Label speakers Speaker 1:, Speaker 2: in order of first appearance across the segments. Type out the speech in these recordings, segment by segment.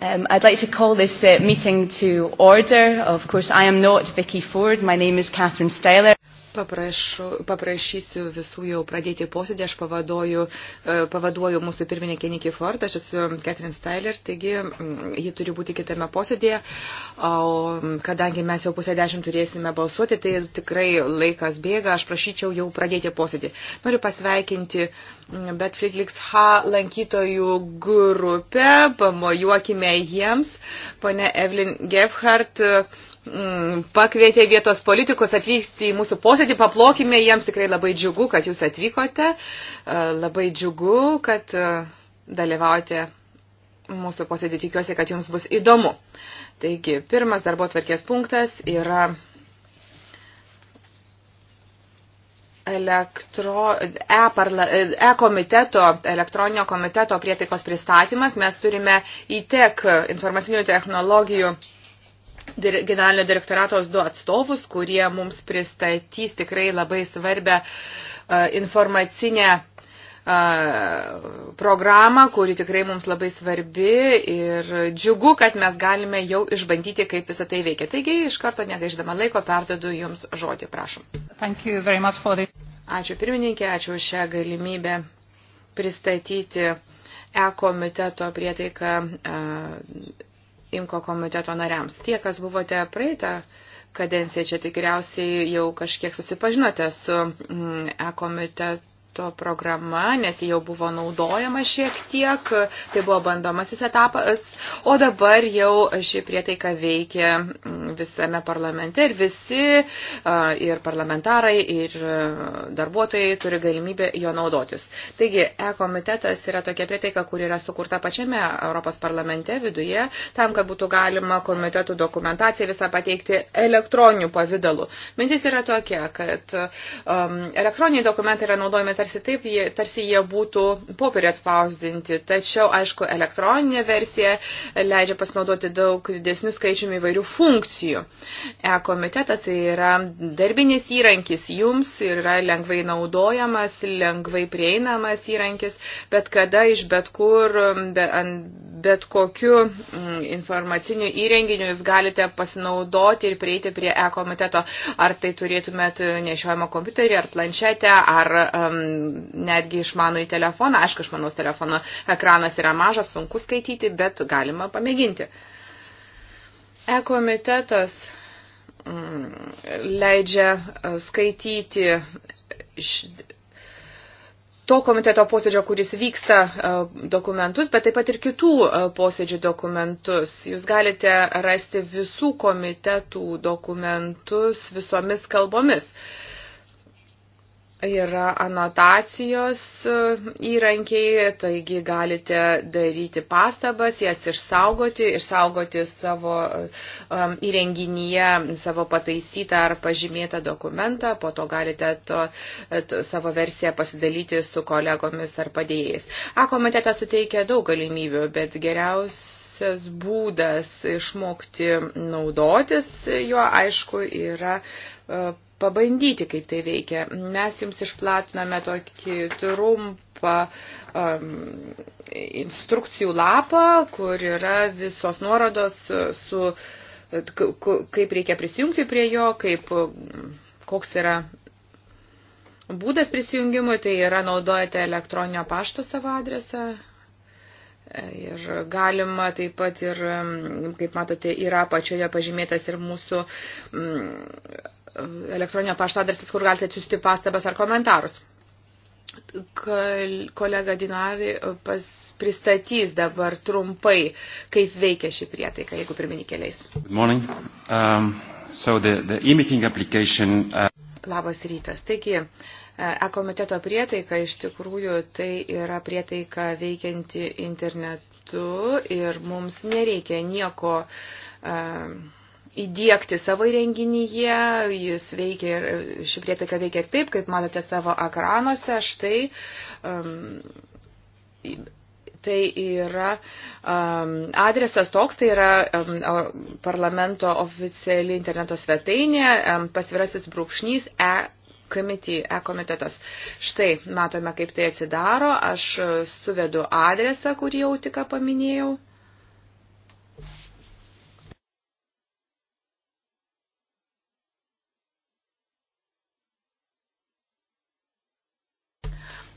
Speaker 1: Um, I'd like to call this uh, meeting to order. Of course, I am not Vicky Ford. My name is Catherine Styler. Paprašu, paprašysiu visų jau pradėti posėdį. Aš pavaduoju, e, pavaduoju mūsų pirmininkę Nikį Ford, aš esu Catherine Styler, taigi ji turi būti kitame posėdėje. O kadangi mes jau pusę dešimt turėsime balsuoti, tai tikrai laikas bėga, aš prašyčiau jau pradėti posėdį. Noriu pasveikinti Bet Friedrichs H. lankytojų grupę, pamojuokime jiems, pane Evelyn Gefhardt Mm, pakvietė vietos politikus atvykti į mūsų posėdį, paplokime jiems tikrai labai džiugu, kad jūs atvykote, e, labai džiugu, kad e, dalyvaujate mūsų posėdį, tikiuosi, kad jums bus įdomu. Taigi, pirmas darbo tvarkės punktas yra elektro, e, parla, e komiteto, elektroninio komiteto prietaikos pristatymas. Mes turime įtek informacinių technologijų generalinio direktoratos du atstovus, kurie mums pristatys tikrai labai svarbę e, informacinę e, programą, kuri tikrai mums labai svarbi ir džiugu, kad mes galime jau išbandyti, kaip visą tai veikia. Taigi, iš karto negaiždama laiko, perdodu Jums žodį, prašom. The... Ačiū pirmininkė, ačiū už šią galimybę pristatyti e-komiteto prietaiką e, imko komiteto nariams. Tie, kas buvote praeitą kadenciją, čia tikriausiai jau kažkiek susipažinote su mm, e komitetu to programa, nes jau buvo naudojama šiek tiek, tai buvo bandomasis etapas, o dabar jau ši prietaika veikia mm, visame parlamente ir visi, ir parlamentarai, ir e, darbuotojai turi galimybę jo naudotis. Taigi, e-komitetas yra tokia prietaika, kur yra sukurta pačiame Europos parlamente viduje, tam, kad būtų galima komitetų dokumentaciją visą pateikti elektroniniu pavydalu. Mintis yra tokia, kad um, elektroniniai dokumentai yra naudojami tarsi tarsi taip, jie, tarsi jie būtų popierį atspausdinti. Tačiau, aišku, elektroninė versija leidžia pasinaudoti daug didesnių skaičiumi įvairių funkcijų. E-komitetas tai yra darbinis įrankis jums, yra lengvai naudojamas, lengvai prieinamas įrankis, bet kada iš bet kur, be, bet kokiu mm, informaciniu įrenginiu jūs galite pasinaudoti ir prieiti prie e-komiteto. Ar tai turėtumėt nešiojamą kompiuterį, ar planšetę, ar um, netgi išmanų į telefoną. Aišku, išmanaus telefono ekranas yra mažas, sunku skaityti, bet galima pamėginti. E-komitetas mm, leidžia e, skaityti to komiteto posėdžio, kuris vyksta e, dokumentus, bet taip pat ir kitų e, posėdžių dokumentus. Jūs galite rasti visų komitetų dokumentus visomis kalbomis. Uh, yra anotacijos e, įrankiai, taigi galite daryti pastabas, jas išsaugoti, išsaugoti savo um, įrenginyje, savo pataisytą ar pažymėtą dokumentą, po to galite to, to, savo versiją pasidalyti su kolegomis ar padėjėjais. A komitetas suteikia daug galimybių, bet geriausia geriausias būdas išmokti naudotis juo, aišku, yra pabandyti, kaip tai veikia. Mes jums išplatiname tokį trumpą um, instrukcijų lapą, kur yra visos nuorodos su kaip reikia prisijungti prie jo, kaip, koks yra būdas prisijungimui, tai yra naudojate elektroninio pašto savo adresą, Ir galima taip pat ir, kaip matote, yra pačioje pažymėtas ir mūsų mm, elektroninio pašto adresas, kur galite atsiųsti pastabas ar komentarus. Kolega Dinari e, pas, pristatys dabar trumpai, kaip veikia ši prietaika, jeigu pirminį keliais.
Speaker 2: Um, so the, the uh...
Speaker 1: Labas rytas. Taigi, e, e-komiteto prietaika iš tikrųjų tai yra prietaika veikianti internetu ir mums nereikia nieko. Um, įdėkti savo įrenginyje, jis veikia ir ši prietaika veikia ir taip, kaip matote savo ekranuose, štai um, tai yra um, adresas toks, tai yra um, parlamento oficiali interneto svetainė, um, pasvirasis brūkšnys e committee, e-komitetas. Štai, matome, kaip tai atsidaro. Aš suvedu adresą, kurį jau tik paminėjau.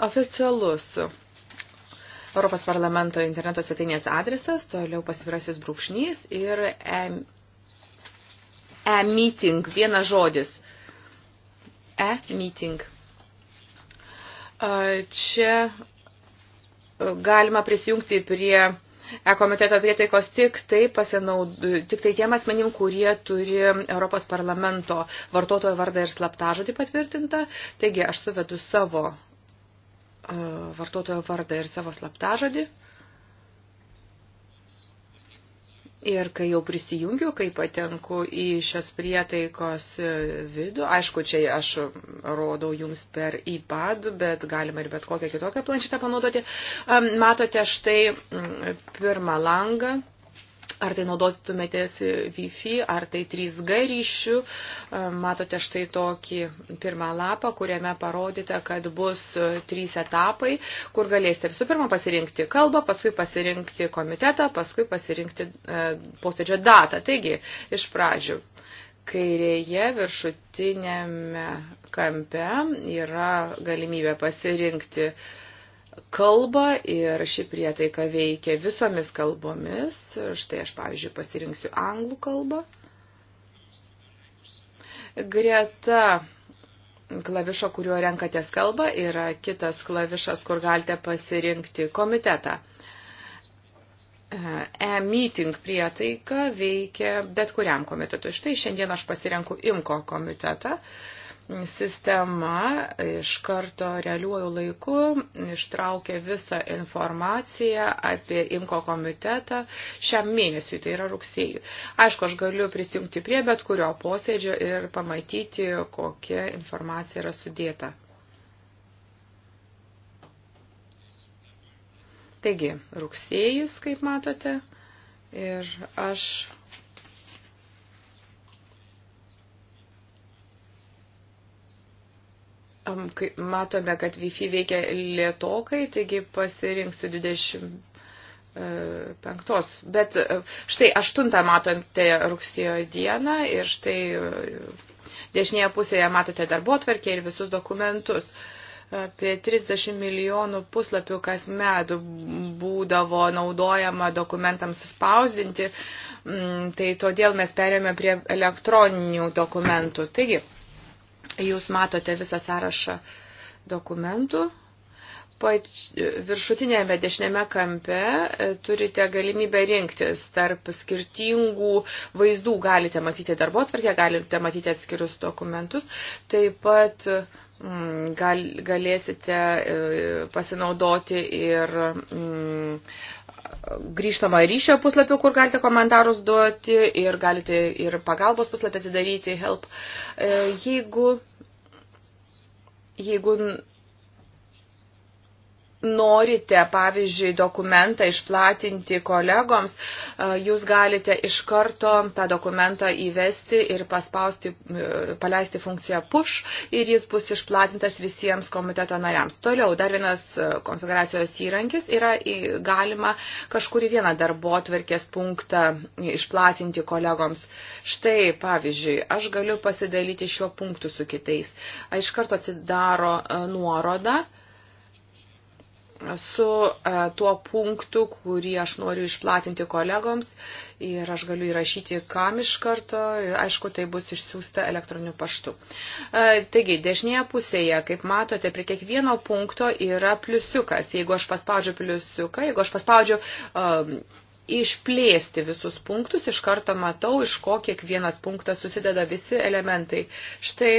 Speaker 1: Oficialus Europos parlamento interneto svetainės adresas, toliau pasvirasis brūkšnys ir e-meeting, e vienas žodis. E-meeting. Čia e, galima prisijungti prie e-komiteto prietaikos tik tai, pasinaud... tik tai tiem asmenim, kurie turi Europos parlamento vartotojo vardą ir slaptažodį patvirtintą. Taigi aš suvedu savo E, vartotojo vardą ir savo slaptažodį. Ir kai jau prisijungiu, kai patenku į šios prietaikos vidų, aišku, čia aš rodau jums per iPad, bet galima ir bet kokią kitokią planšetę panaudoti, matote štai pirmą langą Ar tai naudotumėtės Wi-Fi, ar tai 3G ryšių. E, matote štai tokį pirmą lapą, kuriame parodyta, kad bus trys etapai, kur galėsite visų pirma pasirinkti kalbą, paskui pasirinkti komitetą, paskui pasirinkti e, posėdžio datą. Taigi, iš pradžių kairėje viršutinėme kampe yra galimybė pasirinkti uh, kalbą ir ši prietaika veikia visomis kalbomis. Štai aš, pavyzdžiui, pasirinksiu anglų kalbą. Greta klavišo, kuriuo renkatės kalbą, yra kitas klavišas, kur galite pasirinkti komitetą. E-meeting prietaika veikia bet kuriam komitetui. Štai šiandien aš pasirenku IMCO komitetą. Uh, sistema iš karto realiuoju laiku ištraukė visą informaciją apie IMKO komitetą šiam mėnesiui, tai yra rugsėjui. Aišku, aš galiu prisijungti prie bet kurio posėdžio ir pamatyti, kokia informacija yra sudėta. Taigi, rugsėjis, kaip matote, ir aš Matome, kad Wi-Fi veikia lietokai, taigi pasirinksiu 25. Bet e, štai 8 matote rugsėjo dieną ir štai e, dešinėje pusėje matote darbo tvarkę ir visus dokumentus apie 30 milijonų puslapių kasmet būdavo naudojama dokumentams spausdinti, mm, tai todėl mes perėmėme prie elektroninių dokumentų. Taigi, Jūs matote visą sąrašą dokumentų. Pač, viršutinėme dešinėme kampe e, turite galimybę rinktis tarp skirtingų vaizdų. Galite matyti darbo atvarkę, galite matyti atskirius dokumentus. Taip pat mm, gal, galėsite e, pasinaudoti ir mm, grįžtamą ryšio puslapį, kur galite komentarus duoti ir galite ir pagalbos puslapį atsidaryti, help. E, jeigu jeigu norite, pavyzdžiui, dokumentą išplatinti kolegoms, e, jūs galite iš karto tą dokumentą įvesti ir paspausti, e, paleisti funkciją push ir jis bus išplatintas visiems komiteto nariams. Toliau, dar vienas e, konfiguracijos įrankis yra galima kažkurį vieną darbo atverkės punktą išplatinti kolegoms. Štai, pavyzdžiui, aš galiu pasidalyti šiuo punktu su kitais. Iš karto atsidaro nuoroda su e, tuo punktu, kurį aš noriu išplatinti kolegoms ir aš galiu įrašyti kam iš karto, aišku, tai bus išsiųsta elektroniniu paštu. E, taigi, dešinėje pusėje, kaip matote, prie kiekvieno punkto yra pliusiukas. Jeigu aš paspaudžiu pliusiuką, jeigu aš paspaudžiu um, išplėsti visus punktus, iš karto matau, iš ko kiekvienas punktas susideda visi elementai. Štai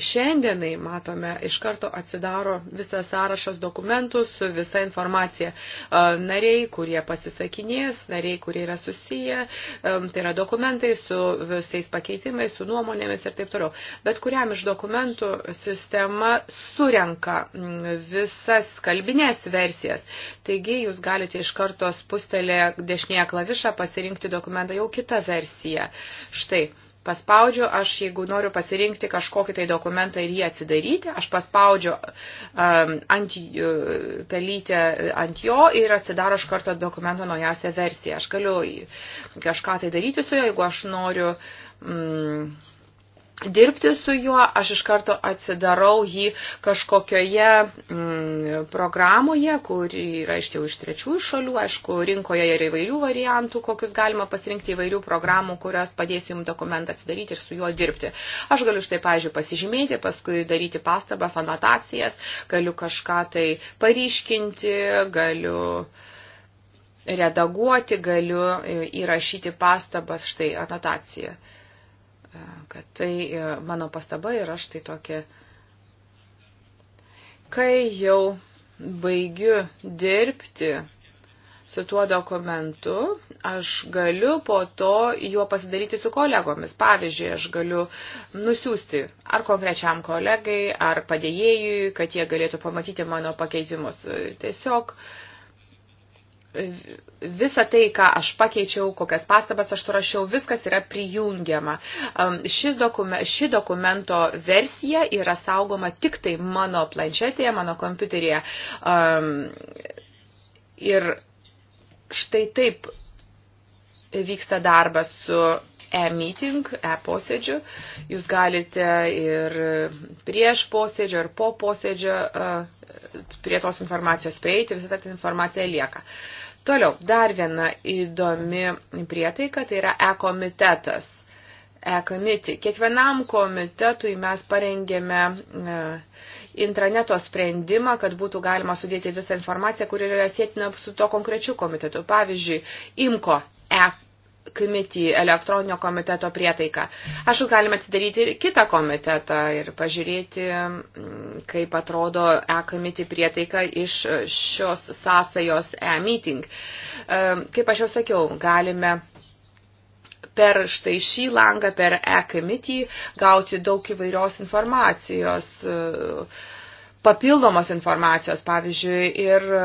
Speaker 1: Šiandienai, matome, iš karto atsidaro visas sąrašas dokumentų su visa informacija. E, nariai, kurie pasisakinės, nariai, kurie yra susiję, e, tai yra dokumentai su visais pakeitimais, su nuomonėmis ir taip toliau. Bet kuriam iš dokumentų sistema surenka visas kalbinės versijas. Taigi jūs galite iš karto spustelę dešinėje klavišą pasirinkti dokumentą jau kitą versiją. Štai paspaudžiu, aš jeigu noriu pasirinkti kažkokį tai dokumentą ir jį atsidaryti, aš paspaudžiu um, ant, uh, pelytę ant jo ir atsidaro iš karto dokumento naujausią versiją. Aš galiu kažką tai daryti su juo, jeigu aš noriu. Um, dirbti su juo, aš iš karto atsidarau jį kažkokioje mm, programoje, kuri yra iš jau iš trečiųjų šalių, aišku, rinkoje yra įvairių variantų, kokius galima pasirinkti įvairių programų, kurios padės jums dokumentą atsidaryti ir su juo dirbti. Aš galiu štai, pavyzdžiui, pasižymėti, paskui daryti pastabas, anotacijas, galiu kažką tai paryškinti, galiu redaguoti, galiu e, įrašyti pastabas, štai anotaciją kad tai e, mano pastaba ir aš tai tokia. Kai jau baigiu dirbti su tuo dokumentu, aš galiu po to juo pasidaryti su kolegomis. Pavyzdžiui, aš galiu nusiųsti ar konkrečiam kolegai, ar padėjėjui, kad jie galėtų pamatyti mano pakeitimus. Tiesiog uh, Visa tai, ką aš pakeičiau, kokias pastabas aš surašiau, viskas yra prijungiama. Šis dokumen, ši dokumento versija yra saugoma tik tai mano planšetėje, mano kompiuterėje. Ir štai taip vyksta darbas su e-meeting, e-posėdžiu. Jūs galite ir prieš posėdžio, ir po posėdžio e, prie tos informacijos prieiti, visą tą informaciją lieka. Uh, Toliau, dar viena įdomi prietaika, tai yra e-komitetas. E-komiti. Kiekvienam komitetui mes parengėme e, intraneto sprendimą, kad būtų galima sudėti visą informaciją, kuri yra sėtina su to konkrečiu komitetu. Pavyzdžiui, IMKO e komitį, elektroninio komiteto prietaiką. Aš galime atsidaryti ir kitą komitetą ir pažiūrėti, mm, kaip atrodo e-komitį prietaika iš šios sąsajos e-meeting. Ehm, kaip aš jau sakiau, galime per štai šį langą, per e-komitį gauti daug įvairios informacijos. Uh, papildomos informacijos, pavyzdžiui, ir e,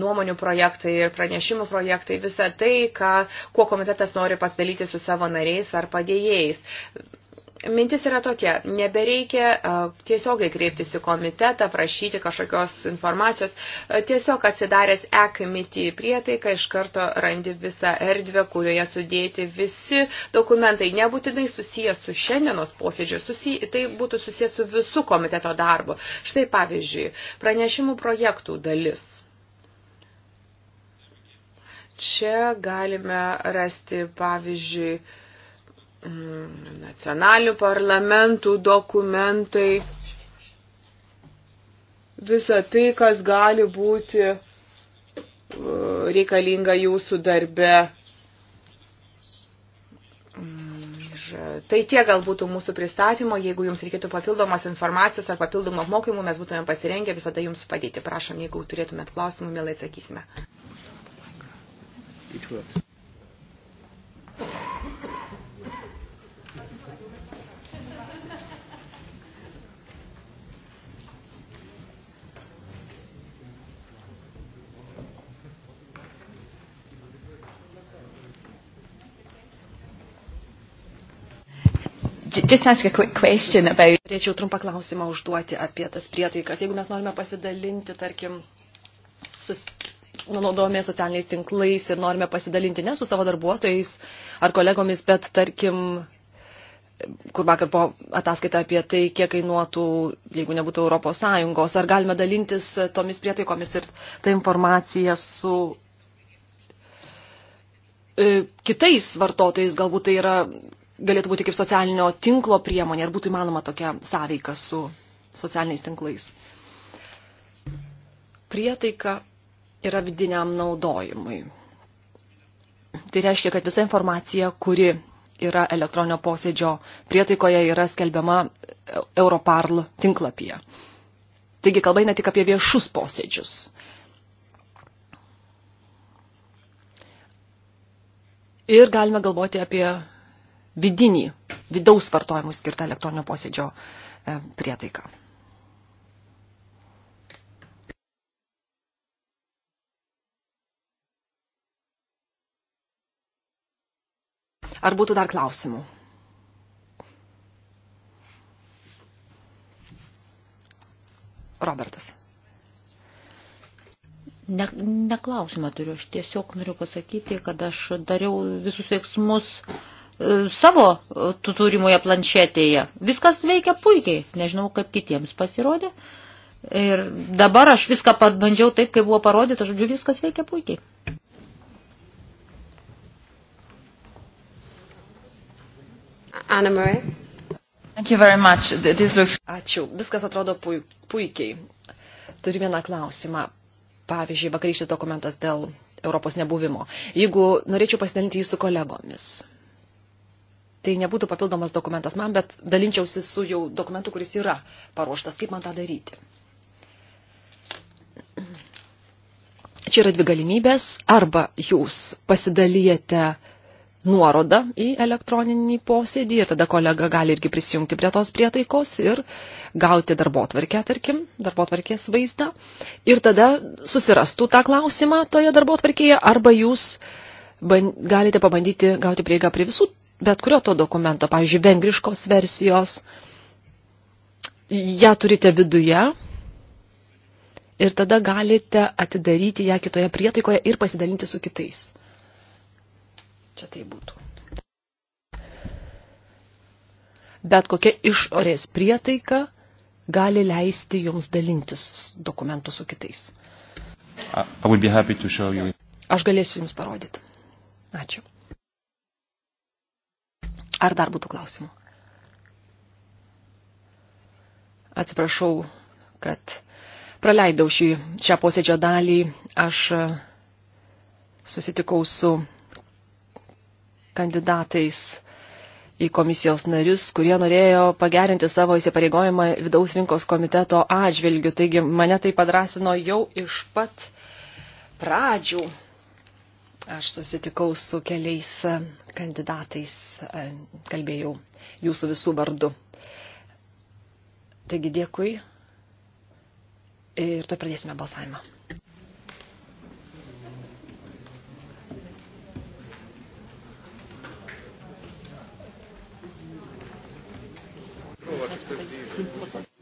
Speaker 1: nuomonių projektai, ir pranešimų projektai, visa tai, ką, kuo komitetas nori pasidalyti su savo nariais ar padėjėjais. Mintis yra tokia, nebereikia tiesiogai kreiptis į komitetą, prašyti kažkokios informacijos, tiesiog atsidaręs e-komitį prietaiką iš karto randi visą erdvę, kurioje sudėti visi dokumentai, nebūtinai susijęs su šiandienos posėdžiu, susiję, tai būtų susijęs su visų komiteto darbu. Štai pavyzdžiui, pranešimų projektų dalis. Čia galime rasti pavyzdžiui, Mm, nacionalių parlamentų dokumentai, visa tai, kas gali būti uh, reikalinga jūsų darbe. Mm, ir uh, tai tie gal būtų mūsų pristatymo, jeigu jums reikėtų papildomos informacijos ar papildomų apmokymų, mes būtumėm pasirengę visada jums padėti. Prašom, jeigu turėtumėt klausimų, mielai atsakysime. Each works.
Speaker 2: Just ask a quick question about...
Speaker 3: Norėčiau trumpą klausimą užduoti apie tas prietaikas. Jeigu mes norime pasidalinti, tarkim, sus, nu, naudojame socialiniais tinklais ir norime pasidalinti ne su savo darbuotojais ar kolegomis, bet tarkim, kur vakar buvo ataskaita apie tai, kiek kainuotų, jeigu nebūtų Europos Sąjungos, ar galime dalintis tomis prietaikomis ir tą informaciją su e, kitais vartotojais, galbūt tai yra galėtų būti kaip socialinio tinklo priemonė, ar būtų įmanoma tokia sąveika su socialiniais tinklais. Prietaika yra vidiniam naudojimui. Tai reiškia, kad visa informacija, kuri yra elektroninio posėdžio prietaikoje, yra skelbiama Europarl tinklapyje. Taigi kalba ne tik apie viešus posėdžius. Ir galime galvoti apie vidinį, vidaus vartojimui skirtą elektroninio posėdžio e, prietaiką. Ar būtų dar klausimų?
Speaker 4: Robertas. Ne, neklausimą turiu, aš tiesiog noriu pasakyti, kad aš dariau visus veiksmus uh, E, savo e, turimoje planšetėje. Viskas veikia puikiai, nežinau, kaip kitiems pasirodė. Ir dabar aš viską bandžiau taip, kaip buvo parodyta, žodžiu, viskas veikia puikiai.
Speaker 3: Anna Marie. Thank you very much. This looks... Ačiū. Viskas atrodo puikiai. Turiu vieną klausimą. Pavyzdžiui, vakarykštis dokumentas dėl Europos nebuvimo. Jeigu norėčiau pasidalinti jį su kolegomis, tai nebūtų papildomas dokumentas man, bet dalinčiausi su jau dokumentu, kuris yra paruoštas. Kaip man tą daryti? Čia yra dvi galimybės. Arba jūs pasidalijate nuorodą į elektroninį posėdį ir tada kolega gali irgi prisijungti prie tos prietaikos ir gauti darbotvarkę, tarkim, darbotvarkės vaizdą. Ir tada susirastų tą klausimą toje darbotvarkėje arba jūs galite pabandyti gauti prieigą prie visų bet kurio to dokumento, pavyzdžiui, vengriškos versijos, ją turite viduje ir tada galite atidaryti ją kitoje prietaikoje ir pasidalinti su kitais. Čia tai būtų. Bet kokia išorės prietaika gali leisti jums dalintis dokumentų su kitais. Aš galėsiu jums parodyti. Ačiū. Ar dar būtų klausimų? Atsiprašau, kad praleidau šį, šią posėdžio dalį. Aš e, susitikau su kandidatais į komisijos narius, kurie norėjo pagerinti savo įsipareigojimą vidaus rinkos komiteto atžvilgių. Taigi mane tai padrasino jau iš pat pradžių. Aš susitikau su keliais e, kandidatais, e, kalbėjau jūsų visų vardu. Taigi dėkui ir to pradėsime balsavimą.
Speaker 2: Thank you.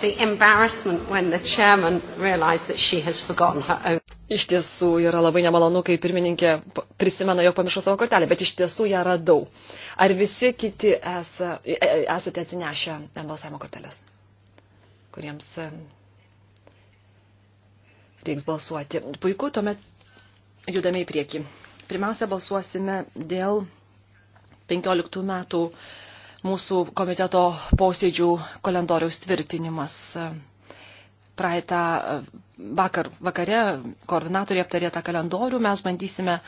Speaker 2: the embarrassment when the chairman realized that she has forgotten her own.
Speaker 3: Iš tiesų yra labai nemalonu, kai pirmininkė prisimena, jog pamiršo savo kortelę, bet iš tiesų ją radau. Ar visi kiti esa, e- e- esate atsinešę e, balsavimo kortelės, kuriems reiks balsuoti? Puiku, tuomet judame į priekį. Pirmiausia, balsuosime dėl 15 metų mūsų komiteto posėdžių kalendoriaus tvirtinimas. Praeitą e, vakar, vakare koordinatoriai aptarė tą kalendorių, mes bandysime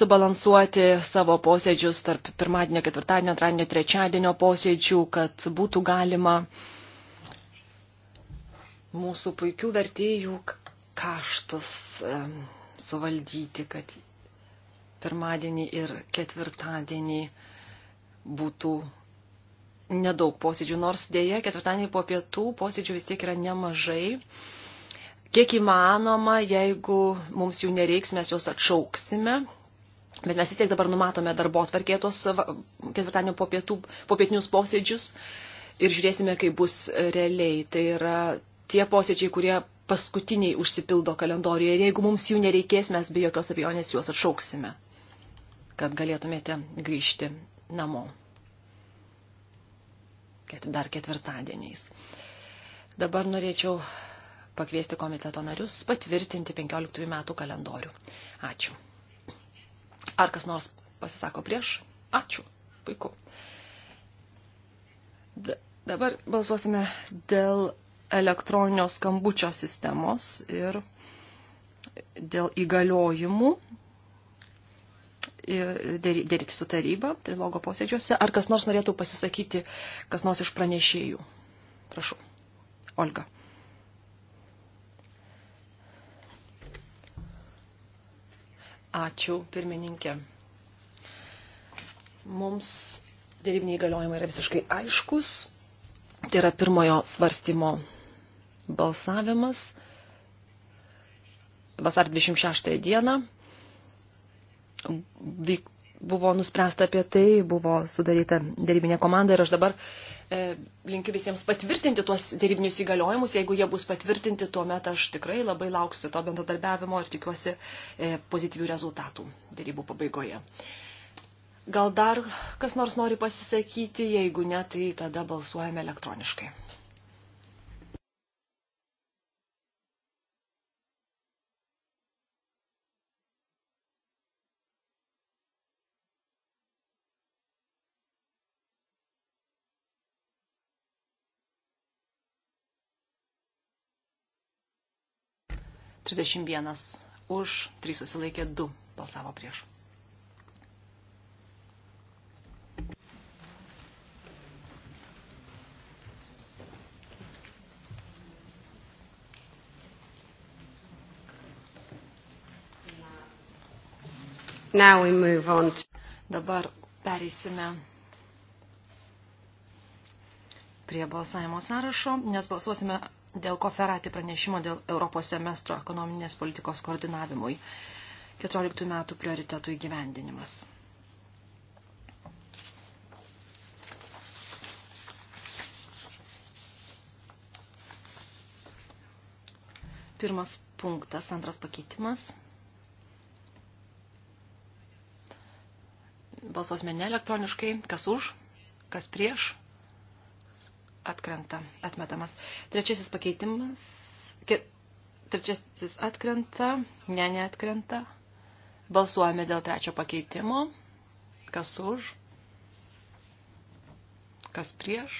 Speaker 3: subalansuoti savo posėdžius tarp pirmadienio, ketvirtadienio, antradienio, trečiadienio posėdžių, kad būtų galima mūsų puikių vertėjų kaštus e, suvaldyti, kad pirmadienį ir ketvirtadienį būtų nedaug posėdžių, nors dėja ketvirtadienį po pietų posėdžių vis tiek yra nemažai. Kiek įmanoma, jeigu mums jų nereiks, mes juos atšauksime. Bet mes vis tiek dabar numatome darbo atvarkė tuos ketvirtadienio po, pietų, po pietinius posėdžius ir žiūrėsime, kaip bus realiai. Tai yra tie posėdžiai, kurie paskutiniai užsipildo kalendorijoje ir jeigu mums jų nereikės, mes be jokios abejonės juos atšauksime, kad galėtumėte grįžti namo dar ketvirtadieniais. Dabar norėčiau pakviesti komiteto narius patvirtinti 15 metų kalendorių. Ačiū. Ar kas nors pasisako prieš? Ačiū. Puiku. D dabar balsuosime dėl elektroninio skambučio sistemos ir dėl įgaliojimų dėryti su taryba trilogo posėdžiuose. Ar kas nors norėtų pasisakyti, kas nors iš pranešėjų? Prašau. Olga. Ačiū, pirmininkė. Mums dėrybiniai įgaliojimai yra visiškai aiškus. Tai yra pirmojo svarstymo balsavimas vasar 26 dieną buvo nuspręsta apie tai, buvo sudaryta dėrybinė komanda ir aš dabar e, linkiu visiems patvirtinti tuos dėrybinius įgaliojimus. Jeigu jie bus patvirtinti, tuomet aš tikrai labai lauksiu to bendradarbiavimo ir tikiuosi e, pozityvių rezultatų dėrybų pabaigoje. Gal dar kas nors nori pasisakyti, jeigu ne, tai tada balsuojame elektroniškai. 31 už, 3 susilaikė 2 balsavo prieš. Now we move on. Dabar pereisime prie balsavimo sąrašo, nes balsuosime dėl koferati pranešimo dėl Europos semestro ekonominės politikos koordinavimui 14 metų prioritetų įgyvendinimas. Pirmas punktas, antras pakeitimas. Balsuosime ne elektroniškai, kas už, kas prieš, atkrenta, atmetamas. Trečiasis pakeitimas, trečiasis atkrenta, ne, neatkrenta. Balsuojame dėl trečio pakeitimo. Kas už, kas prieš.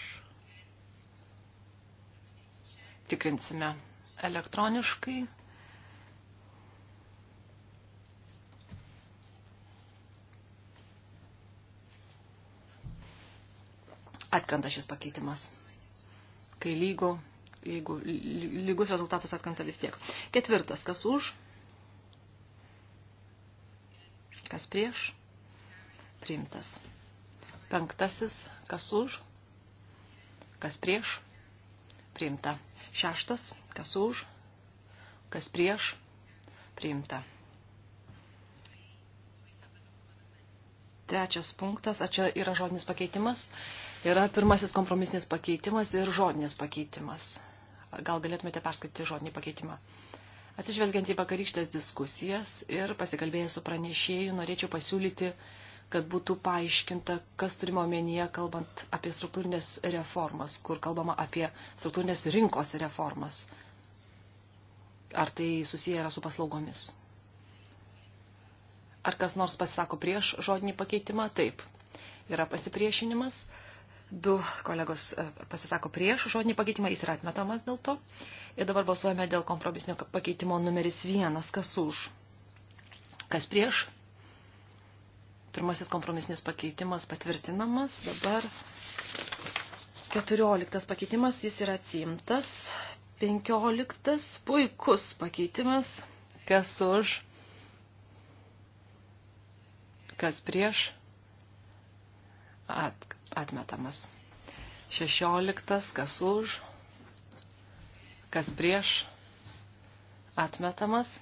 Speaker 3: Tikrinsime elektroniškai. Atkrenta šis pakeitimas kai lygu, jeigu lygus rezultatas atkanta vis tiek. Ketvirtas, kas už, kas prieš, priimtas. Penktasis, kas už, kas prieš, priimta. Šeštas, kas už, kas prieš, priimta. Trečias punktas, ar čia yra žodinis pakeitimas? yra pirmasis kompromisinis pakeitimas ir žodinis pakeitimas. Gal galėtumėte perskaityti žodinį pakeitimą. Atsižvelgiant į vakarykštės diskusijas ir pasikalbėjęs su pranešėju, norėčiau pasiūlyti, kad būtų paaiškinta, kas turime omenyje, kalbant apie struktūrinės reformas, kur kalbama apie struktūrinės rinkos reformas. Ar tai susiję yra su paslaugomis? Ar kas nors pasisako prieš žodinį pakeitimą? Taip. Yra pasipriešinimas. Du kolegos e, pasisako prieš žodinį pakeitimą, jis yra atmetamas dėl to. Ir dabar balsuojame dėl kompromisinio pakeitimo numeris vienas, kas už, kas prieš. Pirmasis kompromisinis pakeitimas patvirtinamas, dabar 14 pakeitimas, jis yra atsimtas. 15 puikus pakeitimas, kas už, kas prieš, at, atmetamas. 16. Kas už, kas prieš, atmetamas.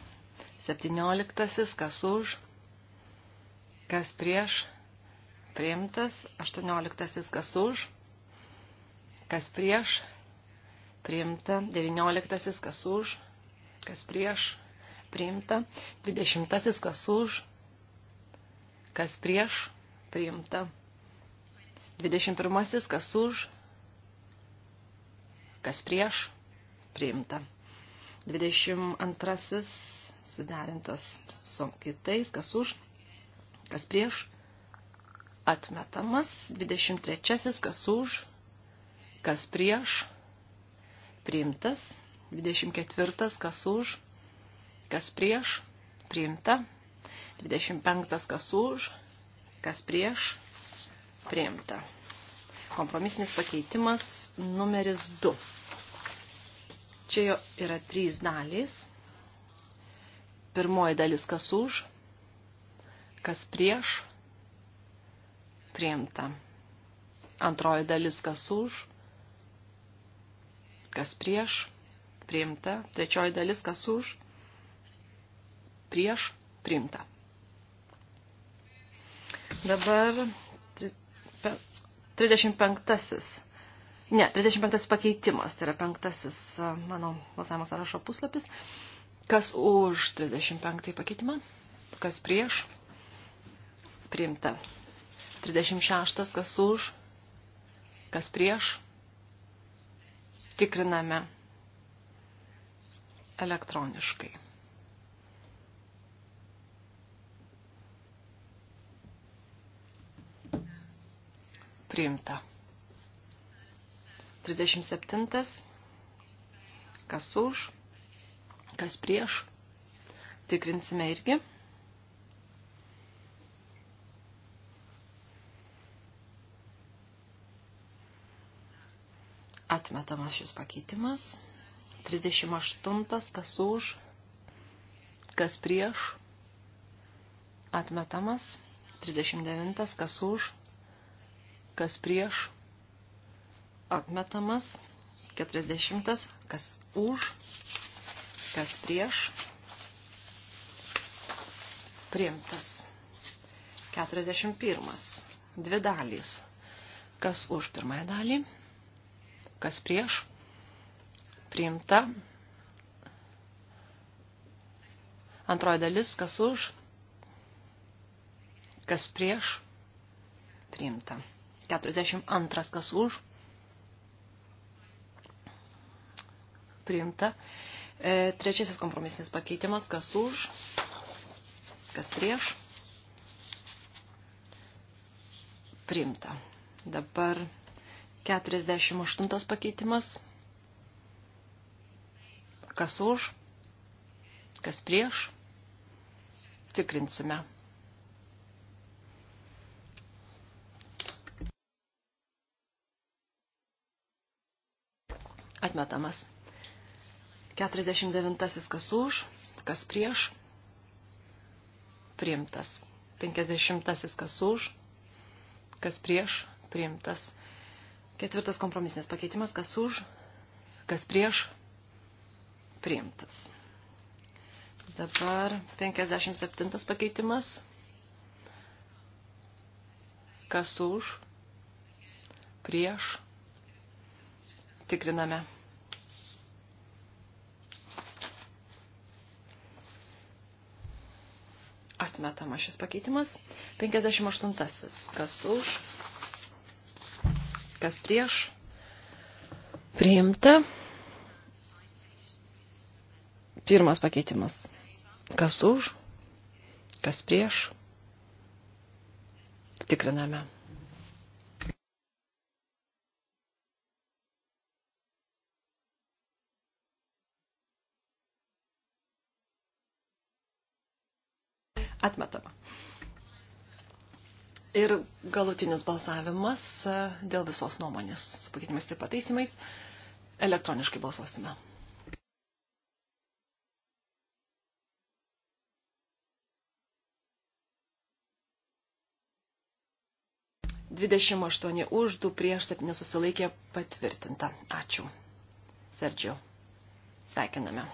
Speaker 3: 17. Kas už, kas prieš, priimtas. 18. Kas už, kas prieš, priimta. 19. Kas už, kas prieš, priimta. 20. Kas už, kas prieš, priimta. 21. Kas už, kas prieš, priimta. 22. Suderintas su kitais, kas už, kas prieš, atmetamas. 23. Kas už, kas prieš, priimtas. 24. Kas už, kas prieš, priimta. 25. Kas už, kas prieš, priimta priimta. Kompromisinis pakeitimas numeris 2. Čia jo yra trys dalys. Pirmoji dalis kas už, kas prieš, priimta. Antroji dalis kas už, kas prieš, priimta. Trečioji dalis kas už, prieš, priimta. Dabar 35. Ne, 35 pakeitimas, tai yra penktasis mano balsavimo sąrašo puslapis. Kas už 35 pakeitimą, kas prieš, priimta. 36, kas už, kas prieš, tikriname elektroniškai. priimta. 37. Kas už, kas prieš, tikrinsime irgi. Atmetamas šis pakeitimas. 38. Kas už, kas prieš, atmetamas. 39. Kas už, kas prieš, atmetamas, 40, kas už, kas prieš, priimtas. 41. Dvi dalys. Kas už pirmąją dalį, kas prieš, priimta. Antroji dalis, kas už, kas prieš, priimta. 42 kas už. Priimta. E, trečiasis kompromisinis pakeitimas kas už, kas prieš. Priimta. Dabar 48 pakeitimas. Kas už, kas prieš. Tikrinsime. Atmetamas. 49 kas už, kas prieš, priimtas. 50 kas už, kas prieš, priimtas. Ketvirtas kompromisinės pakeitimas, kas už, kas prieš, priimtas. Dabar 57 pakeitimas. Kas už, prieš, tikriname. Atmetama šis pakeitimas. 58. Kas už, kas prieš. Priimta. Pirmas pakeitimas. Kas už, kas prieš. Tikriname. Atmetama. Ir galutinis balsavimas e, dėl visos nuomonės su pakeitimais ir pataisimais elektroniškai balsuosime. Dvidešimt aštuoni už, du prieš septyni susilaikė patvirtinta. Ačiū. Sergio, sveikiname.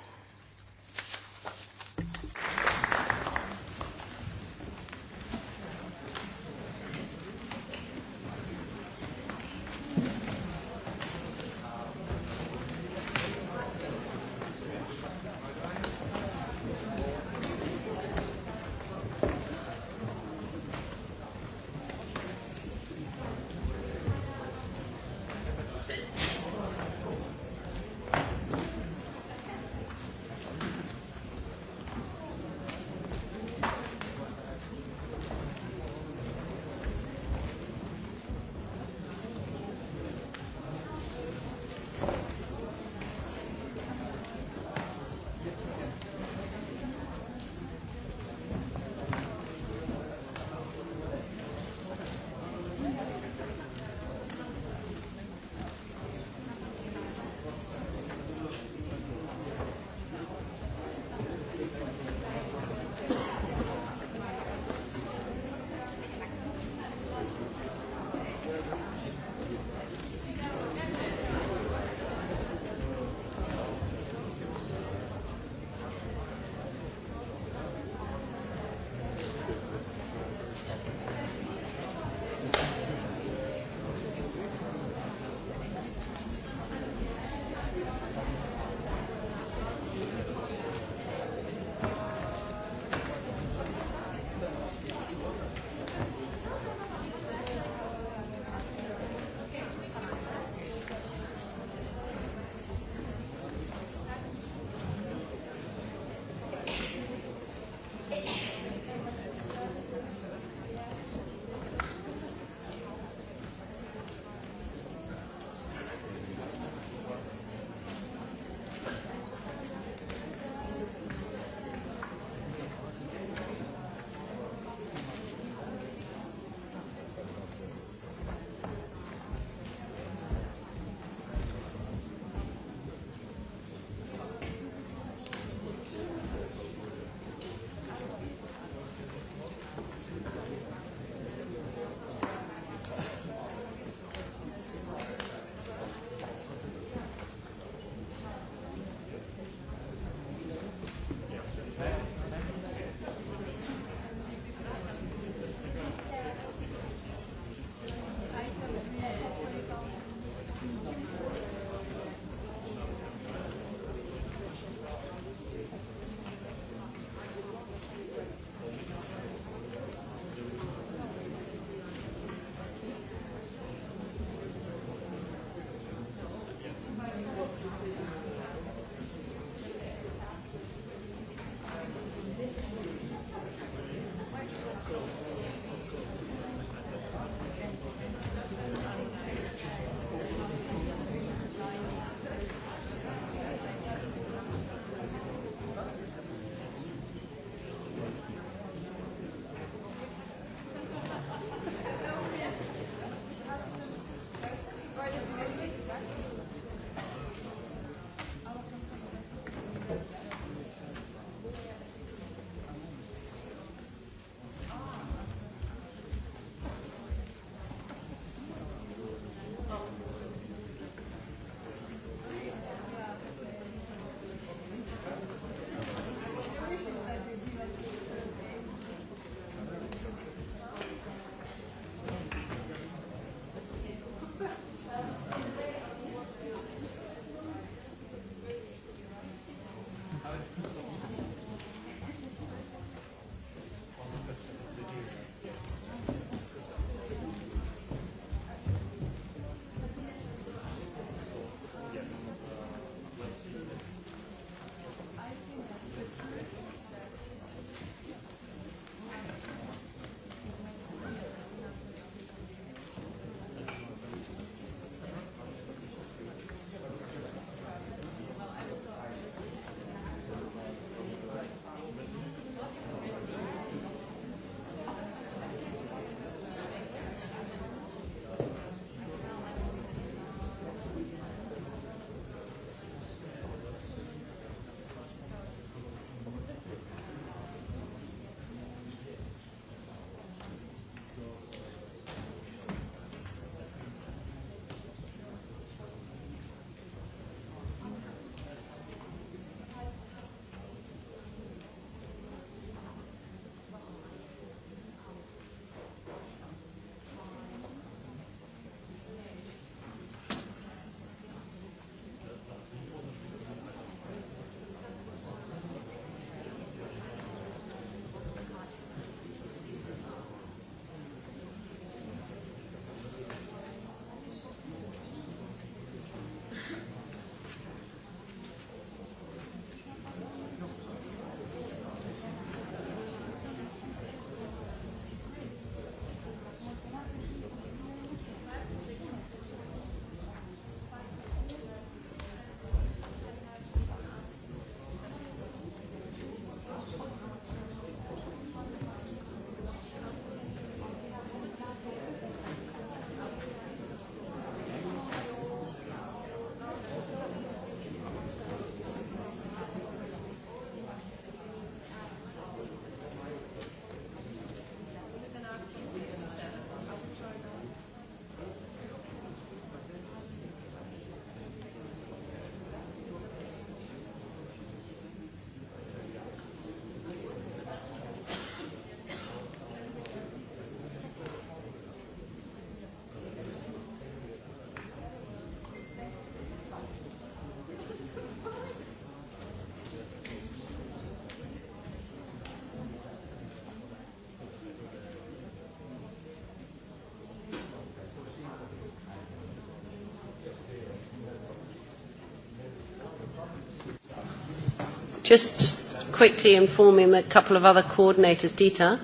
Speaker 3: Just, just quickly informing a couple of other coordinators, Dita.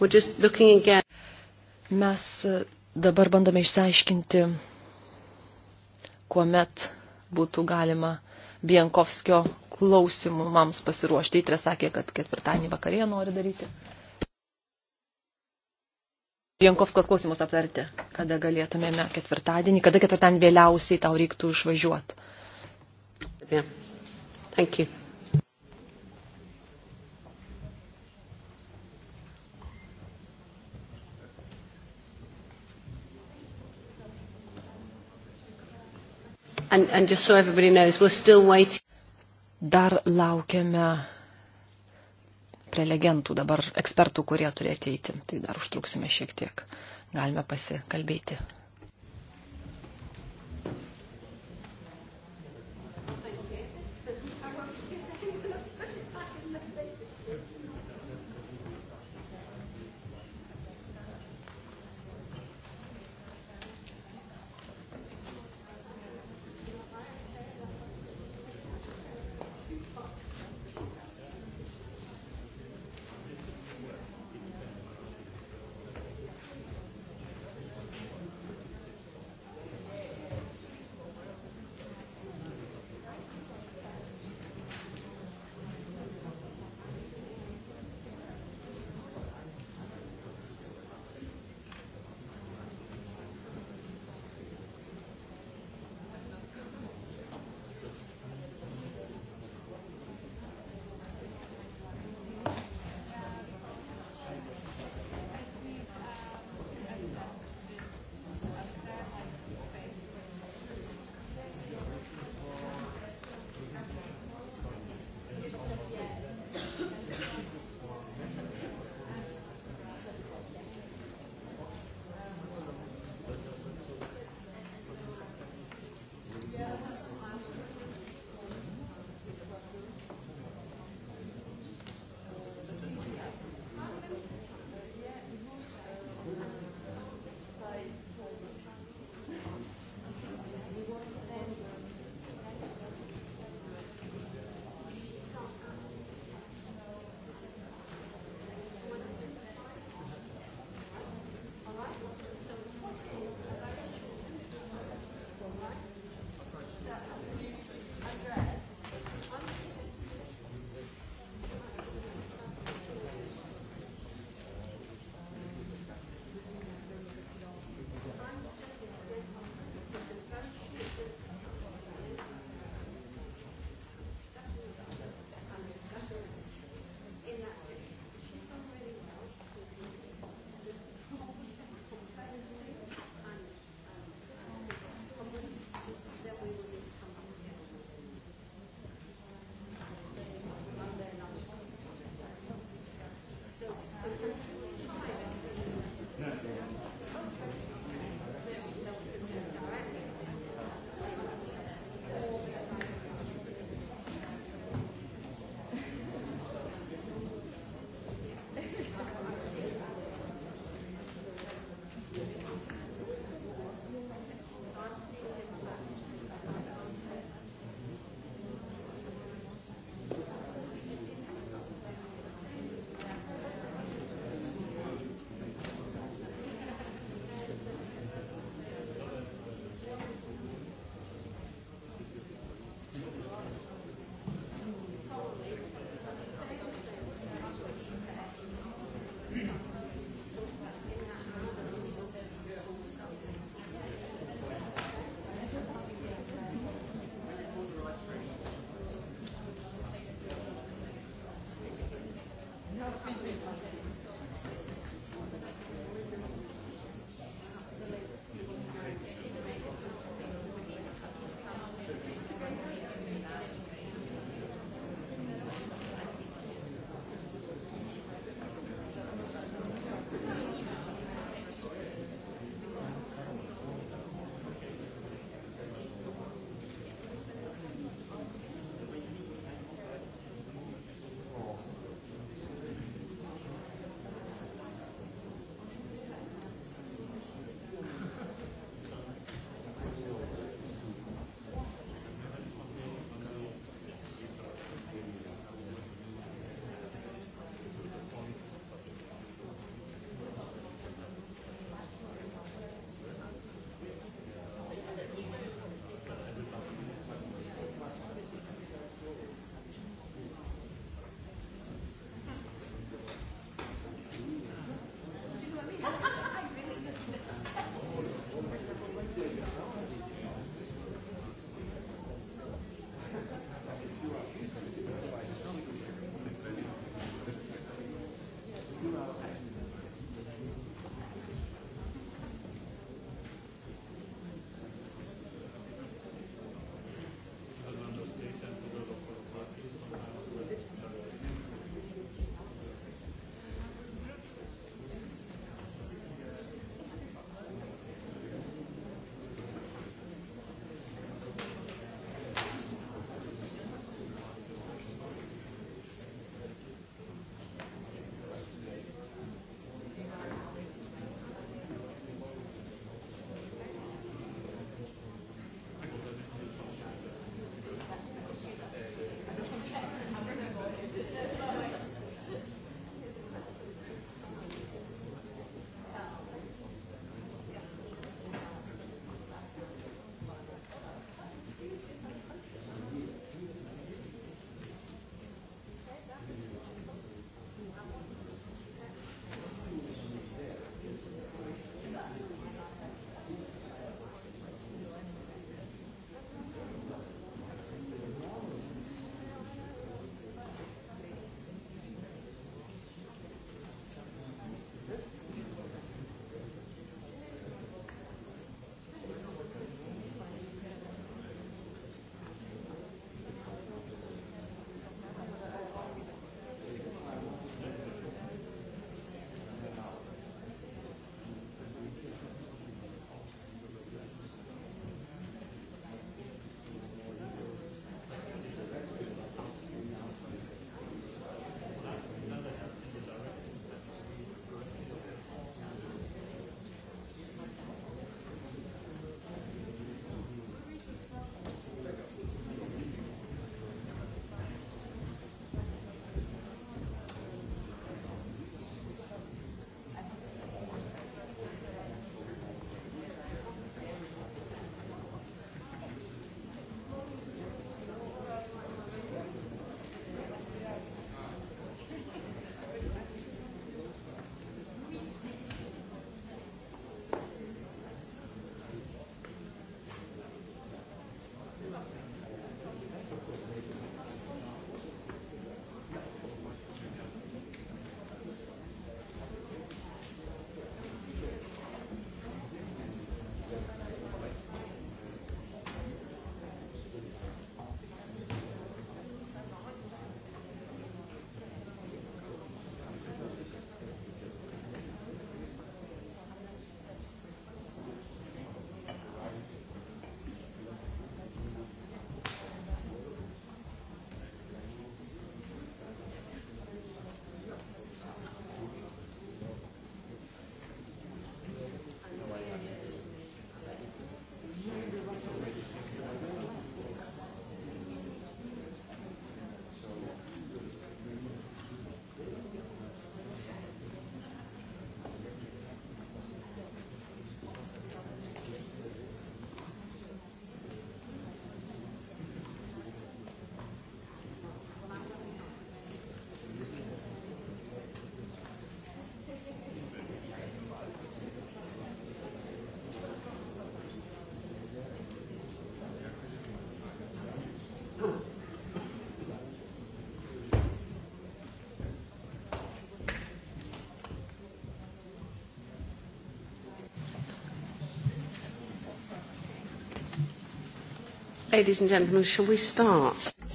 Speaker 3: We're just looking again. Mes e, dabar bandome išsiaiškinti, kuomet būtų galima Bienkovskio klausimų mams pasiruošti. Įtrė sakė, kad ketvirtadienį vakarėje nori daryti. Bienkovskos klausimus aptarti, kada galėtumėme ketvirtadienį, kada ketvirtadienį vėliausiai tau reiktų išvažiuoti.
Speaker 4: Yeah. Thank you.
Speaker 3: And, and just so everybody knows, we're still waiting. Dar laukiame prelegentų, dabar ekspertų, kurie turi ateiti. Tai dar užtruksime šiek tiek. Galime pasikalbėti.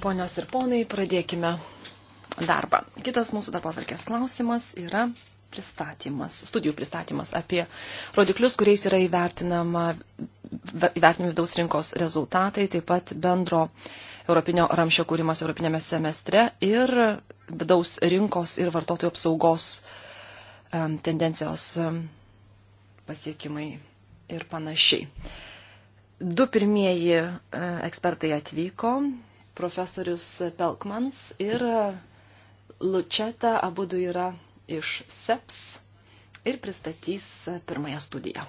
Speaker 3: Ponios ir ponai, pradėkime darbą. Kitas mūsų darbo atvarkės klausimas yra pristatymas, studijų pristatymas apie rodiklius, kuriais yra įvertinama, įvertinami vidaus rinkos rezultatai, taip pat bendro Europinio ramšio kūrimas Europinėme semestre ir vidaus rinkos ir vartotojų apsaugos tendencijos pasiekimai ir panašiai. Du pirmieji e, ekspertai atvyko, profesorius Pelkmans ir e, Lučeta, abu du yra iš SEPS e ir pristatys pirmąją studiją,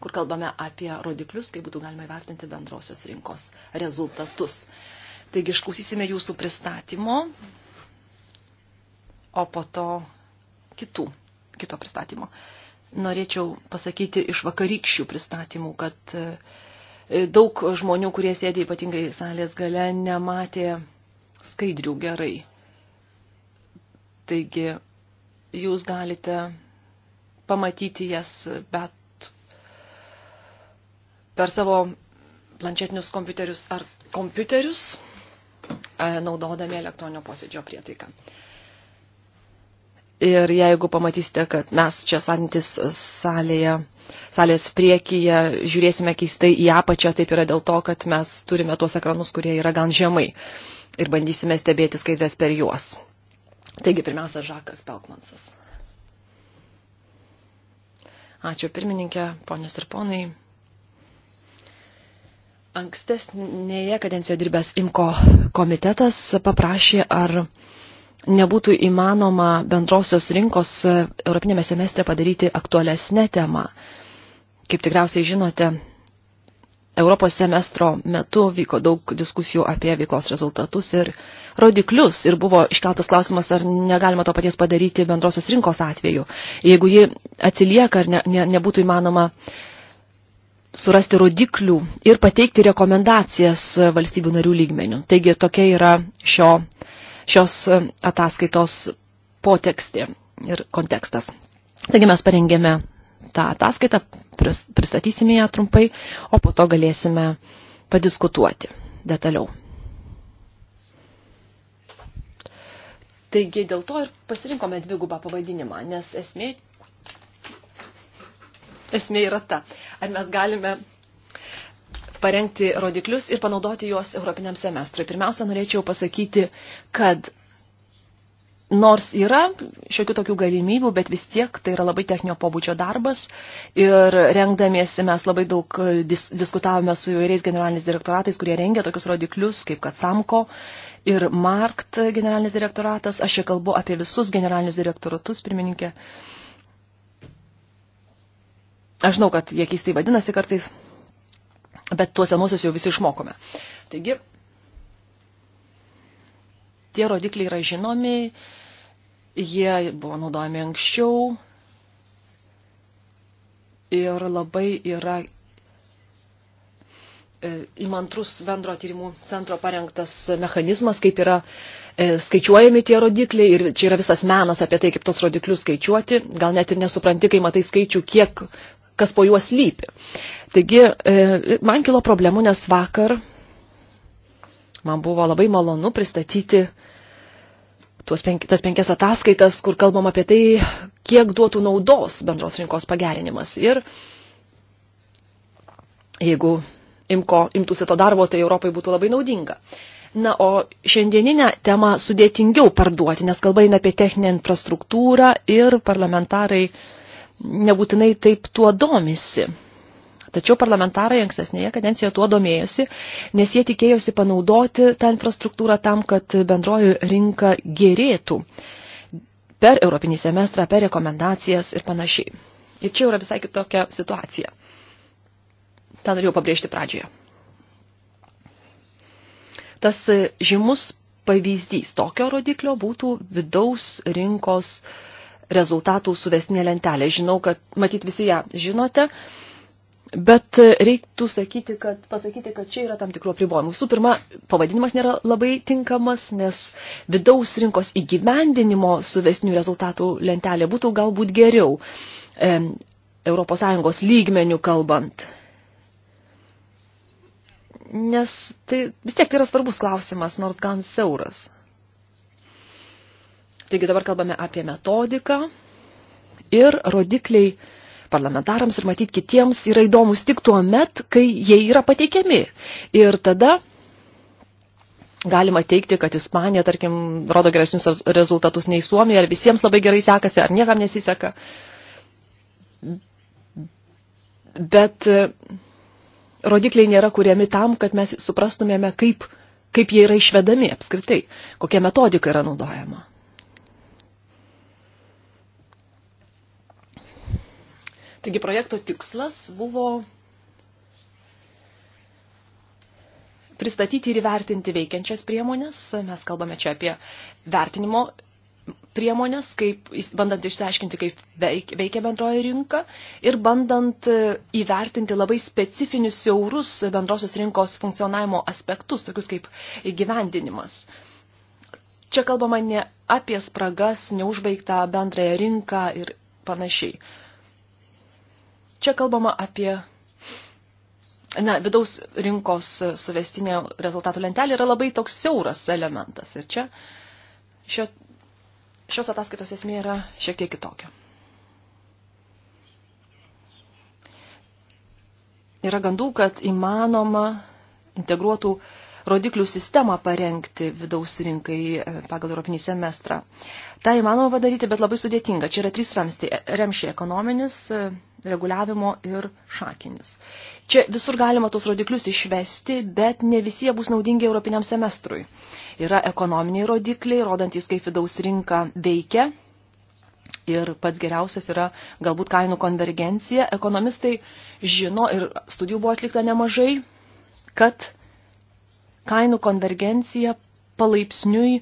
Speaker 3: kur kalbame apie rodiklius, kaip būtų galima įvertinti bendrosios rinkos rezultatus. Taigi išklausysime jūsų pristatymo, o po to kitų, kito pristatymo. Uh, norėčiau pasakyti iš vakarykščių pristatymų, kad e, daug žmonių, kurie sėdė ypatingai salės gale, nematė skaidrių gerai. Taigi jūs galite pamatyti jas, bet per savo planšetinius kompiuterius ar kompiuterius, e, naudodami elektroninio posėdžio prietaiką. Ir jeigu pamatysite, kad mes čia santis salėje, salės priekyje žiūrėsime keistai į apačią, taip yra dėl to, kad mes turime tuos ekranus, kurie yra gan žemai ir bandysime stebėti skaidrės per juos. Taigi, pirmiausia, Žakas Pelkmansas. Ačiū pirmininkė, ponios ir ponai. Ankstesnėje kadencijoje dirbęs IMKO komitetas paprašė, ar nebūtų įmanoma bendrosios rinkos e, Europinėme semestre padaryti aktualesnę temą. Kaip tikriausiai žinote, Europos semestro metu vyko daug diskusijų apie veiklos rezultatus ir rodiklius ir buvo iškeltas klausimas, ar negalima to paties padaryti bendrosios rinkos atveju. Jeigu ji atsilieka, ar ne, ne, nebūtų įmanoma surasti rodiklių ir pateikti rekomendacijas valstybių narių lygmenių. Taigi tokia yra šio uh, šios e, ataskaitos potekstė ir kontekstas. Taigi mes parengėme tą ataskaitą, pristatysime ją trumpai, o po to galėsime padiskutuoti detaliau. Taigi dėl to ir pasirinkome dvigubą pavadinimą, nes esmė, esmė yra ta, ar mes galime parengti rodiklius ir panaudoti juos Europiniam semestrui. Pirmiausia, norėčiau pasakyti, kad nors yra šiokių tokių galimybių, bet vis tiek tai yra labai techninio pobūdžio darbas ir rengdamiesi mes labai daug dis diskutavome su įvairiais generaliniais direktoratais, kurie rengia tokius rodiklius, kaip kad Samko ir Markt generalinis direktoratas. Aš čia kalbu apie visus generalinius direktoratus, pirmininkė. Aš žinau, kad jie keistai vadinasi kartais. Bet tuos senuosius jau visi išmokome. Taigi, tie rodikliai yra žinomi, jie buvo naudojami anksčiau ir labai yra e, įmantrus bendro tyrimų centro parengtas mechanizmas, kaip yra e, skaičiuojami tie rodikliai ir čia yra visas menas apie tai, kaip tos rodiklius skaičiuoti. Gal net ir nesupranti, kai matai skaičių, kiek kas po juos lypi. Taigi, e, man kilo problemų, nes vakar man buvo labai malonu pristatyti tuos penk, tas penkias ataskaitas, kur kalbam apie tai, kiek duotų naudos bendros rinkos pagerinimas. Ir jeigu imko, imtųsi to darbo, tai Europai būtų labai naudinga. Na, o šiandieninę temą sudėtingiau parduoti, nes kalba eina apie techninę infrastruktūrą ir parlamentarai uh, nebūtinai taip tuo domisi. Tačiau parlamentarai ankstesnėje kadencijoje tuo domėjosi, nes jie tikėjosi panaudoti tą infrastruktūrą tam, kad bendroji rinka gerėtų per europinį semestrą, per rekomendacijas ir panašiai. Ir čia yra visai kitokia situacija. Tą norėjau pabrėžti pradžioje. Tas žymus pavyzdys tokio rodiklio būtų vidaus rinkos uh, rezultatų suvestinė lentelė. Žinau, kad matyt visi ją žinote, bet reiktų sakyti, kad, pasakyti, kad čia yra tam tikruo pribojimu. Visų pirma, pavadinimas nėra labai tinkamas, nes vidaus rinkos įgyvendinimo suvestinių rezultatų lentelė būtų galbūt geriau e, ES lygmenių kalbant. Nes tai vis tiek tai yra svarbus klausimas, nors gan siauras. Taigi dabar kalbame apie metodiką ir rodikliai parlamentarams ir matyt kitiems yra įdomus tik tuo met, kai jie yra pateikiami. Ir tada galima teikti, kad Ispanija, tarkim, rodo geresnius rezultatus nei Suomija, ar visiems labai gerai sekasi, ar niekam nesiseka. Bet e, rodikliai nėra kuriami tam, kad mes suprastumėme, kaip, kaip jie yra išvedami apskritai, kokia metodika yra naudojama. Taigi projekto tikslas buvo pristatyti ir įvertinti veikiančias priemonės. Mes kalbame čia apie vertinimo priemonės, kaip, bandant išsiaiškinti, kaip veik, veikia bendroji rinka ir bandant įvertinti labai specifinius siaurus bendrosios rinkos funkcionavimo aspektus, tokius kaip įgyvendinimas. Čia kalbama ne apie spragas, neužbaigtą bendrąją rinką ir panašiai. Čia kalbama apie na, vidaus rinkos suvestinė rezultatų lentelė yra labai toks siauras elementas. Ir čia šio, šios ataskaitos esmė yra šiek tiek kitokia. Yra gandų, kad įmanoma integruotų rodiklių sistemą parengti vidaus rinkai e, pagal Europinį semestrą. Tai įmanoma padaryti, bet labai sudėtinga. Čia yra trys ramstiai – remšiai ekonominis, e, reguliavimo ir šakinis. Čia visur galima tos rodiklius išvesti, bet ne visi jie bus naudingi Europiniam semestrui. Yra ekonominiai rodikliai, rodantys, kaip vidaus rinka veikia, ir pats geriausias yra galbūt kainų konvergencija. Ekonomistai žino ir studijų buvo atlikta nemažai, kad kainų konvergencija palaipsniui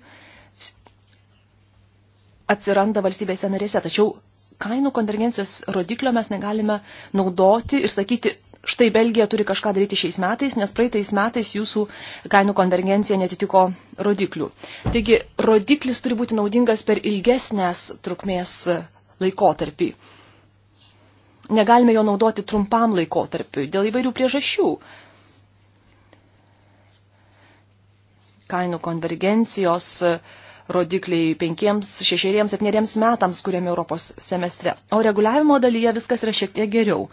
Speaker 3: atsiranda valstybėse narėse, tačiau kainų konvergencijos rodiklio mes negalime naudoti ir sakyti, štai Belgija turi kažką daryti šiais metais, nes praeitais metais jūsų kainų konvergencija netitiko rodiklių. Taigi, rodiklis turi būti naudingas per ilgesnės trukmės laikotarpį. Negalime jo naudoti trumpam laikotarpiu dėl įvairių priežasčių. kainų konvergencijos rodikliai penkiems, šešeriems, septyneriems metams, kuriame Europos semestre. O reguliavimo dalyje viskas yra šiek tiek geriau.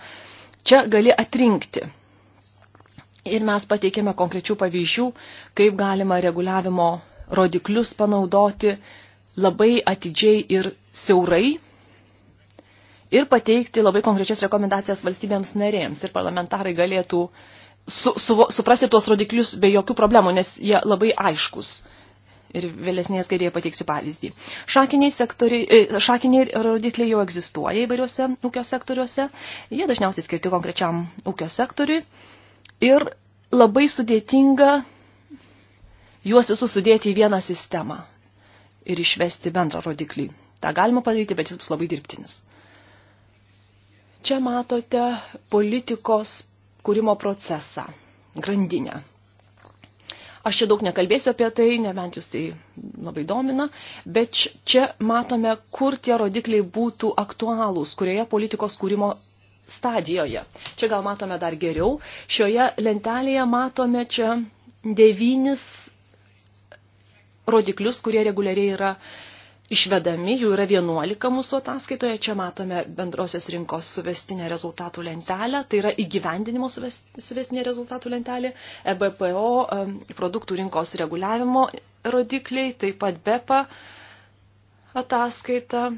Speaker 3: Čia gali atrinkti. Ir mes pateikėme konkrečių pavyzdžių, kaip galima reguliavimo rodiklius panaudoti labai atidžiai ir siaurai ir pateikti labai konkrečias rekomendacijas valstybėms narėms. Ir parlamentarai galėtų uh, su, su, suprasti tuos rodiklius be jokių problemų, nes jie labai aiškus. Ir vėlesnės gairėje pateiksiu pavyzdį. Šakiniai, sektori, e, šakiniai rodikliai jau egzistuoja įvairiuose ūkio sektoriuose. Jie dažniausiai skirti konkrečiam ūkio sektoriui. Ir labai sudėtinga juos visus sudėti į vieną sistemą ir išvesti bendrą rodiklį. Ta galima padaryti, bet jis bus labai dirbtinis. Čia matote politikos kūrimo procesą, grandinę. Aš čia daug nekalbėsiu apie tai, nebent jūs tai labai domina, bet čia matome, kur tie rodikliai būtų aktualūs, kurioje politikos kūrimo stadijoje. Čia gal matome dar geriau. Šioje lentelėje matome čia devynis rodiklius, kurie reguliariai yra uh, išvedami, jų yra 11 mūsų ataskaitoje, čia matome bendrosios rinkos suvestinę rezultatų lentelę, tai yra įgyvendinimo suvestinė rezultatų lentelė, EBPO produktų rinkos reguliavimo rodikliai, taip pat BEPA ataskaita,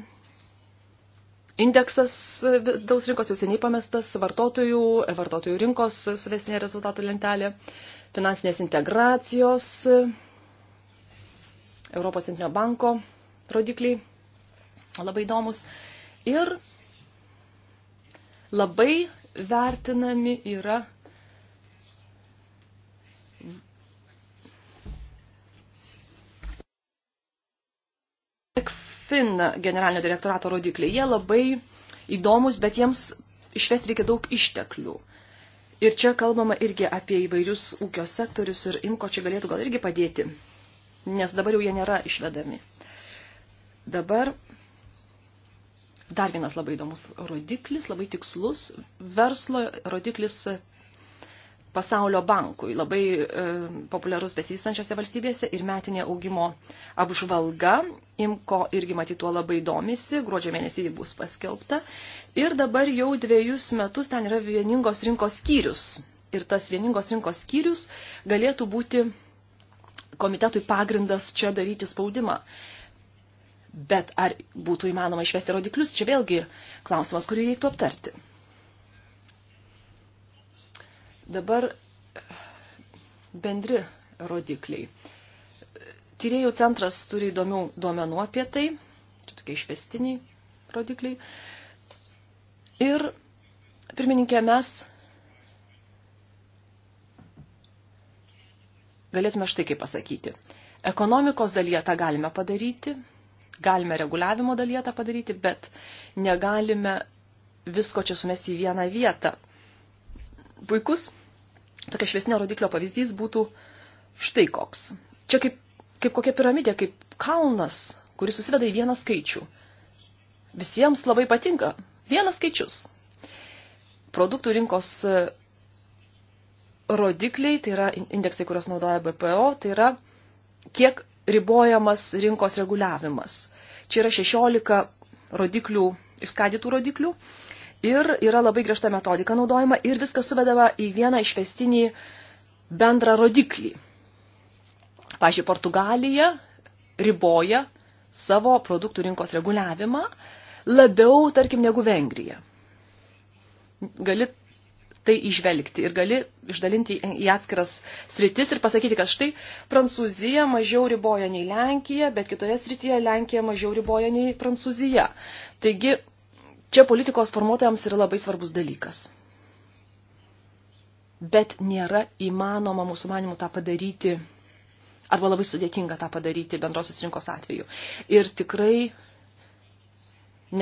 Speaker 3: Indeksas vidaus rinkos jau seniai pamestas, vartotojų, vartotojų rinkos suvesnė rezultatų lentelė, finansinės integracijos, Europos centrinio banko rodikliai labai įdomus. Ir labai vertinami yra FIN generalinio direktorato rodikliai. Jie labai įdomus, bet jiems išvesti reikia daug išteklių. Ir čia kalbama irgi apie įvairius ūkio sektorius ir imko čia galėtų gal irgi padėti, nes dabar jau jie nėra išvedami. Uh, Dabar dar vienas labai įdomus rodiklis, labai tikslus verslo rodiklis pasaulio bankui, labai e, populiarus besivystančiose valstybėse ir metinė augimo apžvalga. Imko irgi matyt tuo labai domisi, gruodžio mėnesį ji bus paskelbta. Ir dabar jau dviejus metus ten yra vieningos rinkos skyrius. Ir tas vieningos rinkos skyrius galėtų būti komitetui pagrindas čia daryti spaudimą. Bet ar būtų įmanoma išvesti rodiklius, čia vėlgi klausimas, kurį reiktų aptarti. Dabar bendri rodikliai. Tyrėjų centras turi įdomių duomenų apie tai, čia tokie išvestiniai rodikliai. Ir, pirmininkė, mes galėtume štai kaip pasakyti. Ekonomikos dalyje tą galime padaryti, Galime reguliavimo dalyje tą padaryti, bet negalime visko čia sumesti į vieną vietą. Puikus tokia šviesnio rodiklio pavyzdys būtų štai koks. Čia kaip, kaip kokia piramidė, kaip kalnas, kuris susiveda į vieną skaičių. Visiems labai patinka vienas skaičius. Produktų rinkos e, rodikliai, tai yra indeksai, kurios naudoja BPO, tai yra kiek ribojamas rinkos reguliavimas. Čia yra 16 rodiklių, išskaidytų rodiklių ir yra labai griežta metodika naudojama ir viskas suvedama į vieną išvestinį bendrą rodiklį. Pavyzdžiui, Portugalija riboja savo produktų rinkos reguliavimą labiau, tarkim, negu Vengrija. Gali tai išvelgti ir gali išdalinti į atskiras sritis ir pasakyti, kad štai Prancūzija mažiau riboja nei Lenkija, bet kitoje srityje Lenkija mažiau riboja nei Prancūzija. Taigi čia politikos formuotojams yra labai svarbus dalykas. Bet nėra įmanoma mūsų manimų tą padaryti arba labai sudėtinga tą padaryti bendrosios rinkos atveju. Ir tikrai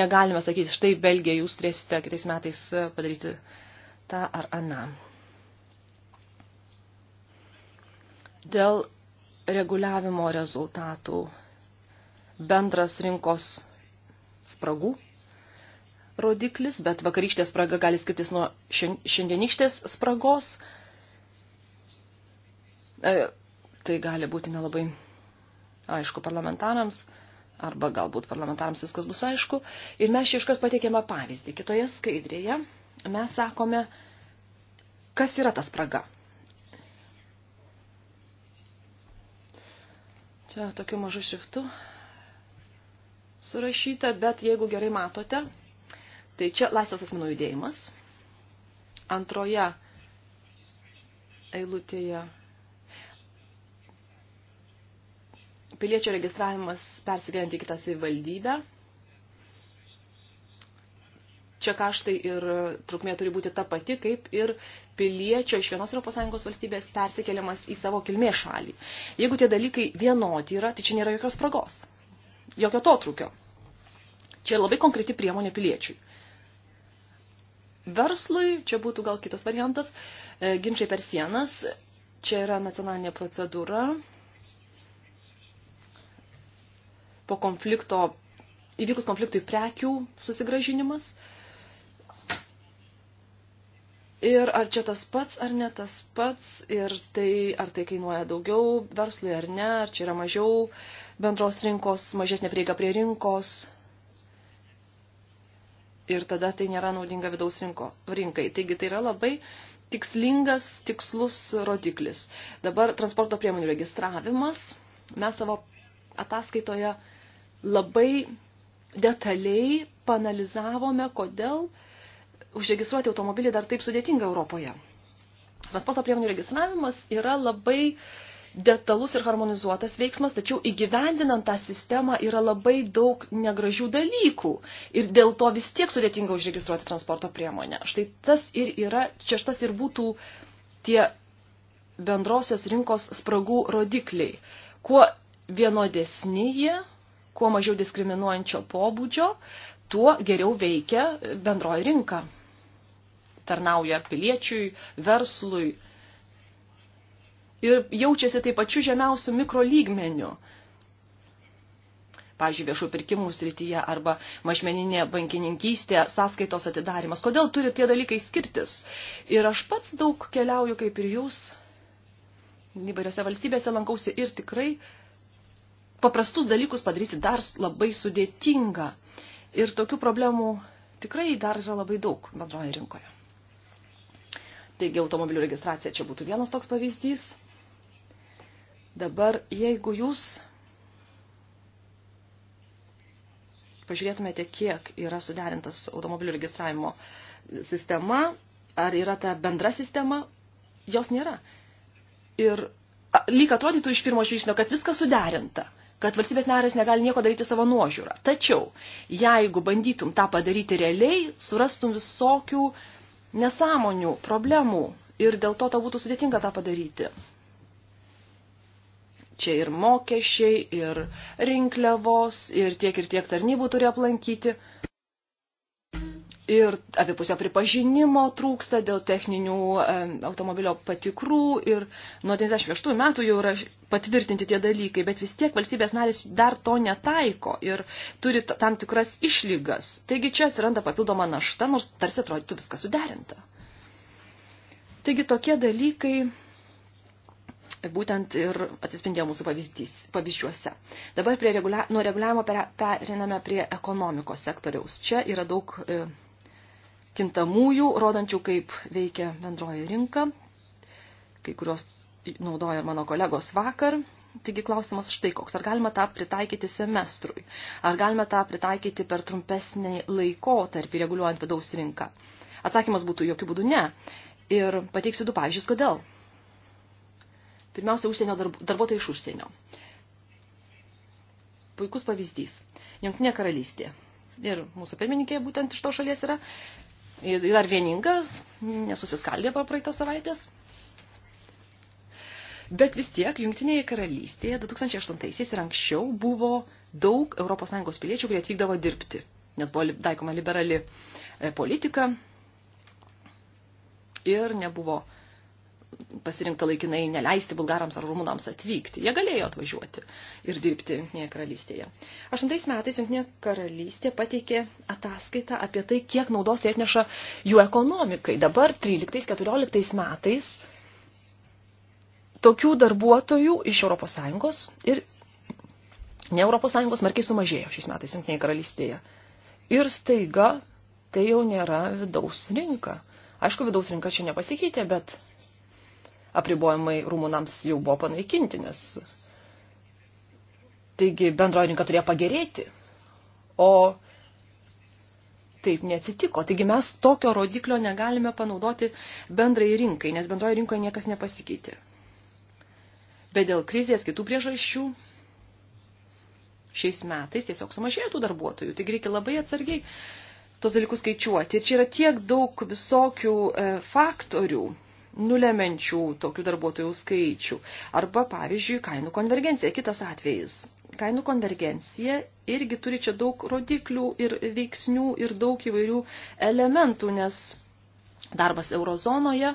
Speaker 3: negalime sakyti, štai Belgija jūs turėsite kitais metais padaryti tą ar aną. Dėl reguliavimo rezultatų bendras rinkos spragų rodiklis, bet vakarykštė spraga gali skirtis nuo šiandienykštės spragos. E, tai gali būti nelabai aišku parlamentarams, arba galbūt parlamentarams viskas bus aišku. Ir mes čia iškart pateikėme pavyzdį kitoje skaidrėje mes sakome, kas yra ta spraga. Čia tokiu mažu šriftu surašyta, bet jeigu gerai matote, tai čia laisvas asmenų judėjimas. Antroje eilutėje piliečio registravimas persigeliant į kitą savivaldybę, čia kaštai ir trukmė turi būti ta pati, kaip ir piliečio iš vienos ES valstybės persikeliamas į savo kilmės šalį. Jeigu tie dalykai vienoti yra, tai čia nėra jokios spragos, jokio to trūkio. Čia labai konkreti priemonė piliečiui. Verslui, čia būtų gal kitas variantas, e, ginčiai per sienas, čia yra nacionalinė procedūra. Po konflikto, įvykus konfliktui prekių susigražinimas – Ir ar čia tas pats, ar ne tas pats, ir tai, ar tai kainuoja daugiau verslui ar ne, ar čia yra mažiau bendros rinkos, mažesnė prieiga prie rinkos. Ir tada tai nėra naudinga vidaus rinko, rinkai. Taigi tai yra labai tikslingas, tikslus rodiklis. Dabar transporto priemonių registravimas. Mes savo ataskaitoje labai detaliai panalizavome, kodėl uh, užregistruoti automobilį dar taip sudėtinga Europoje. Transporto priemonių registravimas yra labai detalus ir harmonizuotas veiksmas, tačiau įgyvendinant tą sistemą yra labai daug negražių dalykų ir dėl to vis tiek sudėtinga užregistruoti transporto priemonę. Štai tas ir yra, čia štas ir būtų tie bendrosios rinkos spragų rodikliai. Kuo vienodesni jie, kuo mažiau diskriminuojančio pobūdžio, tuo geriau veikia bendroji rinka. Tarnauja piliečiui, verslui ir jaučiasi taip pačiu žemiausiu mikrolygmeniu. Pavyzdžiui, viešų pirkimų srityje arba mažmeninė bankininkystė, sąskaitos atidarimas. Kodėl turi tie dalykai skirtis? Ir aš pats daug keliauju kaip ir jūs. Įvairiose valstybėse lankausi ir tikrai paprastus dalykus padaryti dar labai sudėtinga. Ir tokių problemų tikrai dar yra labai daug bendroje rinkoje. Taigi automobilių registracija čia būtų vienas toks pavyzdys. Dabar, jeigu jūs pažiūrėtumėte, kiek yra suderintas automobilių registravimo sistema, ar yra ta bendra sistema, jos nėra. Ir lyg atrodytų iš pirmo žvilgsnio, kad viskas suderinta – kad valstybės narės negali nieko daryti savo nuožiūrą. Tačiau, jeigu bandytum tą padaryti realiai, surastum visokių nesąmonių, problemų ir dėl to tau būtų sudėtinga tą padaryti. Čia ir mokesčiai, ir rinkliavos, ir tiek ir tiek tarnybų turi aplankyti – ir abipusio pripažinimo trūksta dėl techninių automobilio patikrų ir nuo 96 metų jau yra patvirtinti tie dalykai, bet vis tiek valstybės narės dar to netaiko ir turi tam tikras išlygas. Taigi čia atsiranda papildoma našta, nors tarsi atrodytų viskas suderinta. Taigi tokie dalykai būtent ir atsispindėjo mūsų pavyzdžiuose. Dabar prie regulia, nuo reguliavimo periname prie ekonomikos sektoriaus. Čia yra daug e, kintamųjų, rodančių, kaip veikia bendroji rinka, kai kurios naudoja ir mano kolegos vakar. Taigi klausimas štai koks, ar galima tą pritaikyti semestrui, ar galima tą pritaikyti per trumpesnį laikotarpį reguliuojant vidaus rinką. Atsakymas būtų jokių būdų ne. Ir pateiksiu du pavyzdžius, kodėl. Pirmiausia, užsienio darb... darbuotojai iš užsienio. Puikus pavyzdys. Jungtinė karalystė. Ir mūsų pirmininkė būtent iš to šalies yra dar vieningas, nesusiskaldė per praeitą savaitės. Bet vis tiek Jungtinėje karalystėje 2008-aisiais ir anksčiau buvo daug ES piliečių, kurie atvykdavo dirbti, nes buvo taikoma liberali e, politika ir nebuvo uh, pasirinkta laikinai neleisti bulgarams ar rumunams atvykti. Jie galėjo atvažiuoti ir dirbti Junktinėje karalystėje. Aštuntais metais Junktinė karalystė pateikė ataskaitą apie tai, kiek naudos tai atneša jų ekonomikai. Dabar 13-14 metais tokių darbuotojų iš ES ir ne ES smarkiai sumažėjo šiais metais Junktinėje karalystėje. Ir staiga tai jau nėra vidaus rinka. Aišku, vidaus rinka čia nepasikeitė, bet apribojimai rumunams jau buvo panaikinti, nes taigi bendroji rinka turėjo pagerėti, o taip neatsitiko. Taigi mes tokio rodiklio negalime panaudoti bendrai rinkai, nes bendroji rinkoje niekas nepasikeitė. Bet dėl krizės kitų priežasčių šiais metais tiesiog sumažėjo tų darbuotojų. Taigi reikia labai atsargiai tos dalykus skaičiuoti. Ir čia yra tiek daug visokių e, faktorių, nulemenčių tokių darbuotojų skaičių. Arba, pavyzdžiui, kainų konvergencija, kitas atvejis. Kainų konvergencija irgi turi čia daug rodiklių ir veiksnių ir daug įvairių elementų, nes darbas eurozonoje.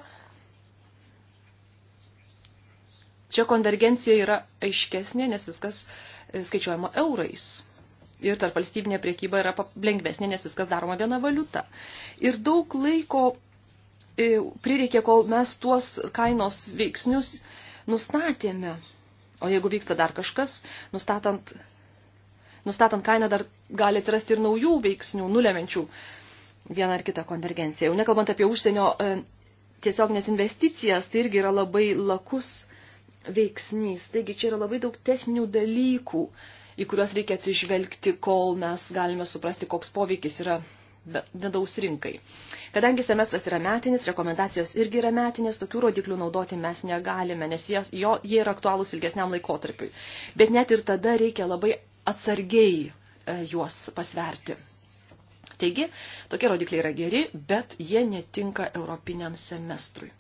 Speaker 3: Čia konvergencija yra aiškesnė, nes viskas e, skaičiuojama eurais ir tarp valstybinė priekyba yra lengvesnė, nes viskas daroma viena valiuta. Ir daug laiko prireikė, kol mes tuos kainos veiksnius nustatėme. O jeigu vyksta dar kažkas, nustatant, nustatant kainą dar gali atsirasti ir naujų veiksnių, nulemenčių vieną ar kitą konvergenciją. Jau nekalbant apie užsienio e, tiesioginės investicijas, tai irgi yra labai lakus veiksnys. Taigi čia yra labai daug techninių dalykų, į kuriuos reikia atsižvelgti, kol mes galime suprasti, koks poveikis yra vidaus rinkai. Kadangi semestras yra metinis, rekomendacijos irgi yra metinės, tokių rodiklių naudoti mes negalime, nes jie, jo, jie yra aktualūs ilgesniam laikotarpiui. Bet net ir tada reikia labai atsargiai e, juos pasverti. Taigi, tokie rodikliai yra geri, bet jie netinka europiniam semestrui.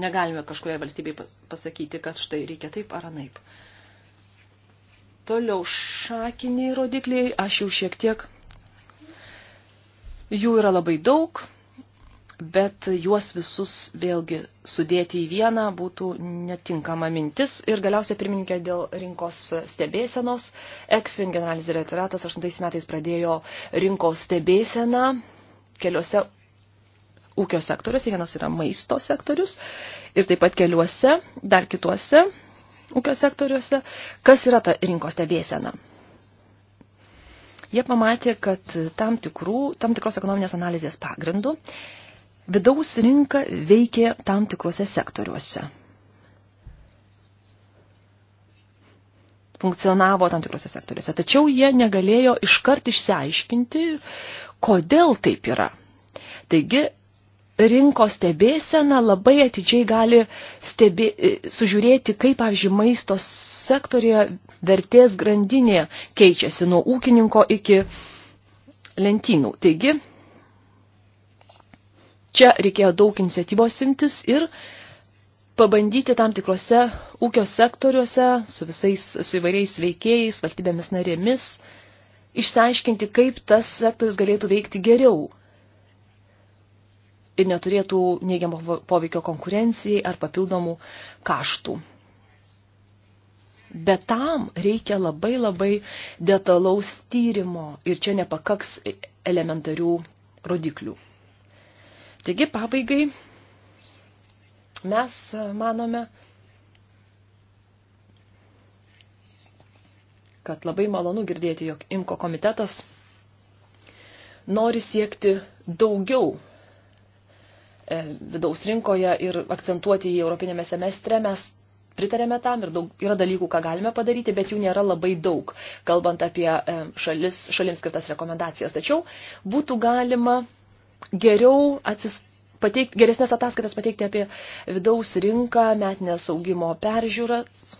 Speaker 3: Negalime kažkurioje valstybei pasakyti, kad štai reikia taip ar anaip. Toliau šakiniai rodikliai, aš jau šiek tiek Jų yra labai daug, bet juos visus vėlgi sudėti į vieną būtų netinkama mintis. Ir galiausiai pirmininkė dėl rinkos stebėsenos. ECFIN generalinis direktoratas 8 metais pradėjo rinkos stebėseną keliose ūkio sektoriuose. Vienas yra maisto sektorius ir taip pat keliuose, dar kituose ūkio sektoriuose. Kas yra ta rinkos stebėsena? jie pamatė, kad tam, tikrų, tam tikros ekonominės analizės pagrindų vidaus rinka veikė tam tikrose sektoriuose. Funkcionavo tam tikrose sektoriuose. Tačiau jie negalėjo iškart išsiaiškinti, kodėl taip yra. Taigi rinkos stebėsena labai atidžiai gali stebė, e, sužiūrėti, kaip, pavyzdžiui, maisto sektorija vertės grandinė keičiasi nuo ūkininko iki lentynų. Taigi, čia reikėjo daug iniciatyvos imtis ir pabandyti tam tikrose ūkio sektoriuose su visais, su įvairiais veikėjais, valstybėmis narėmis, išsiaiškinti, kaip tas sektorius galėtų veikti geriau ir neturėtų neigiamo poveikio konkurencijai ar papildomų kaštų. Bet tam reikia labai labai detalaus tyrimo ir čia nepakaks elementarių rodiklių. Taigi pabaigai mes manome, kad labai malonu girdėti, jog IMKO komitetas nori siekti daugiau E, vidaus rinkoje ir akcentuoti į Europinėme semestre, mes pritarėme tam ir daug, yra dalykų, ką galime padaryti, bet jų nėra labai daug, kalbant apie e, šalis, šalims skirtas rekomendacijas. Tačiau būtų galima geriau atsiskaityti. Pateik, geresnės ataskaitas pateikti apie vidaus rinką, metinės augimo peržiūras,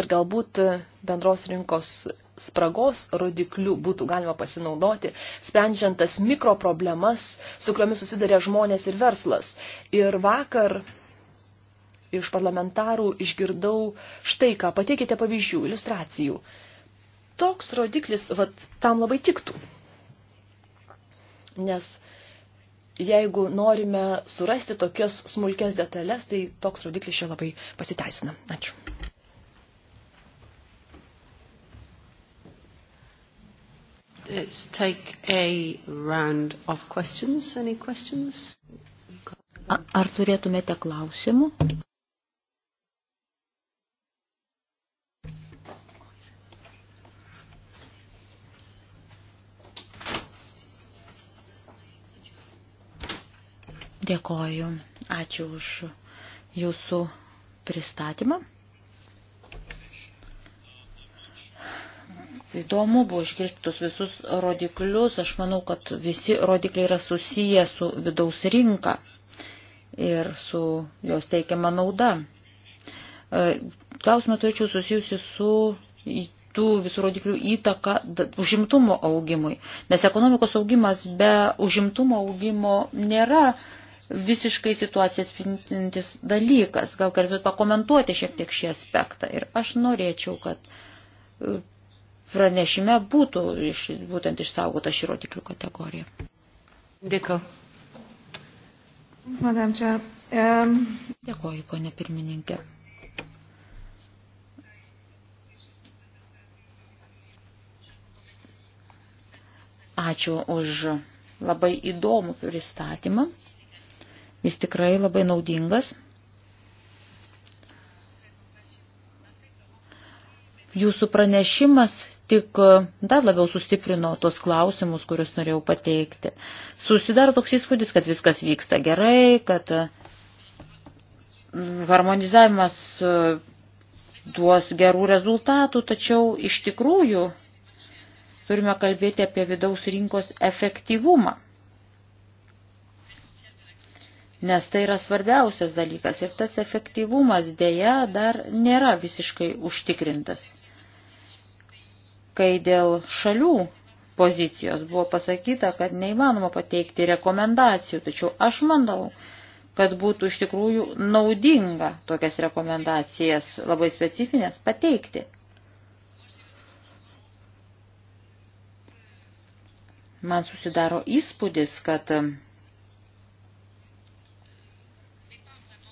Speaker 3: ir galbūt bendros rinkos spragos rodiklių būtų galima pasinaudoti, sprendžiant tas mikroproblemas, su kuriomis susidarė žmonės ir verslas. Ir vakar iš parlamentarų išgirdau štai ką, pateikite pavyzdžių, iliustracijų. Toks rodiklis vat, tam labai tiktų. Nes jeigu norime surasti tokias smulkes detalės, tai toks rodiklis čia labai pasiteisina. Ačiū.
Speaker 2: Let's take a round of questions. Any questions?
Speaker 4: Ar turėtumėte klausimų? Dėkoju. Ačiū už jūsų pristatymą. Įdomu buvo išgirsti tus visus rodiklius. Aš manau, kad visi rodikliai yra susiję su vidaus rinka ir su jos teikiama nauda. E, klausimą turėčiau susijusi su tų visų rodiklių įtaka užimtumo augimui, nes ekonomikos augimas be užimtumo augimo nėra visiškai situacijas spintintis dalykas. Gal galbūt pakomentuoti šiek tiek šį aspektą. Ir aš norėčiau, kad e, pranešime būtų iš, būtent išsaugota šį rodiklių kategoriją. Dėkau. Madam čia. Um... Dėkoju, ponė pirmininkė. Ačiū už labai įdomų pristatymą. Jis tikrai labai naudingas. Jūsų pranešimas tik e, dar labiau sustiprino tos klausimus, kuriuos norėjau pateikti. Susidaro toks įspūdis, kad viskas vyksta gerai, kad e, harmonizavimas e, duos gerų rezultatų, tačiau iš tikrųjų turime kalbėti apie vidaus rinkos efektyvumą. Nes tai yra svarbiausias dalykas ir tas efektyvumas dėja dar nėra visiškai užtikrintas kai dėl šalių pozicijos buvo pasakyta, kad neįmanoma pateikti rekomendacijų, tačiau aš manau, kad būtų iš tikrųjų naudinga tokias rekomendacijas labai specifinės pateikti. Man susidaro įspūdis, kad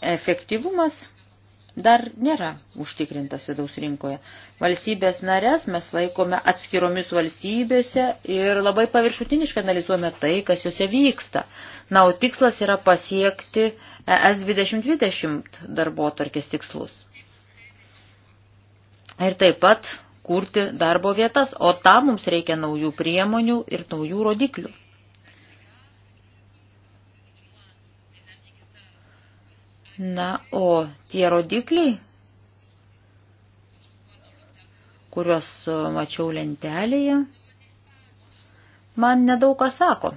Speaker 4: efektyvumas dar nėra užtikrintas vidaus rinkoje. Valstybės narės mes laikome atskiromis valstybėse ir labai paviršutiniškai analizuojame tai, kas juose vyksta. Na, o tikslas yra pasiekti ES 2020 darbo tarkės tikslus. Ir taip pat kurti darbo vietas, o tam mums reikia naujų priemonių ir naujų rodiklių. Na, o tie rodikliai, kuriuos e, mačiau lentelėje, man nedaug ką sako.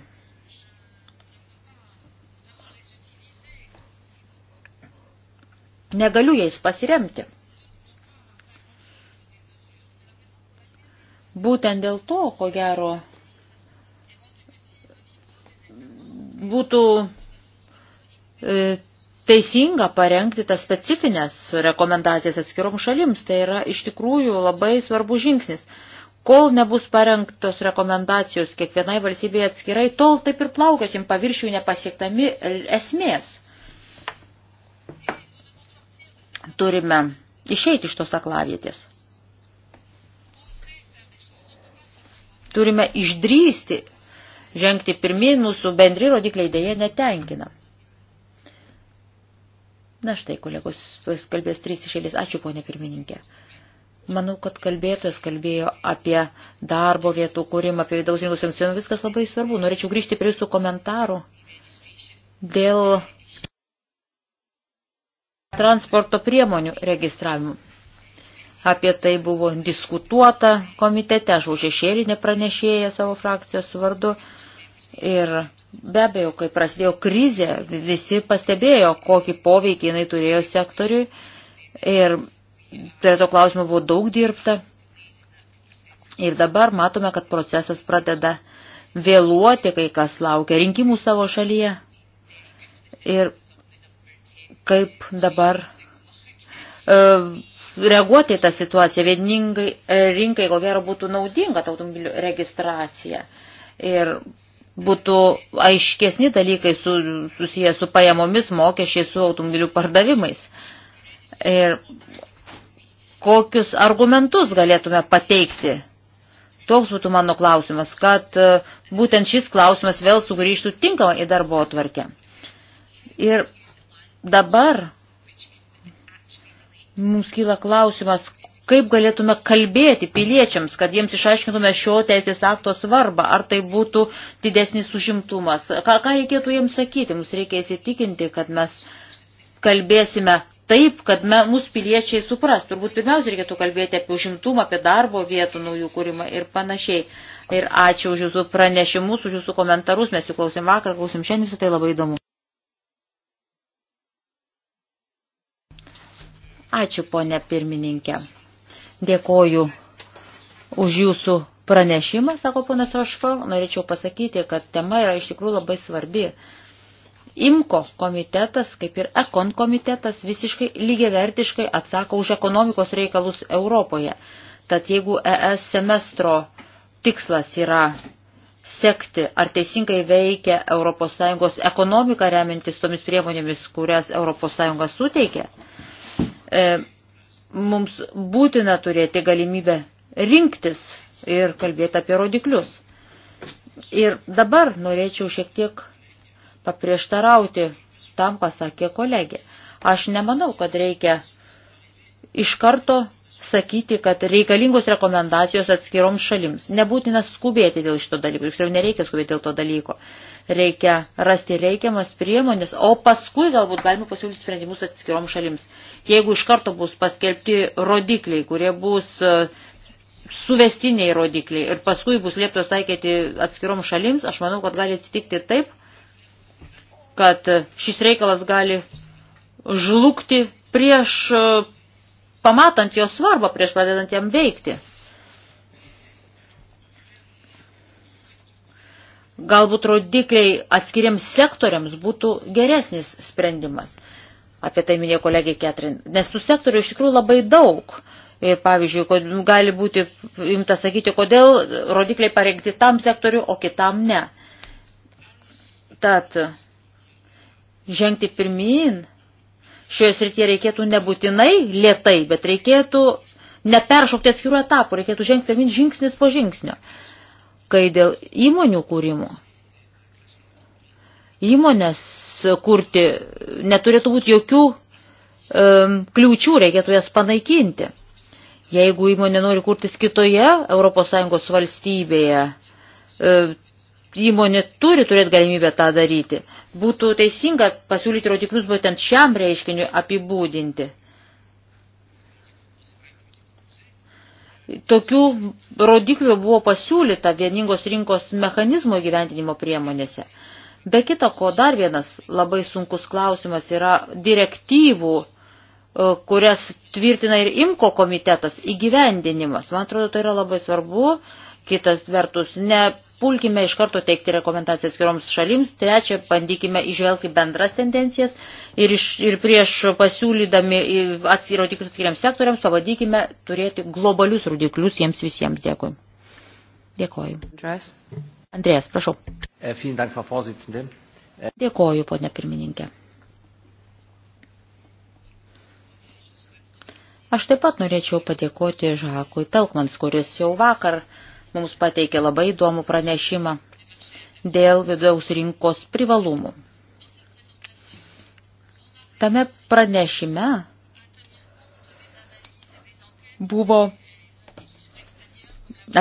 Speaker 4: Negaliu jais pasiremti. Būtent dėl to, ko gero, būtų e, teisinga parengti tas specifines rekomendacijas atskiroms šalims. Tai yra iš tikrųjų labai svarbus žingsnis. Kol nebus parengtos rekomendacijos kiekvienai valstybei atskirai, tol taip ir plaukiosim paviršių nepasiektami esmės. Turime išeiti iš tos aklavietės. Turime išdrysti, žengti pirmin, mūsų bendri rodikliai dėje netenkina. Na štai, kolegos, kalbės trys išėlės. Ačiū, ponė pirmininkė. Manau, kad kalbėtojas kalbėjo apie darbo vietų kūrimą, apie vidaus rinkos sankcioną, viskas labai svarbu. Norėčiau grįžti prie jūsų komentarų dėl transporto priemonių registravimų. Apie tai buvo diskutuota komitete, aš buvau šešėlinė pranešėja savo frakcijos vardu. Uh, Ir be abejo, kai prasidėjo krizė, visi pastebėjo, kokį poveikį jinai turėjo sektoriui. Ir prie to klausimo buvo daug dirbta. Ir dabar matome, kad procesas pradeda vėluoti, kai kas laukia rinkimų savo šalyje. Ir kaip dabar e, reaguoti į tą situaciją. Vieningai e, rinkai, ko gero, būtų naudinga ta automobilių registracija. Ir būtų aiškesni dalykai su, susiję su pajamomis, mokesčiais, su automobilių pardavimais. Ir kokius argumentus galėtume pateikti? Toks būtų mano klausimas, kad e, būtent šis klausimas vėl sugrįžtų tinkamą į darbo atvarkę. Ir dabar mums kyla klausimas, kaip galėtume kalbėti piliečiams, kad jiems išaiškintume šio teisės akto svarbą, ar tai būtų didesnis užimtumas, ką, ką reikėtų jiems sakyti, mums reikia įsitikinti, kad mes kalbėsime taip, kad me, mūsų piliečiai supras. Turbūt pirmiausia reikėtų kalbėti apie užimtumą, apie darbo vietų naujų kūrimą ir panašiai. Ir ačiū už jūsų pranešimus, už jūsų komentarus, mes jų klausim vakar, klausim šiandien, visą tai labai įdomu. Ačiū, ponė pirmininkė. Dėkoju už jūsų pranešimą, sako ponas Rošva. Norėčiau pasakyti, kad tema yra iš tikrųjų labai svarbi. IMKO komitetas, kaip ir EKON komitetas, visiškai lygiavertiškai atsako už ekonomikos reikalus Europoje. Tad jeigu ES semestro tikslas yra sekti, ar teisingai veikia ES ekonomika remiantis tomis priemonėmis, kurias ES suteikia, e, mums būtina turėti galimybę rinktis ir kalbėti apie rodiklius. Ir dabar norėčiau šiek tiek paprieštarauti tam, ką sakė kolegė. Aš nemanau, kad reikia iš karto sakyti, kad reikalingos rekomendacijos atskiroms šalims. Nebūtina skubėti dėl šito dalyko, tiksliau nereikia skubėti dėl to dalyko. Reikia rasti reikiamas priemonės, o paskui galbūt galima pasiūlyti sprendimus atskiroms šalims. Jeigu iš karto bus paskelbti rodikliai, kurie bus e, suvestiniai rodikliai ir paskui bus lieptos taikyti atskiroms šalims, aš manau, kad gali atsitikti taip, kad šis reikalas gali žlugti prieš e, pamatant jo svarbą prieš pradedant jam veikti. Galbūt rodikliai atskiriams sektoriams būtų geresnis sprendimas. Apie tai minėjo kolegė Ketrin. Nes tų sektorių iš tikrųjų labai daug. Ir pavyzdžiui, gali būti imta sakyti, kodėl rodikliai parengti tam sektoriu, o kitam ne. Tad žengti pirmin šioje srityje reikėtų nebūtinai lietai, bet reikėtų neperšokti atskirų etapų, reikėtų žengti pirmin žingsnis po žingsnio. Kai dėl įmonių kūrimo, įmonės kurti neturėtų būti jokių um, kliūčių, reikėtų jas panaikinti. Jeigu įmonė nori kurtis kitoje ES valstybėje, um, įmonė turi turėti galimybę tą daryti. Būtų teisinga pasiūlyti rodiklius būtent šiam reiškiniui apibūdinti. Tokių rodiklių buvo pasiūlyta vieningos rinkos mechanizmo gyventinimo priemonėse. Be kita ko, dar vienas labai sunkus klausimas yra direktyvų, e, kurias tvirtina ir IMKO komitetas, įgyvendinimas. Man atrodo, tai yra labai svarbu. Kitas vertus, ne nepulkime iš karto teikti rekomendacijas skiroms šalims, trečia, bandykime išvelgti bendras tendencijas ir, iš, ir prieš pasiūlydami atsirodikius skiriams sektoriams pavadykime turėti globalius rodiklius jiems visiems. Dėkui. Dėkoju. Andrės, Andrės prašau. E, e, Dėkoju, ponė pirmininkė. Aš taip pat norėčiau padėkoti Žakui Pelkmans, kuris jau vakar uh, mums pateikė labai įdomų pranešimą dėl vidaus rinkos privalumų. Tame pranešime buvo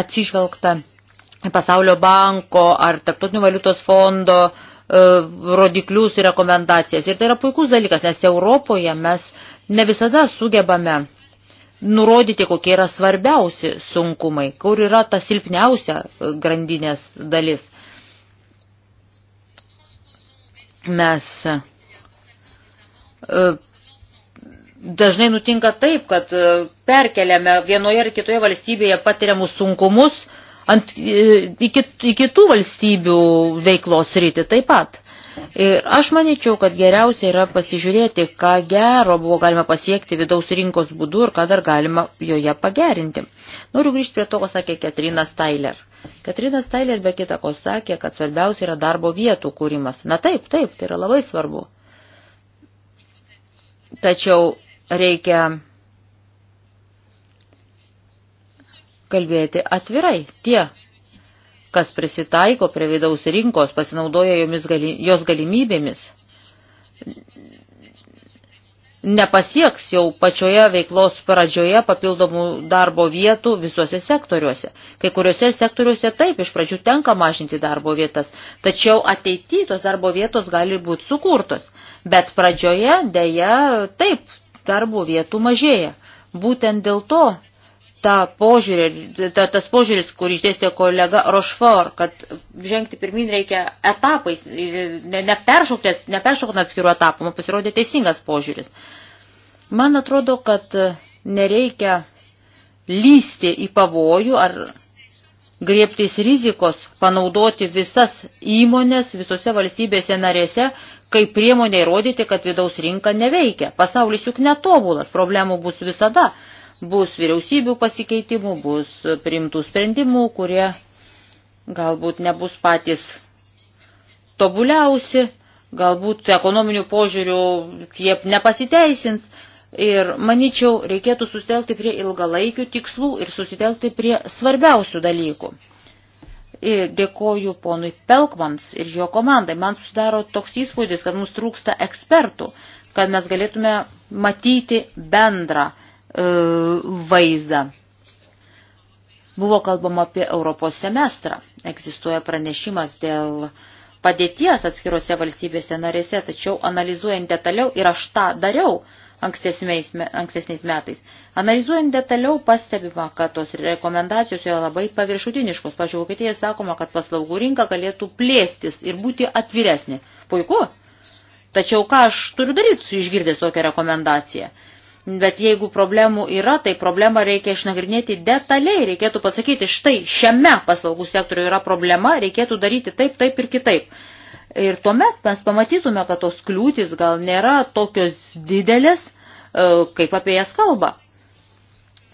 Speaker 4: atsižvelgta pasaulio banko ar tarptautinių valiutos fondo e, rodiklius ir rekomendacijas. Ir tai yra puikus dalykas, nes Europoje mes ne visada sugebame nurodyti, kokie yra svarbiausi sunkumai, kur yra ta silpniausia e, grandinės dalis. Mes e, dažnai nutinka taip, kad e, perkeliame vienoje ar kitoje valstybėje patiriamus sunkumus ant, į, kit, į kitų valstybių veiklos rytį taip pat. Ir aš manyčiau, kad geriausia yra pasižiūrėti, ką gero buvo galima pasiekti vidaus rinkos būdu ir ką dar galima joje pagerinti. Noriu grįžti prie to, ko sakė Katrina Stailer. Katrina Stailer be kita ko sakė, kad svarbiausia yra darbo vietų kūrimas. Na taip, taip, tai yra labai svarbu. Tačiau reikia kalbėti atvirai. Tie, kas prisitaiko prie vidaus rinkos, pasinaudoja jomis gali, jos galimybėmis, nepasieks jau pačioje veiklos pradžioje papildomų darbo vietų visuose sektoriuose. Kai kuriuose sektoriuose taip iš pradžių tenka mažinti darbo vietas, tačiau ateityje tos darbo vietos gali būti sukurtos. Bet pradžioje dėja taip darbo vietų mažėja. Būtent dėl to ta požiūrė, ta, tas požiūris, kurį išdėstė kolega Rošfor, kad žengti pirmin reikia etapais, neperšoktas, ne neperšoktant atskirų etapų, man pasirodė teisingas požiūris. Man atrodo, kad nereikia lysti į pavojų ar griebtis rizikos, panaudoti visas įmonės visose valstybėse narėse, kaip priemonė įrodyti, kad vidaus rinka neveikia. Pasaulis juk netobulas, problemų bus visada bus vyriausybių pasikeitimų, bus priimtų sprendimų, kurie galbūt nebus patys tobuliausi, galbūt ekonominių požiūrių jie nepasiteisins. Ir manyčiau, reikėtų susitelkti prie ilgalaikių tikslų ir susitelkti prie svarbiausių dalykų. Ir dėkoju ponui Pelkmans ir jo komandai. Man susidaro toks įspūdis, kad mums trūksta ekspertų, kad mes galėtume matyti bendrą E, vaizdą. Buvo kalbama apie Europos semestrą. Egzistuoja pranešimas dėl padėties atskirose valstybėse narėse, tačiau analizuojant detaliau, ir aš tą dariau ankstesniais metais, analizuojant detaliau pastebima, kad tos rekomendacijos yra labai paviršutiniškos. Pavyzdžiui, Vokietijoje sakoma, kad paslaugų rinka galėtų plėstis ir būti atviresnė. Puiku. Tačiau ką aš turiu daryti su išgirdęs tokią rekomendaciją? Bet jeigu problemų yra, tai problemą reikia išnagrinėti detaliai. Reikėtų pasakyti, štai šiame paslaugų sektoriu yra problema, reikėtų daryti taip, taip ir kitaip. Ir tuomet mes pamatytume, kad tos kliūtis gal nėra tokios didelės, e, kaip apie jas kalba.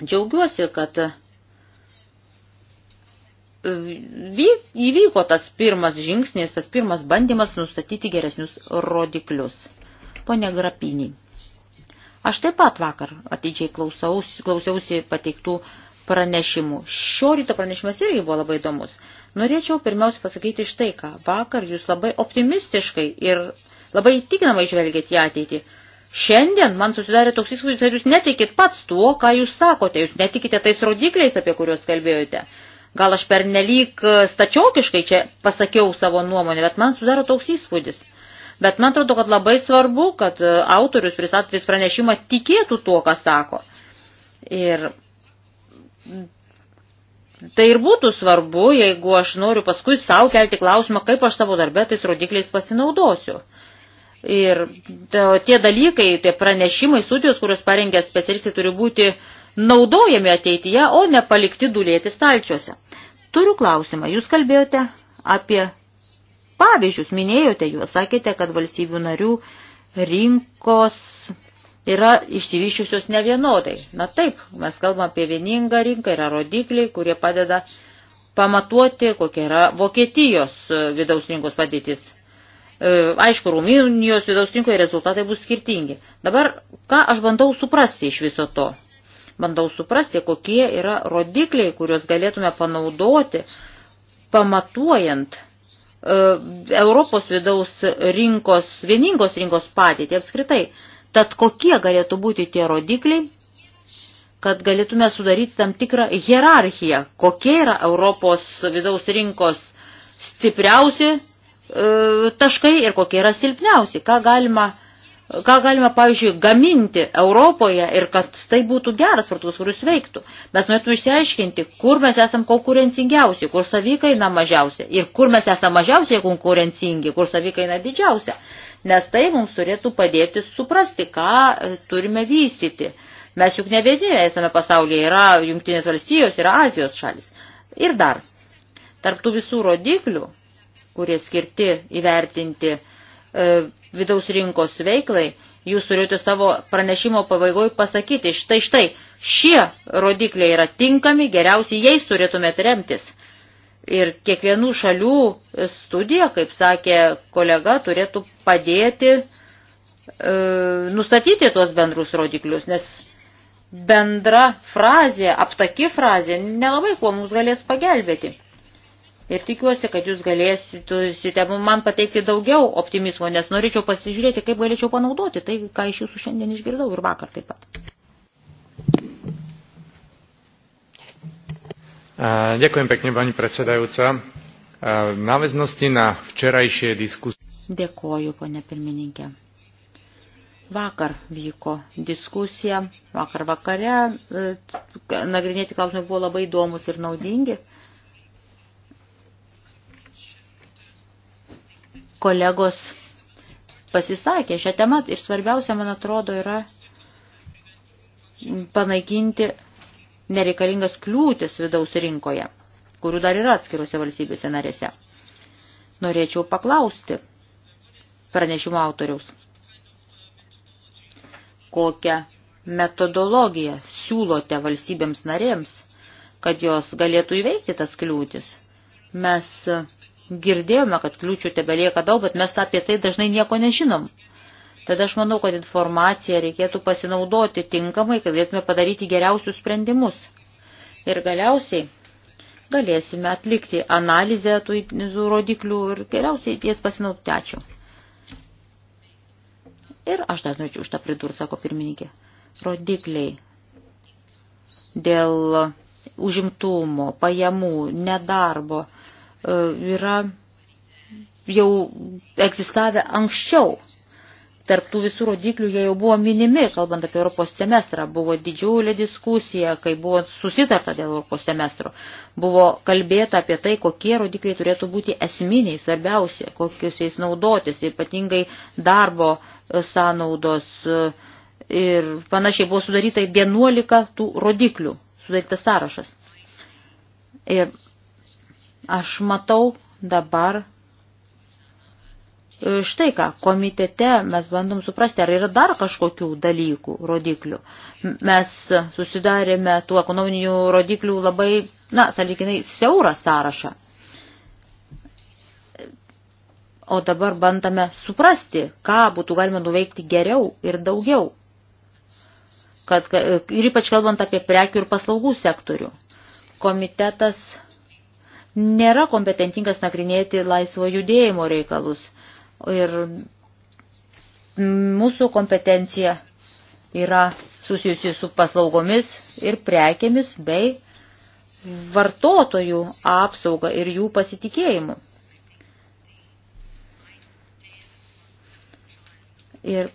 Speaker 4: Džiaugiuosi, kad e, įvyko tas pirmas žingsnis, tas pirmas bandymas nustatyti geresnius rodiklius. Pone Grapiniai. Aš taip pat vakar atidžiai klausiausi, klausiausi pateiktų pranešimų. Šio ryto pranešimas irgi buvo labai įdomus. Norėčiau pirmiausia pasakyti štai ką. Vakar jūs labai optimistiškai ir labai įtikinamai žvelgėt į ateitį. Šiandien man susidarė toks įspūdis, kad jūs netikit pats tuo, ką jūs sakote, jūs netikite tais rodikliais, apie kuriuos kalbėjote. Gal aš pernelyg stačiokiškai čia pasakiau savo nuomonę, bet man sudaro toks įspūdis. Bet man atrodo, kad labai svarbu, kad e, autorius pristatys pranešimą tikėtų tuo, ką sako. Ir tai ir būtų svarbu, jeigu aš noriu paskui savo kelti klausimą, kaip aš savo darbę tais rodikliais pasinaudosiu. Ir tie dalykai, tie pranešimai, studijos, kurios parengė specialistai, turi būti naudojami ateityje, o ne palikti dulėti stalčiuose. Turiu klausimą. Jūs kalbėjote apie pavyzdžius, minėjote juos, sakėte, kad valstybių narių rinkos yra išsivyščiusios nevienodai. Na taip, mes kalbam apie vieningą rinką, yra rodikliai, kurie padeda pamatuoti, kokia yra Vokietijos e, vidaus rinkos padėtis. E, aišku, Rumunijos vidaus rinkoje rezultatai bus skirtingi. Dabar, ką aš bandau suprasti iš viso to? bandau suprasti, kokie yra rodikliai, kuriuos galėtume panaudoti, pamatuojant E, Europos vidaus rinkos, vieningos rinkos padėtį apskritai. Tad kokie galėtų būti tie rodikliai, kad galėtume sudaryti tam tikrą hierarchiją, kokie yra Europos vidaus rinkos stipriausi e, taškai ir kokie yra silpniausi, ką galima ką galime, pavyzdžiui, gaminti Europoje ir kad tai būtų geras vartus, kuris veiktų. Mes norėtume išsiaiškinti, kur mes esame konkurencingiausi, kur savikaina mažiausia ir kur mes esame mažiausiai konkurencingi, kur savikaina didžiausia. Nes tai mums turėtų padėti suprasti, ką e, turime vystyti. Mes juk ne vieni esame pasaulyje, yra Jungtinės valstijos, yra Azijos šalis. Ir dar, tarptų visų rodiklių, kurie skirti įvertinti E, vidaus rinkos veiklai, jūs turėjote savo pranešimo pabaigoje pasakyti, štai štai, šie rodikliai yra tinkami, geriausiai jais turėtumėt remtis. Ir kiekvienų šalių studija, kaip sakė kolega, turėtų padėti e, nustatyti tuos bendrus rodiklius, nes bendra frazė, aptaki frazė, nelabai kuo mums galės pagelbėti ir tikiuosi, kad jūs galėsite man pateikti daugiau optimizmo, nes norėčiau pasižiūrėti, kaip galėčiau panaudoti tai, ką iš jūsų šiandien išgirdau ir vakar taip pat.
Speaker 1: Ďakujem pekne, pani predsedajúca. V náväznosti na včerajšie diskusie.
Speaker 4: Dėkoju, pane pirmininkė. Vakar vyko diskusija, vakar vakare, e, nagrinėti klausimai buvo labai įdomus ir naudingi. kolegos pasisakė šią temą ir svarbiausia, man atrodo, yra panaikinti nereikalingas kliūtis vidaus rinkoje, kurių dar yra atskiruose valstybėse narėse. Norėčiau paklausti pranešimo autoriaus, kokią metodologiją siūlote valstybėms narėms, kad jos galėtų įveikti tas kliūtis. Mes girdėjome, kad kliūčių tebelieka daug, bet mes apie tai dažnai nieko nežinom. Tada aš manau, kad informaciją reikėtų pasinaudoti tinkamai, kad galėtume padaryti geriausius sprendimus. Ir galiausiai galėsime atlikti analizę tų rodiklių ir geriausiai ties pasinaudoti. Ačiū. Ir aš dar norėčiau už tą pridurti, sako pirmininkė. Rodikliai dėl užimtumo, pajamų, nedarbo E, yra jau egzistavę anksčiau. Tarp tų visų rodiklių jie jau buvo minimi, kalbant apie Europos semestrą. Buvo didžiulė diskusija, kai buvo susitarta dėl Europos semestro. Buvo kalbėta apie tai, kokie rodikliai turėtų būti esminiai, svarbiausia, kokius jais naudotis, ypatingai darbo e, sąnaudos e, ir panašiai buvo sudaryta 11 tų rodiklių, sudarytas sąrašas. Ir Aš matau dabar e, štai ką, komitete mes bandom suprasti, ar yra dar kažkokių dalykų, rodiklių. Mes susidarėme tų ekonominių rodiklių labai, na, salikinai, siaurą sąrašą. O dabar bandame suprasti, ką būtų galima nuveikti geriau ir daugiau. Kad, ir ypač kalbant apie prekių ir paslaugų sektorių. Komitetas nėra kompetentingas nagrinėti laisvo judėjimo reikalus. Ir mūsų kompetencija yra susijusi su paslaugomis ir prekėmis bei vartotojų apsauga ir jų pasitikėjimu. Ir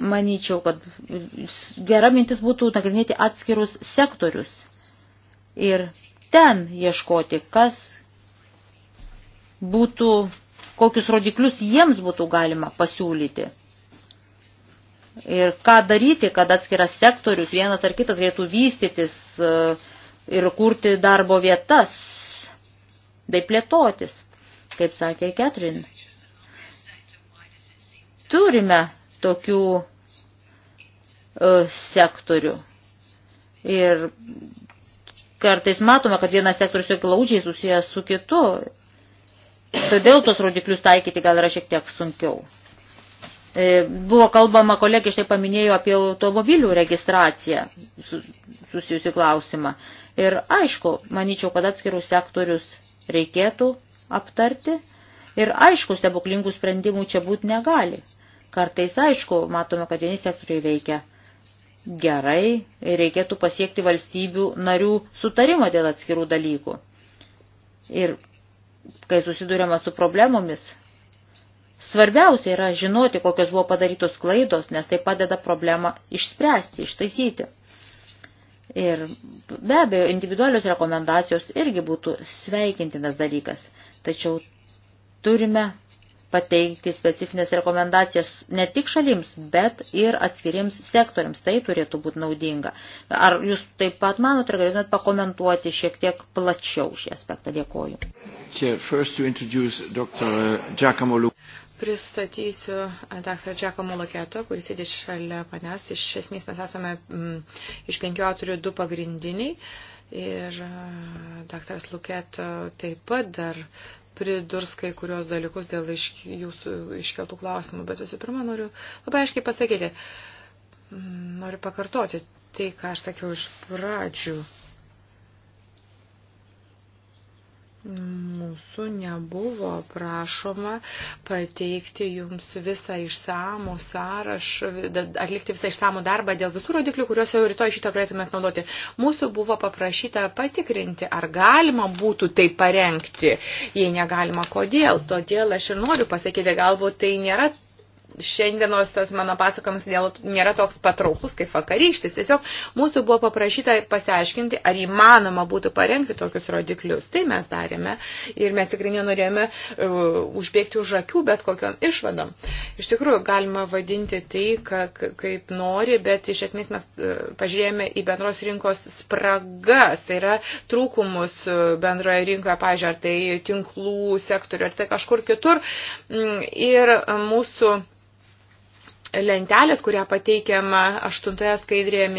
Speaker 4: manyčiau, kad gera mintis būtų nagrinėti atskirus sektorius ir ten ieškoti, kas būtų, kokius rodiklius jiems būtų galima pasiūlyti. Ir ką daryti, kad atskiras sektorius, vienas ar kitas galėtų vystytis e, ir kurti darbo vietas bei plėtotis, kaip sakė Ketrin. Turime tokių e, sektorių. Ir kartais matome, kad vienas sektorius jau glaudžiai susijęs su kitu Todėl tos rodiklius taikyti gal yra šiek tiek sunkiau. E, buvo kalbama, kolegė štai paminėjo apie automobilių registraciją susijusi klausimą. Ir aišku, manyčiau, kad atskirus sektorius reikėtų aptarti. Ir aišku, stebuklingų sprendimų čia būti negali. Kartais, aišku, matome, kad vieni sektoriai veikia gerai ir reikėtų pasiekti valstybių narių sutarimą dėl atskirų dalykų. Ir kai susidurėma su problemomis, svarbiausia yra žinoti, kokios buvo padarytos klaidos, nes tai padeda problemą išspręsti, ištaisyti. Ir be abejo, individualios rekomendacijos irgi būtų sveikintinas dalykas, tačiau turime pateikti specifines rekomendacijas ne tik šalims, bet ir atskirims sektoriams. Tai turėtų būti naudinga. Ar jūs taip pat manote, ar galėtumėt pakomentuoti šiek tiek plačiau šį aspektą? Dėkoju.
Speaker 1: Pristatysiu dr. Giacomo Loketo, kuris sėdi šalia manęs. Iš esmės mes esame m, mm, iš penkių autorių du pagrindiniai. Ir daktaras Luketo taip pat dar pridurs kai kurios dalykus dėl iš, jūsų iškeltų klausimų, bet visų pirma noriu labai aiškiai pasakyti, noriu pakartoti tai, ką aš sakiau iš pradžių. Mūsų nebuvo prašoma pateikti jums visą išsamų sąrašą, atlikti visą išsamų darbą dėl visų rodiklių, kuriuos jau rytoj šitą galėtumėt naudoti. Mūsų buvo paprašyta patikrinti, ar galima būtų tai parengti. Jei negalima, kodėl? Todėl aš ir noriu pasakyti, galbūt tai nėra šiandienos tas mano pasakojimas nėra toks patrauklus kaip vakarykštis. Tiesiog mūsų buvo paprašyta pasiaiškinti, ar įmanoma būtų parengti tokius rodiklius. Tai mes darėme ir mes tikrai nenorėjome uh, užbėgti už akių bet kokiam išvadom. Iš tikrųjų, galima vadinti tai, ka, kaip nori, bet iš esmės mes uh, pažiūrėjome į bendros rinkos spragas, tai yra trūkumus e, bendroje rinkoje, pažiūrėjau, ar tai tinklų sektorių, ar tai kažkur kitur. Mm, ir mūsų lentelės, kurią pateikiama aštuntoje skaidrėje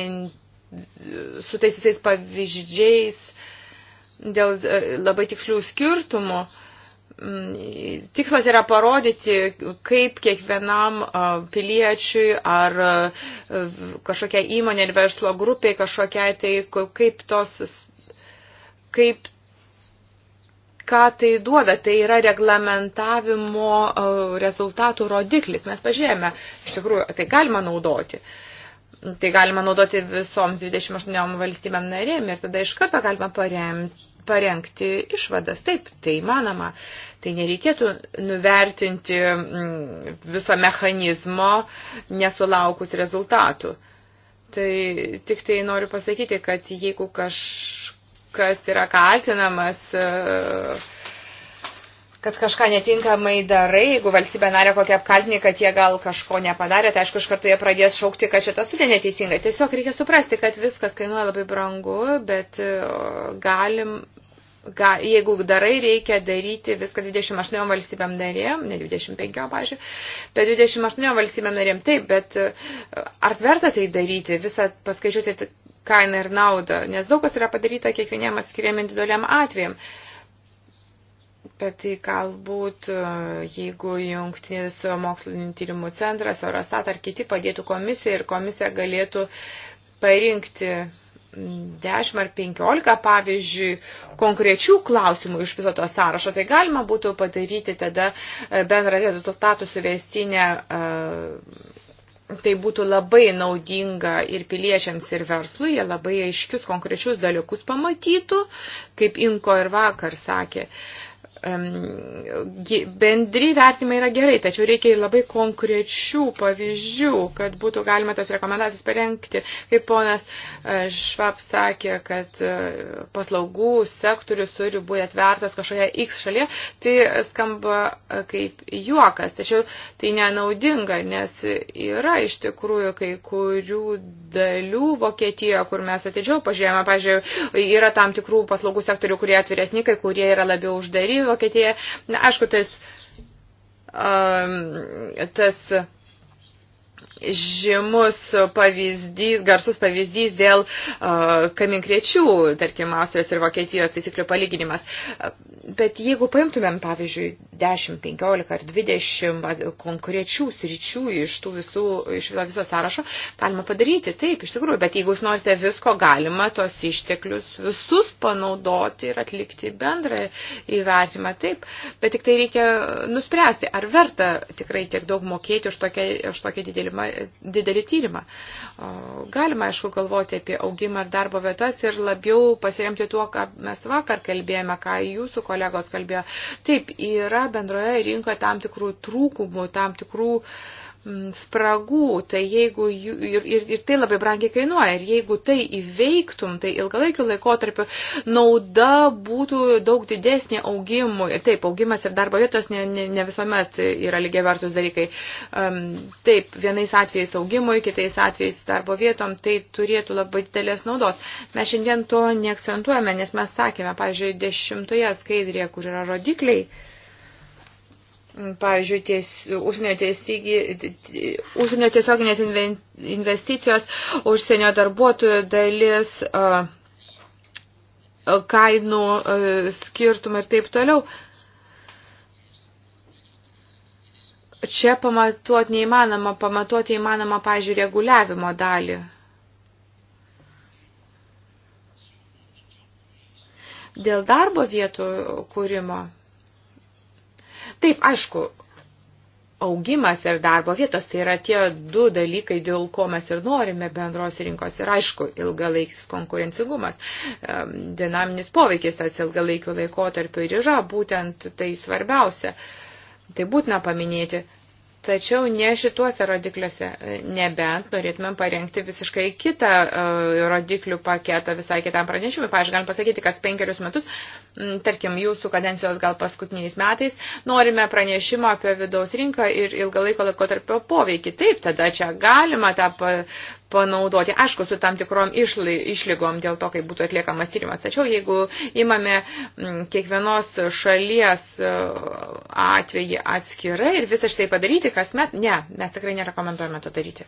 Speaker 1: su tais visais pavyzdžiais dėl e, labai tikslių skirtumų. Mm, tikslas yra parodyti, kaip kiekvienam piliečiui ar kažkokia įmonė ir verslo grupiai kažkokiai tai, kaip tos kaip ką tai duoda. Tai yra reglamentavimo e, rezultatų rodiklis. Mes pažiūrėjome, iš tikrųjų, tai galima naudoti. Tai galima naudoti visoms 28 valstybėm narėm ir tada iš karto galima paremti parengti išvadas. Taip, tai manoma. Tai nereikėtų nuvertinti mm, viso mechanizmo nesulaukus rezultatų. Tai tik tai noriu pasakyti, kad jeigu kaž, kas yra kaltinamas, e, kad kažką netinkamai darai, jeigu valstybė narė kokią apkaltinį, kad jie gal kažko nepadarė, tai aišku, iš karto jie pradės šaukti, kad šita studija neteisinga. Tiesiog reikia suprasti, kad viskas kainuoja labai brangu, bet e, galim ga, jeigu darai, reikia daryti viską 28 valstybėm narėm, ne 25, pažiūrėjau, bet 28 valstybėm narėm taip, bet e, ar verta tai daryti, visą paskaičiuoti kainą ir naudą, nes daug kas yra padaryta kiekvieniam atskiriam individualiam atvejam. Bet tai galbūt, e, jeigu jungtinis mokslininių tyrimų centras, Eurostat ar kiti padėtų komisija ir komisija galėtų parinkti 10 ar 15, pavyzdžiui, konkrečių klausimų iš viso to sąrašo, tai galima būtų padaryti tada e, bendrą rezultatų suvestinę. Uh, tai būtų labai naudinga ir piliečiams, ir verslui, jie labai aiškius konkrečius dalykus pamatytų, kaip Inko ir vakar sakė. Uh, Bendri vertimai yra gerai, tačiau reikia ir labai konkrečių pavyzdžių, kad būtų galima tas rekomendacijas parengti. Kaip ponas e, Švab sakė, kad e, paslaugų sektorius turi būti atvertas kažkoje X šalyje, tai skamba e, kaip juokas, tačiau tai nenaudinga, nes yra iš tikrųjų kai kurių dalių Vokietijoje, kur mes atidžiau pažiūrėjome, pažiūrėjau, yra tam tikrų paslaugų sektorių, kurie atviresni, kai kurie yra labiau uždari Vokietija. Na, aišku, tas, um, tas žymus pavyzdys, garsus pavyzdys dėl uh, kaminkrečių, tarkim, Austrijos ir Vokietijos taisyklių palyginimas. Bet jeigu paimtumėm, pavyzdžiui, 10, 15 ar 20 konkrečių sričių iš tų visų, iš viso, viso sąrašo, galima padaryti, taip, iš tikrųjų, bet jeigu jūs norite visko, galima tos išteklius visus panaudoti ir atlikti bendrą įvertimą, taip, bet tik tai reikia nuspręsti, ar verta tikrai tiek daug mokėti už tokią, už tokią didelį, didelį tyrimą. Galima, aišku, galvoti apie augimą ir darbo vietas ir labiau pasiremti tuo, ką mes vakar kalbėjome, ką jūsų kolegai kolegos kalbėjo. Taip, yra bendroje rinkoje tam tikrų trūkumų, tam tikrų uh, Mm, spragų, tai jeigu, ir, ir, ir tai labai brangiai kainuoja, ir jeigu tai įveiktum, tai ilgalaikiu laikotarpiu nauda būtų daug didesnė augimui. Taip, augimas ir darbo vietos ne, ne, ne visuomet yra lygiai vertus dalykai. Um, taip, vienais atvejais augimui, kitais atvejais darbo vietom, tai turėtų labai didelės naudos. Mes šiandien to neakcentuojame, nes mes sakėme, pavyzdžiui, dešimtoje skaidrėje, kur yra rodikliai, uh, Mm, pavyzdžiui, ties, užsienio, tiesi, užsienio tiesioginės investicijos, užsienio darbuotojų dalis, kainų skirtumai ir taip toliau. Čia pamatuoti neįmanoma, pamatuoti įmanoma, pavyzdžiui, reguliavimo dalį. Dėl darbo vietų kūrimo Taip, aišku, augimas ir darbo vietos, tai yra tie du dalykai, dėl ko mes ir norime bendros rinkos. Ir aišku, ilgalaikis konkurencingumas, dinaminis poveikis tas ilgalaikių laikotarpių ir yra būtent tai svarbiausia. Tai būtina paminėti. Tačiau ne šituose rodikliuose, nebent norėtumėm parengti visiškai kitą e, rodiklių paketą visai kitam pranešimui. Pavyzdžiui, galim pasakyti, kas penkerius metus, tarkim, jūsų kadencijos gal paskutiniais metais, norime pranešimą apie vidaus rinką ir ilgalaiko laikotarpio poveikį. Taip, tada čia galima tą panaudoti. Aišku, su tam tikrom išlygom dėl to, kaip būtų atliekamas tyrimas. Tačiau jeigu imame mm, kiekvienos šalies e, atvejį atskirai ir visą štai padaryti kasmet, ne, mes tikrai nerekomenduojame to daryti.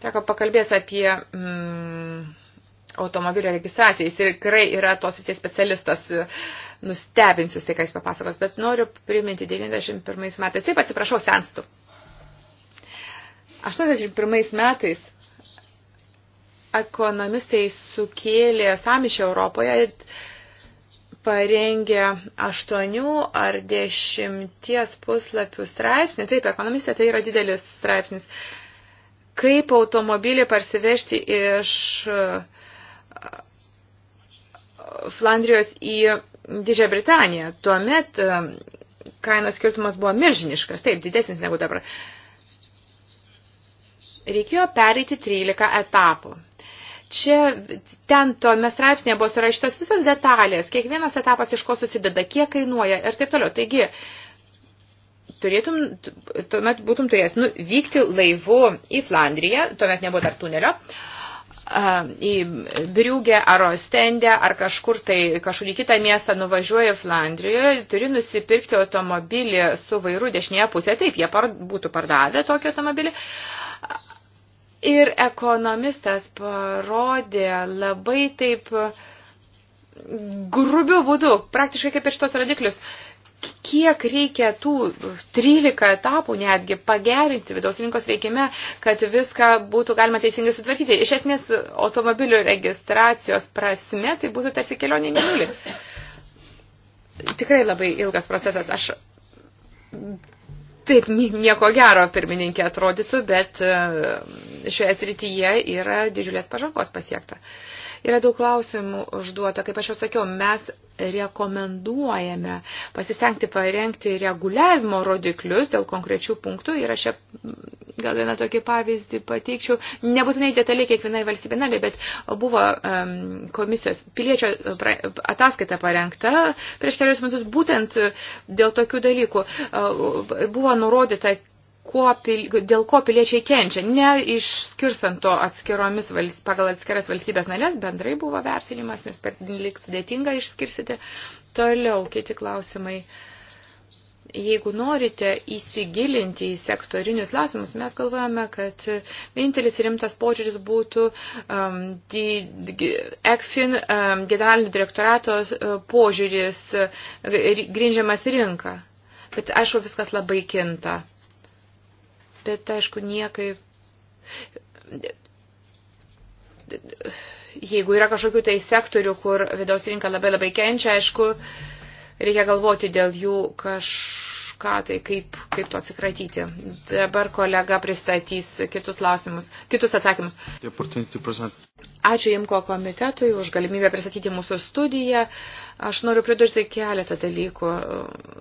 Speaker 1: Teko pakalbės apie mm, automobilio registraciją. Jis tikrai yra tos įsies specialistas. E, nustebinsiu tai, ką jis papasakos, bet noriu priminti 91 metais. Taip atsiprašau, senstu. 81 metais ekonomistai sukėlė samišę Europoje, parengė 8 ar 10 puslapių straipsnį. Taip, ekonomistė tai yra didelis straipsnis. Kaip automobilį parsivežti iš uh, Flandrijos į Didžiąją Britaniją. Tuomet uh, kainos skirtumas buvo milžiniškas, taip, didesnis negu dabar reikėjo pereiti 13 etapų. Čia ten tome straipsnėje buvo surašytos visas detalės, kiekvienas etapas iš ko susideda, kiek kainuoja ir taip toliau. Taigi, turėtum, tuomet būtum turėjęs nu, vykti laivu į Flandriją, tuomet nebuvo dar tunelio, į Briugę ar Ostendę ar kažkur tai, kažkur į kitą miestą nuvažiuoji Flandrijoje, turi nusipirkti automobilį su vairu dešinėje pusėje, taip, jie par, būtų pardavę tokį automobilį, Ir ekonomistas parodė labai taip grubių būdų, praktiškai kaip ir šitos rodiklius, kiek reikia tų 13 etapų netgi pagerinti vidaus rinkos veikime, kad viską būtų galima teisingai sutvarkyti. Iš esmės, automobilių registracijos prasme, tai būtų tarsi kelionė į mėnulį. Tikrai labai ilgas procesas. Aš taip nieko gero pirmininkė atrodytų, bet šioje srityje yra didžiulės pažangos pasiekta. Yra daug klausimų užduota, kaip aš jau sakiau, mes rekomenduojame pasistengti parengti reguliavimo rodiklius dėl konkrečių punktų ir aš čia gal vieną tokį pavyzdį pateikčiau, nebūtinai detaliai kiekvienai valstybė narė, bet buvo um, komisijos piliečio ataskaita parengta prieš kelius metus būtent dėl tokių dalykų. Uh, buvo nurodyta, Ko, dėl ko piliečiai kenčia, ne išskirstant to atskiromis vals, pagal atskiras valstybės narės, bendrai buvo versinimas, nes per lik sudėtinga išskirsyti. Toliau kiti klausimai. Jeigu norite įsigilinti į sektorinius klausimus, mes galvojame, kad vienintelis rimtas požiūris būtų um, di, di, ECFIN um, generalinio direktorato uh, požiūris uh, grindžiamas rinka. Bet aišku, viskas labai kinta bet aišku, niekai jeigu yra kažkokių tai sektorių, kur vidaus rinka labai labai kenčia, aišku, reikia galvoti dėl jų kaž, kažką, tai kaip, kaip to atsikratyti. Dabar kolega pristatys kitus klausimus, kitus atsakymus. Ačiū Imko komitetui už galimybę pristatyti mūsų studiją. Aš noriu pridurti keletą dalykų.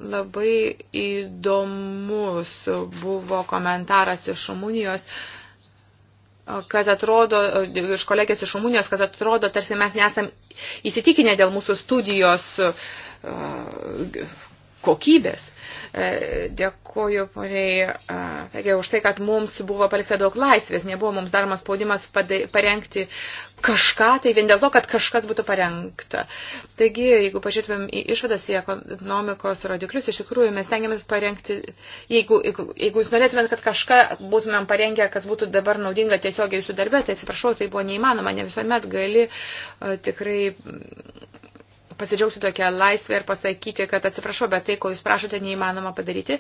Speaker 1: Labai įdomus buvo komentaras iš Rumunijos kad atrodo, iš kolegės iš Rumunijos, kad atrodo, tarsi mes nesam įsitikinę dėl mūsų studijos kokybės. E, Dėkuoju poniai Pegė už tai, kad mums buvo palista daug laisvės, nebuvo mums daromas spaudimas parengti kažką, tai vien dėl to, kad kažkas būtų parengta. Taigi, jeigu pažiūrėtumėm į išvadas į ekonomikos rodiklius, iš tikrųjų mes tengiamės parengti, jeigu, jeigu, jeigu jūs norėtumėt, kad kažką būtumėm parengę, kas būtų dabar naudinga tiesiogiai jūsų darbė, tai atsiprašau, tai buvo neįmanoma, ne visuomet gali tikrai pasidžiaugti tokią laisvę ir pasakyti, kad atsiprašau, bet tai, ko jūs prašote, neįmanoma padaryti.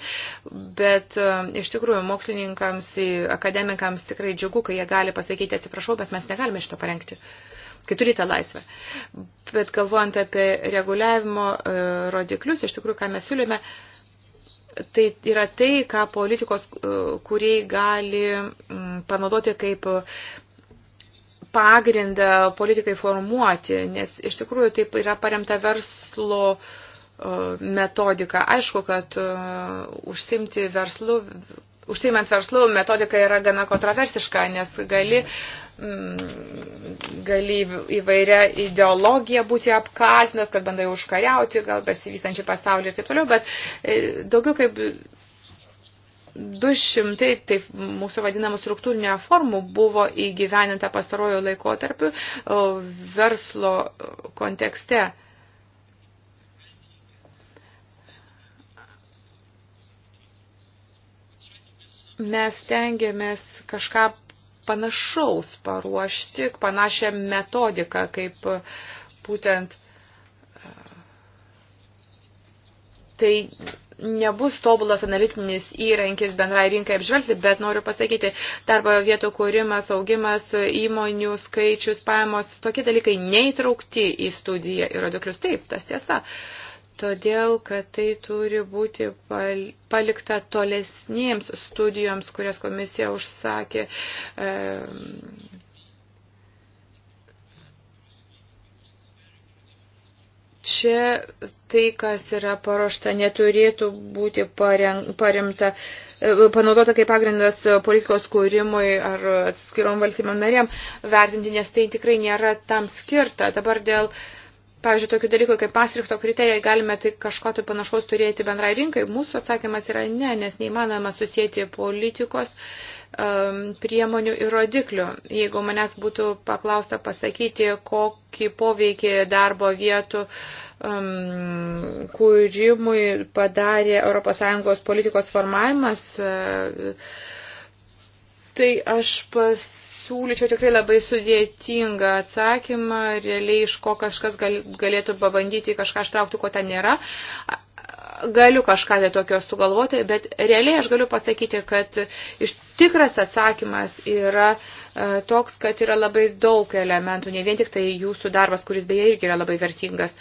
Speaker 1: Bet e, iš tikrųjų mokslininkams, akademikams tikrai džiugu, kai jie gali pasakyti atsiprašau, bet mes negalime šito parengti kai turite laisvę. Bet galvojant apie reguliavimo e, rodiklius, iš tikrųjų, ką mes siūlėme, tai yra tai, ką politikos e, kuriai gali panaudoti kaip pagrindą politikai formuoti, nes iš tikrųjų taip yra paremta verslo e, metodika. Aišku, kad e, užsimti verslu, užsimant verslu metodika yra gana kontroversiška, nes gali, mm, gali įvairia ideologija būti apkaltinas, kad bandai užkariauti, gal besivystančią pasaulį ir taip toliau, bet e, daugiau kaip 200, taip mūsų vadinamų struktūrinio formų buvo įgyveninta pastarojo laikotarpiu verslo kontekste. Mes tengiamės kažką panašaus paruošti, panašią metodiką, kaip e, būtent e, tai nebus tobulas analitinis įrankis bendrai rinkai apžvelgti, bet noriu pasakyti, darbo vietų kūrimas, augimas, įmonių skaičius, pajamos, tokie dalykai neįtraukti į studiją ir rodiklius. Taip, tas tiesa. Todėl, kad tai turi būti palikta tolesnėms studijoms, kurias komisija užsakė. E, Čia tai, kas yra paruošta, neturėtų būti paremta, e, panaudota kaip pagrindas politikos kūrimui ar atskirom valstybėm narėm vertinti, nes tai tikrai nėra tam skirta. Dabar dėl pavyzdžiui, tokių dalykų kaip pasirinkto kriterijai galime tai kažko tai panašaus turėti bendrai rinkai, mūsų atsakymas yra ne, nes neįmanoma susijęti politikos Um, priemonių ir rodiklių. Jeigu manęs būtų paklausta pasakyti, kokį poveikį darbo vietų um, kūrimui padarė ES politikos formavimas, uh, tai aš pas siūlyčiau tikrai labai sudėtingą atsakymą, realiai iš ko kažkas gal, galėtų pabandyti kažką ištraukti, ko ten nėra galiu kažką tai tokio sugalvoti, bet realiai aš galiu pasakyti, kad iš tikras atsakymas yra e, toks, kad yra labai daug elementų, ne vien tik tai jūsų darbas, kuris beje irgi yra labai vertingas.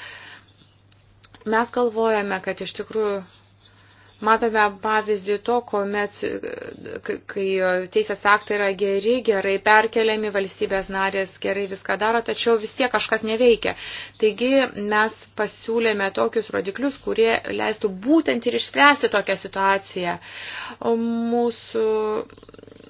Speaker 1: Mes galvojame, kad iš tikrųjų Matome pavyzdį to, kuomet, kai teisės aktai yra geri, gerai perkeliami, valstybės narės gerai viską daro, tačiau vis tiek kažkas neveikia. Taigi mes pasiūlėme tokius rodiklius, kurie leistų būtent ir išspręsti tokią situaciją. O mūsų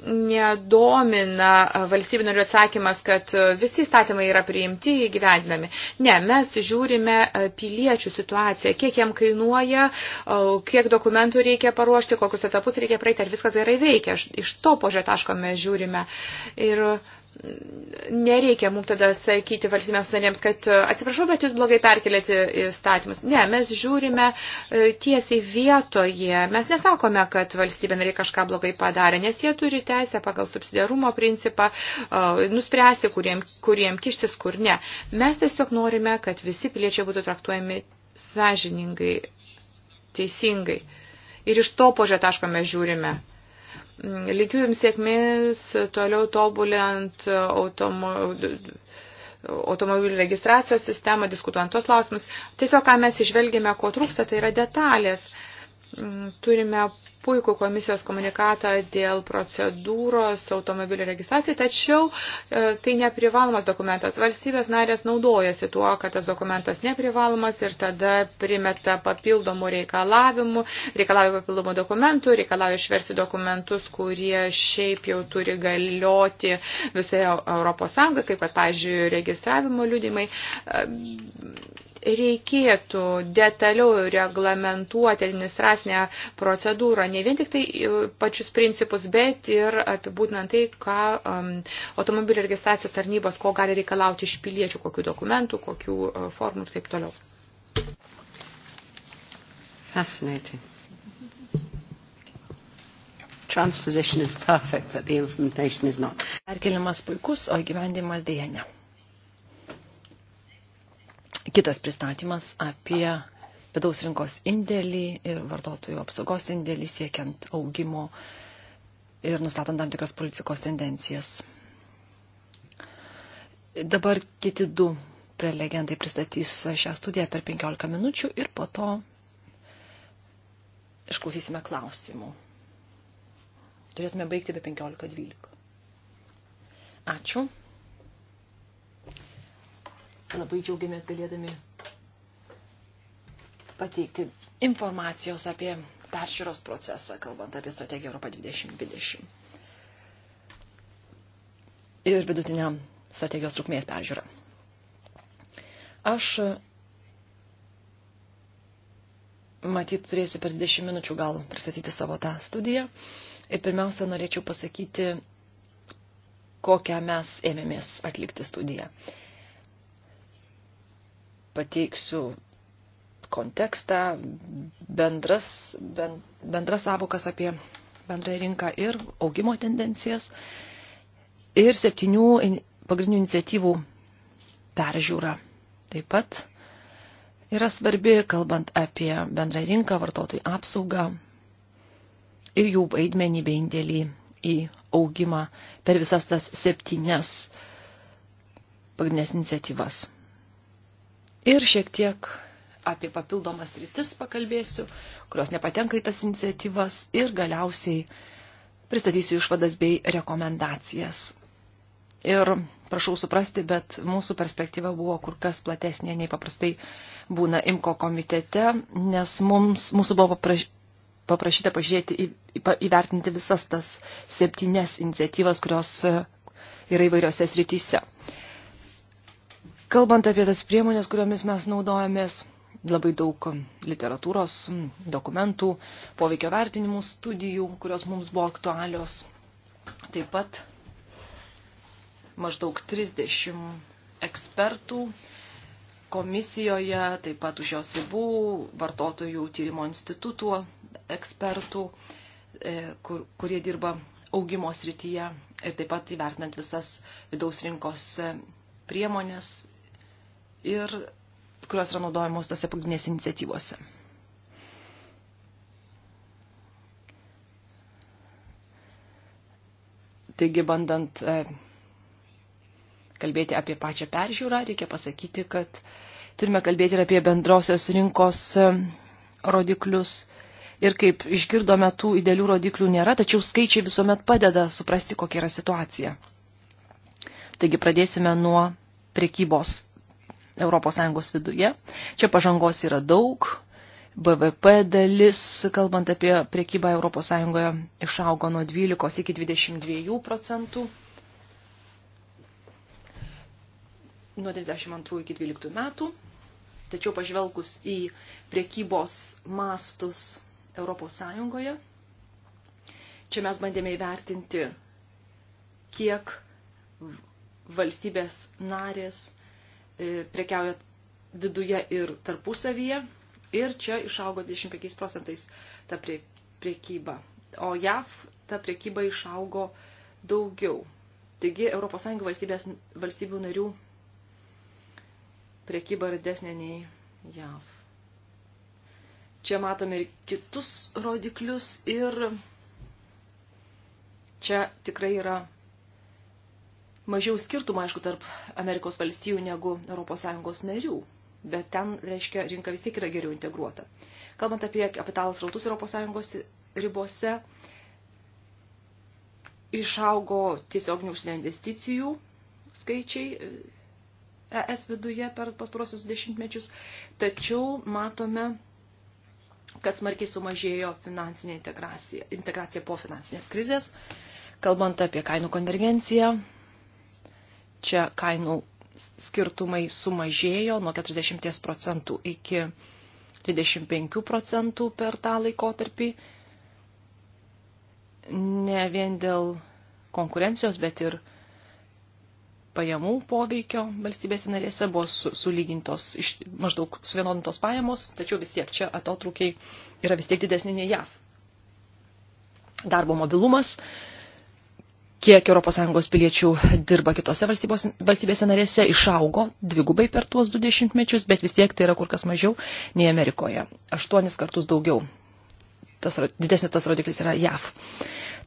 Speaker 1: nedomina valstybių narių atsakymas, kad visi įstatymai yra priimti įgyvendinami. Ne, mes žiūrime e, piliečių situaciją, kiek jam kainuoja, e, kiek dokumentų reikia paruošti, kokius etapus reikia praeiti, ar viskas gerai veikia. Iš to požiūrė taško mes žiūrime. Ir uh, nereikia mums tada sakyti valstybėms narėms, kad atsiprašau, bet jūs blogai perkelėte įstatymus. Ne, mes žiūrime e, tiesiai vietoje. Mes nesakome, kad valstybė narė kažką blogai padarė, nes jie turi teisę pagal subsidiarumo principą e, nuspręsti, kuriem, kuriem kištis, kur ne. Mes tiesiog norime, kad visi piliečiai būtų traktuojami sąžiningai, teisingai. Ir iš to požio taško mes žiūrime. Likiu jums sėkmės toliau tobuliant automo, automobilių registracijos sistemą, diskutuojant tos klausimus. Tiesiog, ką mes išvelgėme, ko trūksta, tai yra detalės. Uh, Turime puikų komisijos komunikatą dėl procedūros automobilio registracijai, tačiau e, tai neprivalomas dokumentas. Valstybės narės naudojasi tuo, kad tas dokumentas neprivalomas ir tada primeta papildomų reikalavimų, reikalauja papildomų dokumentų, reikalauja išversti dokumentus, kurie šiaip jau turi galioti visoje Europos Sąjungoje, kaip, kad, pavyzdžiui, registravimo liūdimai e, reikėtų detaliau reglamentuoti administracinę procedūrą, ne vien tik tai e, pačius principus, bet ir apibūtinant tai, ką um, automobilių registracijos tarnybos, ko gali reikalauti iš piliečių, kokių dokumentų, kokių uh, formų ir taip toliau. Fascinating. Transposition is perfect, but the implementation is not.
Speaker 3: Perkelimas puikus, o gyvendimas dėja ne kitas pristatymas apie vidaus rinkos indėlį ir vartotojų apsaugos indėlį siekiant augimo ir nustatant tam tikras politikos tendencijas. Dabar kiti du prelegentai pristatys šią studiją per 15 minučių ir po to išklausysime klausimų. Turėtume baigti be 15.12. Ačiū. Labai džiaugiamės galėdami pateikti informacijos apie peržiūros procesą, kalbant apie strategiją Europą 2020. Ir vidutinę strategijos trukmės peržiūrą. Aš matyt turėsiu per 20 minučių gal pristatyti savo tą studiją. Ir pirmiausia, norėčiau pasakyti, kokią mes ėmėmės atlikti studiją pateiksiu kontekstą, bendras, ben, bendras savokas apie bendrąją rinką ir augimo tendencijas ir septynių pagrindinių iniciatyvų peržiūra. Taip pat yra svarbi, kalbant apie bendrą rinką, vartotojų apsaugą ir jų vaidmenį bei indėlį į augimą per visas tas septynes pagrindinės iniciatyvas. Ir šiek tiek apie papildomas rytis pakalbėsiu, kurios nepatenka į tas iniciatyvas ir galiausiai pristatysiu išvadas bei rekomendacijas. Ir prašau suprasti, bet mūsų perspektyva buvo kur kas platesnė nei paprastai būna IMKO komitete, nes mums, mūsų buvo papraš, paprašyta pažiūrėti, į, įvertinti visas tas septynes iniciatyvas, kurios e, yra įvairiose srityse. Kalbant apie tas priemonės, kuriomis mes naudojamės, labai daug literatūros, dokumentų, poveikio vertinimų studijų, kurios mums buvo aktualios. Taip pat maždaug 30 ekspertų komisijoje, taip pat už jos ribų, vartotojų tyrimo institutų ekspertų, e, kur, kurie dirba augimo srityje ir taip pat įvertinant visas vidaus rinkos e, priemonės ir kurios yra naudojamos tose pagrindinėse iniciatyvose. Taigi, bandant e, kalbėti apie pačią peržiūrą, reikia pasakyti, kad turime kalbėti ir apie bendrosios rinkos e, rodiklius. Ir kaip išgirdome, tų idealių rodiklių nėra, tačiau skaičiai visuomet padeda suprasti, kokia yra situacija. Taigi pradėsime nuo prekybos ES viduje. Čia pažangos yra daug. BVP dalis, kalbant apie priekybą ES, išaugo nuo 12 iki 22 procentų. Nuo 92 iki 12 metų. Tačiau pažvelgus į priekybos mastus ES, čia mes bandėme įvertinti, kiek valstybės narės E, prekiauja viduje ir tarpusavyje. Ir čia išaugo 25 procentais ta prie, priekyba. O JAV ta priekyba išaugo daugiau. Taigi ES valstybės, valstybių narių priekyba yra desnė nei JAV. Čia matome ir kitus rodiklius ir čia tikrai yra mažiau skirtumų, aišku, tarp Amerikos valstijų negu ES narių, bet ten, reiškia, rinka vis tiek yra geriau integruota. Kalbant apie kapitalos rautus ES ribose, išaugo tiesioginių užsienio investicijų skaičiai ES e viduje per pastarosius dešimtmečius, tačiau matome, kad smarkiai sumažėjo finansinė integracija, integracija po finansinės krizės, kalbant apie kainų konvergenciją, Čia kainų skirtumai sumažėjo nuo 40 procentų iki 25 procentų per tą laikotarpį. Ne vien dėl konkurencijos, bet ir pajamų poveikio valstybėse narėse buvo sulygintos, iš, maždaug suvienodintos pajamos, tačiau vis tiek čia atotrukiai yra vis tiek didesni nei JAV. Darbo mobilumas kiek ES piliečių dirba kitose valstybėse narėse, išaugo dvigubai per tuos du dešimtmečius, bet vis tiek tai yra kur kas mažiau nei Amerikoje. Aštuonis kartus daugiau. Tas, didesnis tas rodiklis yra JAV.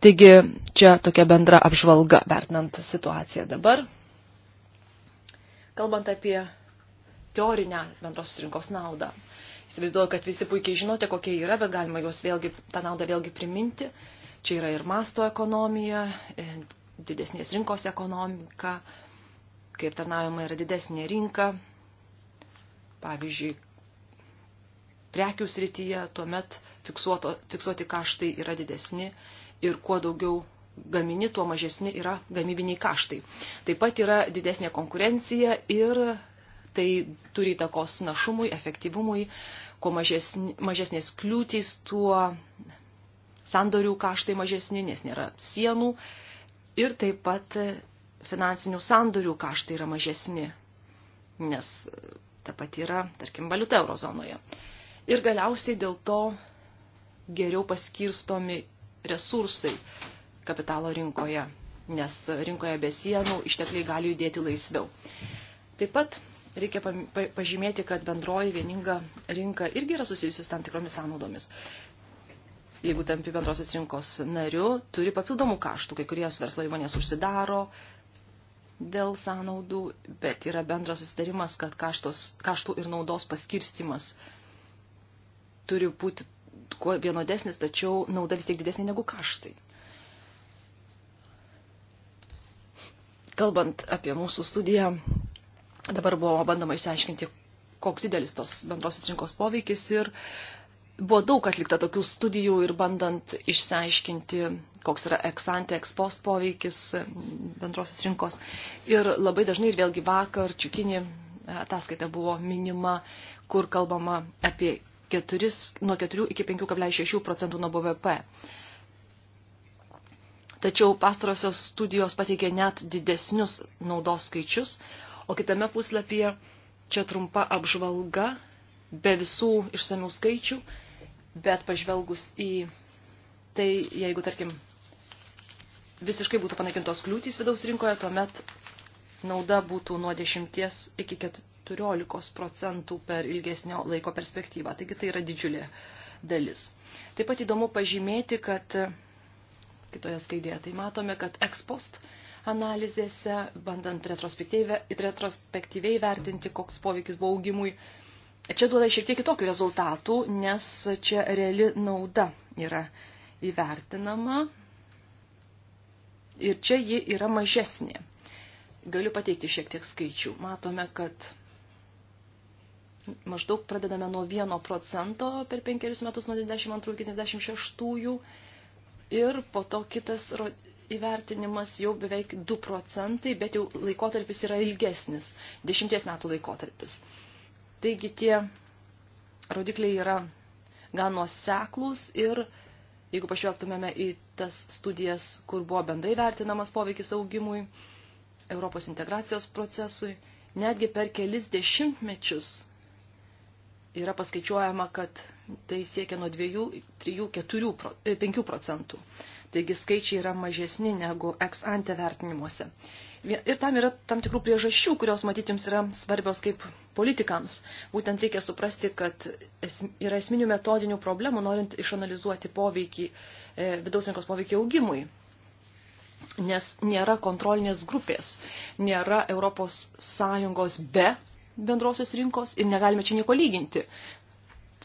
Speaker 3: Taigi čia tokia bendra apžvalga, vertinant situaciją dabar. Kalbant apie teorinę bendros rinkos naudą. Įsivaizduoju, kad visi puikiai žinote, kokie yra, bet galima juos vėlgi, tą naudą vėlgi priminti. Uh, Čia yra ir masto ekonomija, e, didesnės rinkos ekonomika, kaip tarnaujama yra didesnė rinka. Pavyzdžiui, prekių srityje tuomet fiksuoto, fiksuoti kaštai yra didesni ir kuo daugiau gamini, tuo mažesni yra gamybiniai kaštai. Taip pat yra didesnė konkurencija ir tai turi įtakos našumui, efektyvumui, kuo mažesnės kliūtys, tuo sandorių kaštai mažesni, nes nėra sienų ir taip pat finansinių sandorių kaštai yra mažesni, nes ta pati yra, tarkim, valiuta eurozonoje. Ir galiausiai dėl to geriau paskirstomi resursai kapitalo rinkoje, nes rinkoje be sienų ištekliai gali judėti laisviau. Taip pat reikia pažymėti, kad bendroji vieninga rinka irgi yra susijusius tam tikromis sąnaudomis jeigu tampi bendrosios rinkos nariu, turi papildomų kaštų, kai kurie verslo įmonės užsidaro dėl sąnaudų, bet yra bendras susitarimas, kad kaštos, kaštų ir naudos paskirstimas turi būti kuo vienodesnis, tačiau nauda vis tiek didesnė negu kaštai. Kalbant apie mūsų studiją, dabar buvo bandoma išsiaiškinti, koks didelis tos bendrosios rinkos poveikis ir buvo daug atlikta tokių studijų ir bandant išsiaiškinti, koks yra eksante, ekspost poveikis mm, bendrosios rinkos. Ir labai dažnai, ir vėlgi vakar, čiukinį e, ataskaita buvo minima, kur kalbama apie 4, nuo 4 iki 5,6 procentų nuo BVP. Tačiau pastarosios studijos pateikė net didesnius naudos skaičius, o kitame puslapyje čia trumpa apžvalga be visų išsamių skaičių, bet pažvelgus į tai, jeigu, tarkim, visiškai būtų panaikintos kliūtys vidaus rinkoje, tuomet nauda būtų nuo 10 iki 14 procentų per ilgesnio laiko perspektyvą. Taigi tai yra didžiulė dalis. Taip pat įdomu pažymėti, kad kitoje skaidėje tai matome, kad ekspost analizėse, bandant retrospektyviai, retrospektyviai vertinti, koks poveikis buvo augimui, čia duoda šiek tiek kitokių rezultatų, nes čia reali nauda yra įvertinama ir čia ji yra mažesnė. Galiu pateikti šiek tiek skaičių. Matome, kad maždaug pradedame nuo 1 procento per penkerius metus nuo 92 iki 96 ir po to kitas įvertinimas jau beveik 2 procentai, bet jau laikotarpis yra ilgesnis, 10 metų laikotarpis. Taigi tie rodikliai yra gan nuoseklus ir jeigu pažvelgtumėme į tas studijas, kur buvo bendrai vertinamas poveikis augimui, Europos integracijos procesui, netgi per kelis dešimtmečius yra paskaičiuojama, kad tai siekia nuo 2, 3, 4, 5 procentų. Taigi skaičiai yra mažesni negu ex ante vertinimuose. Ir tam yra tam tikrų priežasčių, kurios matyt jums yra svarbios kaip politikams. Būtent reikia suprasti, kad yra esminių metodinių problemų, norint išanalizuoti poveikį, e, vidaus rinkos poveikį augimui. Nes nėra kontrolinės grupės, nėra ES be bendrosios rinkos ir negalime čia nieko lyginti.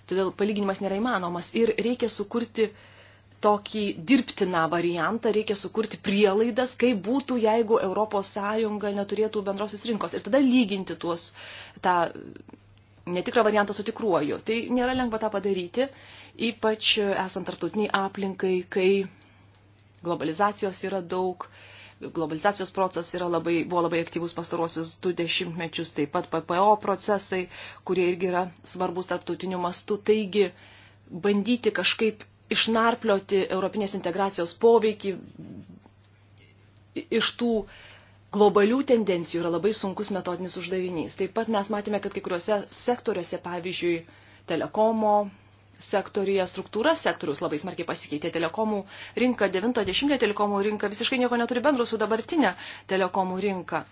Speaker 3: Todėl palyginimas nėra įmanomas ir reikia sukurti tokį dirbtiną variantą, reikia sukurti prielaidas, kaip būtų, jeigu ES neturėtų bendrosios rinkos. Ir tada lyginti tuos tą netikrą variantą su tikruoju. Tai nėra lengva tą padaryti, ypač esant tarptautiniai aplinkai, kai globalizacijos yra daug, globalizacijos procesas yra labai, buvo labai aktyvus pastarosius du dešimtmečius, taip pat PPO procesai, kurie irgi yra svarbus tarptautiniu mastu. Taigi, bandyti kažkaip išnarplioti europinės integracijos poveikį iš tų globalių tendencijų yra labai sunkus metodinis uždavinys. Taip pat mes matėme, kad kai kuriuose sektoriuose, pavyzdžiui, telekomo sektorija, struktūra sektorius labai smarkiai pasikeitė. Telekomų rinka, 90-ojo telekomų rinka visiškai nieko neturi bendro su dabartinė telekomų rinka.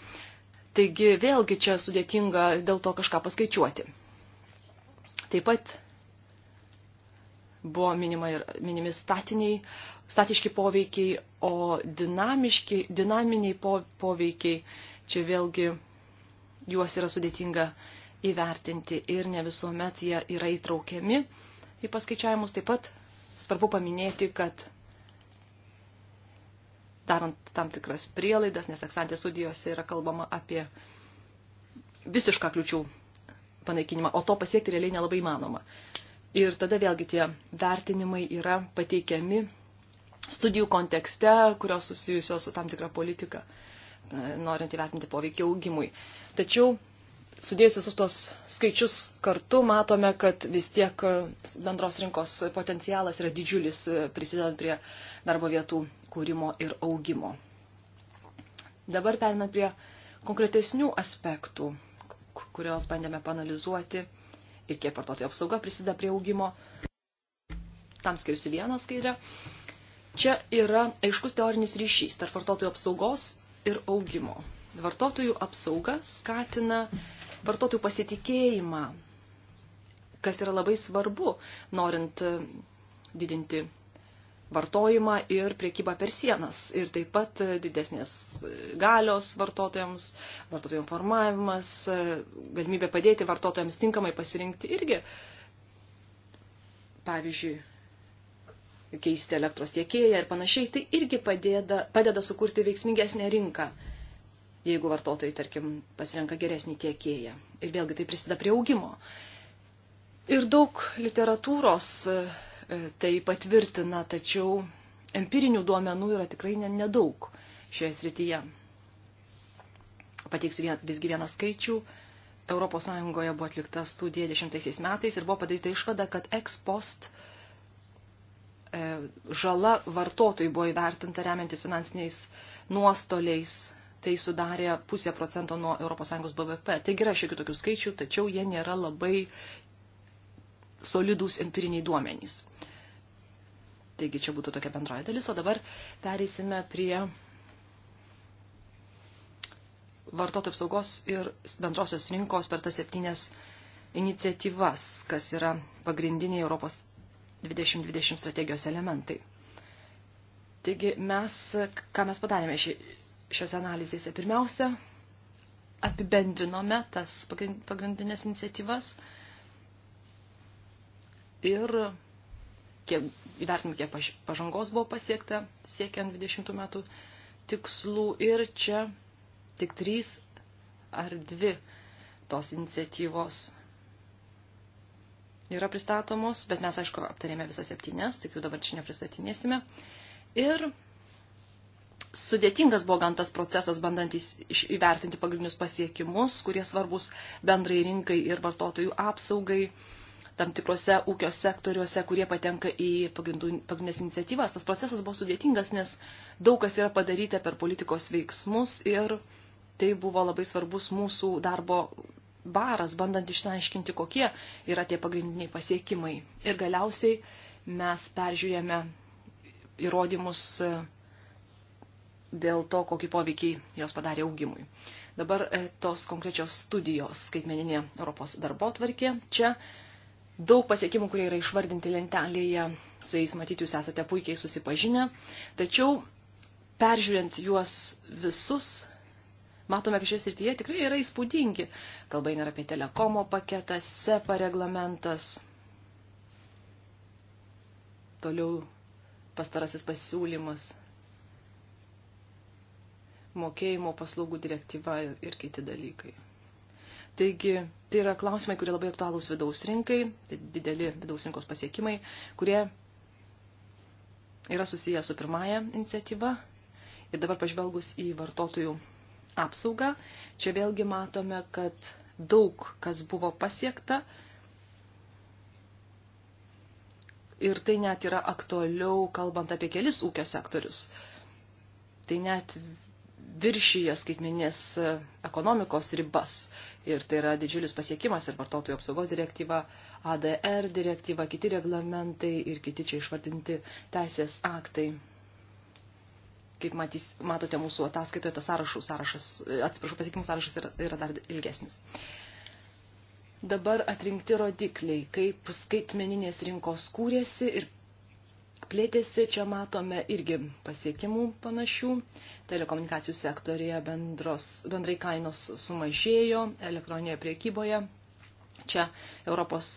Speaker 3: Taigi vėlgi čia sudėtinga dėl to kažką paskaičiuoti. Taip pat buvo minima ir minimi statiniai, statiški poveikiai, o dinaminiai po, poveikiai čia vėlgi juos yra sudėtinga įvertinti ir ne visuomet jie yra įtraukiami į paskaičiavimus. Taip pat svarbu paminėti, kad darant tam tikras prielaidas, nes eksantės studijose yra kalbama apie visišką kliučių panaikinimą, o to pasiekti realiai nelabai manoma. Ir tada vėlgi tie vertinimai yra pateikiami studijų kontekste, kurios susijusios su tam tikra politika, e, norint įvertinti poveikį augimui. Tačiau sudėjus visus tuos skaičius kartu, matome, kad vis tiek bendros rinkos potencialas yra didžiulis, e, prisidedant prie darbo vietų kūrimo ir augimo. Dabar perinant prie konkretesnių aspektų, kuriuos bandėme panalizuoti ir kiek vartotojų apsauga prisideda prie augimo. Tam skirsiu vieną skaidrę. Čia yra aiškus teorinis ryšys tarp vartotojų apsaugos ir augimo. Vartotojų apsauga skatina vartotojų pasitikėjimą, kas yra labai svarbu, norint didinti vartojimą ir priekybą per sienas. Ir taip pat didesnės galios vartotojams, vartotojų informavimas, galimybė padėti vartotojams tinkamai pasirinkti irgi, pavyzdžiui, keisti elektros tiekėją ir panašiai, tai irgi padeda, padeda sukurti veiksmingesnę rinką, jeigu vartotojai, tarkim, pasirenka geresnį tiekėją. Ir vėlgi tai prisideda prie augimo. Ir daug literatūros E, tai patvirtina, tačiau empirinių duomenų yra tikrai nedaug šioje srityje. Pateiksiu visgi vieną skaičių. ES buvo atlikta studija 10 metais ir buvo padaryta išvada, kad ex post e, žala vartotojai buvo įvertinta remiantis finansiniais nuostoliais. Tai sudarė pusę procento nuo ES BVP. Taigi yra šiokių tokių skaičių, tačiau jie nėra labai solidūs empiriniai duomenys. Taigi čia būtų tokia bendroji dalis, o dabar pereisime prie vartotojų apsaugos ir bendrosios rinkos per tas septynias iniciatyvas, kas yra pagrindiniai Europos 2020 strategijos elementai. Taigi mes, ką mes padarėme ši, šios analizėse? Pirmiausia, apibendrinome tas pagrindinės iniciatyvas, ir kiek, įvertinim, kiek pažangos buvo pasiekta siekiant 20 metų tikslų ir čia tik trys ar dvi tos iniciatyvos yra pristatomos, bet mes, aišku, aptarėme visas septynes, tik jų dabar čia nepristatinėsime. Ir sudėtingas buvo gan tas procesas, bandant įvertinti pagrindinius pasiekimus, kurie svarbus bendrai rinkai ir vartotojų apsaugai. Uh, tam tikrose ūkio sektoriuose, kurie patenka į pagrindinės iniciatyvas. Tas procesas buvo sudėtingas, nes daug kas yra padaryta per politikos veiksmus ir tai buvo labai svarbus mūsų darbo baras, bandant išsiaiškinti, kokie yra tie pagrindiniai pasiekimai. Ir galiausiai mes peržiūrėjome įrodymus dėl to, kokį poveikį jos padarė augimui. Dabar e, tos konkrečios studijos skaitmeninė Europos darbo tvarkė. Čia daug pasiekimų, kurie yra išvardinti lentelėje, su jais matyti jūs esate puikiai susipažinę, tačiau peržiūrint juos visus, matome, kad šioje srityje tikrai yra įspūdingi. Kalba eina apie telekomo paketą, SEPA reglamentas, toliau pastarasis pasiūlymas, mokėjimo paslaugų direktyva ir kiti dalykai. Taigi, Tai yra klausimai, kurie labai aktualūs vidaus rinkai, dideli vidaus rinkos pasiekimai, kurie yra susiję su pirmąja iniciatyva. Ir dabar pažvelgus į vartotojų apsaugą, čia vėlgi matome, kad daug kas buvo pasiekta. Ir tai net yra aktualiau, kalbant apie kelis ūkio sektorius. Tai net viršyje skaitmeninės e, ekonomikos ribas. Ir tai yra didžiulis pasiekimas ir vartotojų apsaugos direktyva, ADR direktyva, kiti reglamentai ir kiti čia išvardinti teisės aktai. Kaip matys, matote mūsų ataskaitoje, tas sąrašų sąrašas, e, atsiprašau, pasiekimų sąrašas yra, yra dar ilgesnis. Dabar atrinkti rodikliai, kaip skaitmeninės rinkos kūrėsi ir plėtėsi, čia matome irgi pasiekimų panašių. Telekomunikacijų sektorija bendros, bendrai kainos sumažėjo, elektroninėje priekyboje. Čia Europos,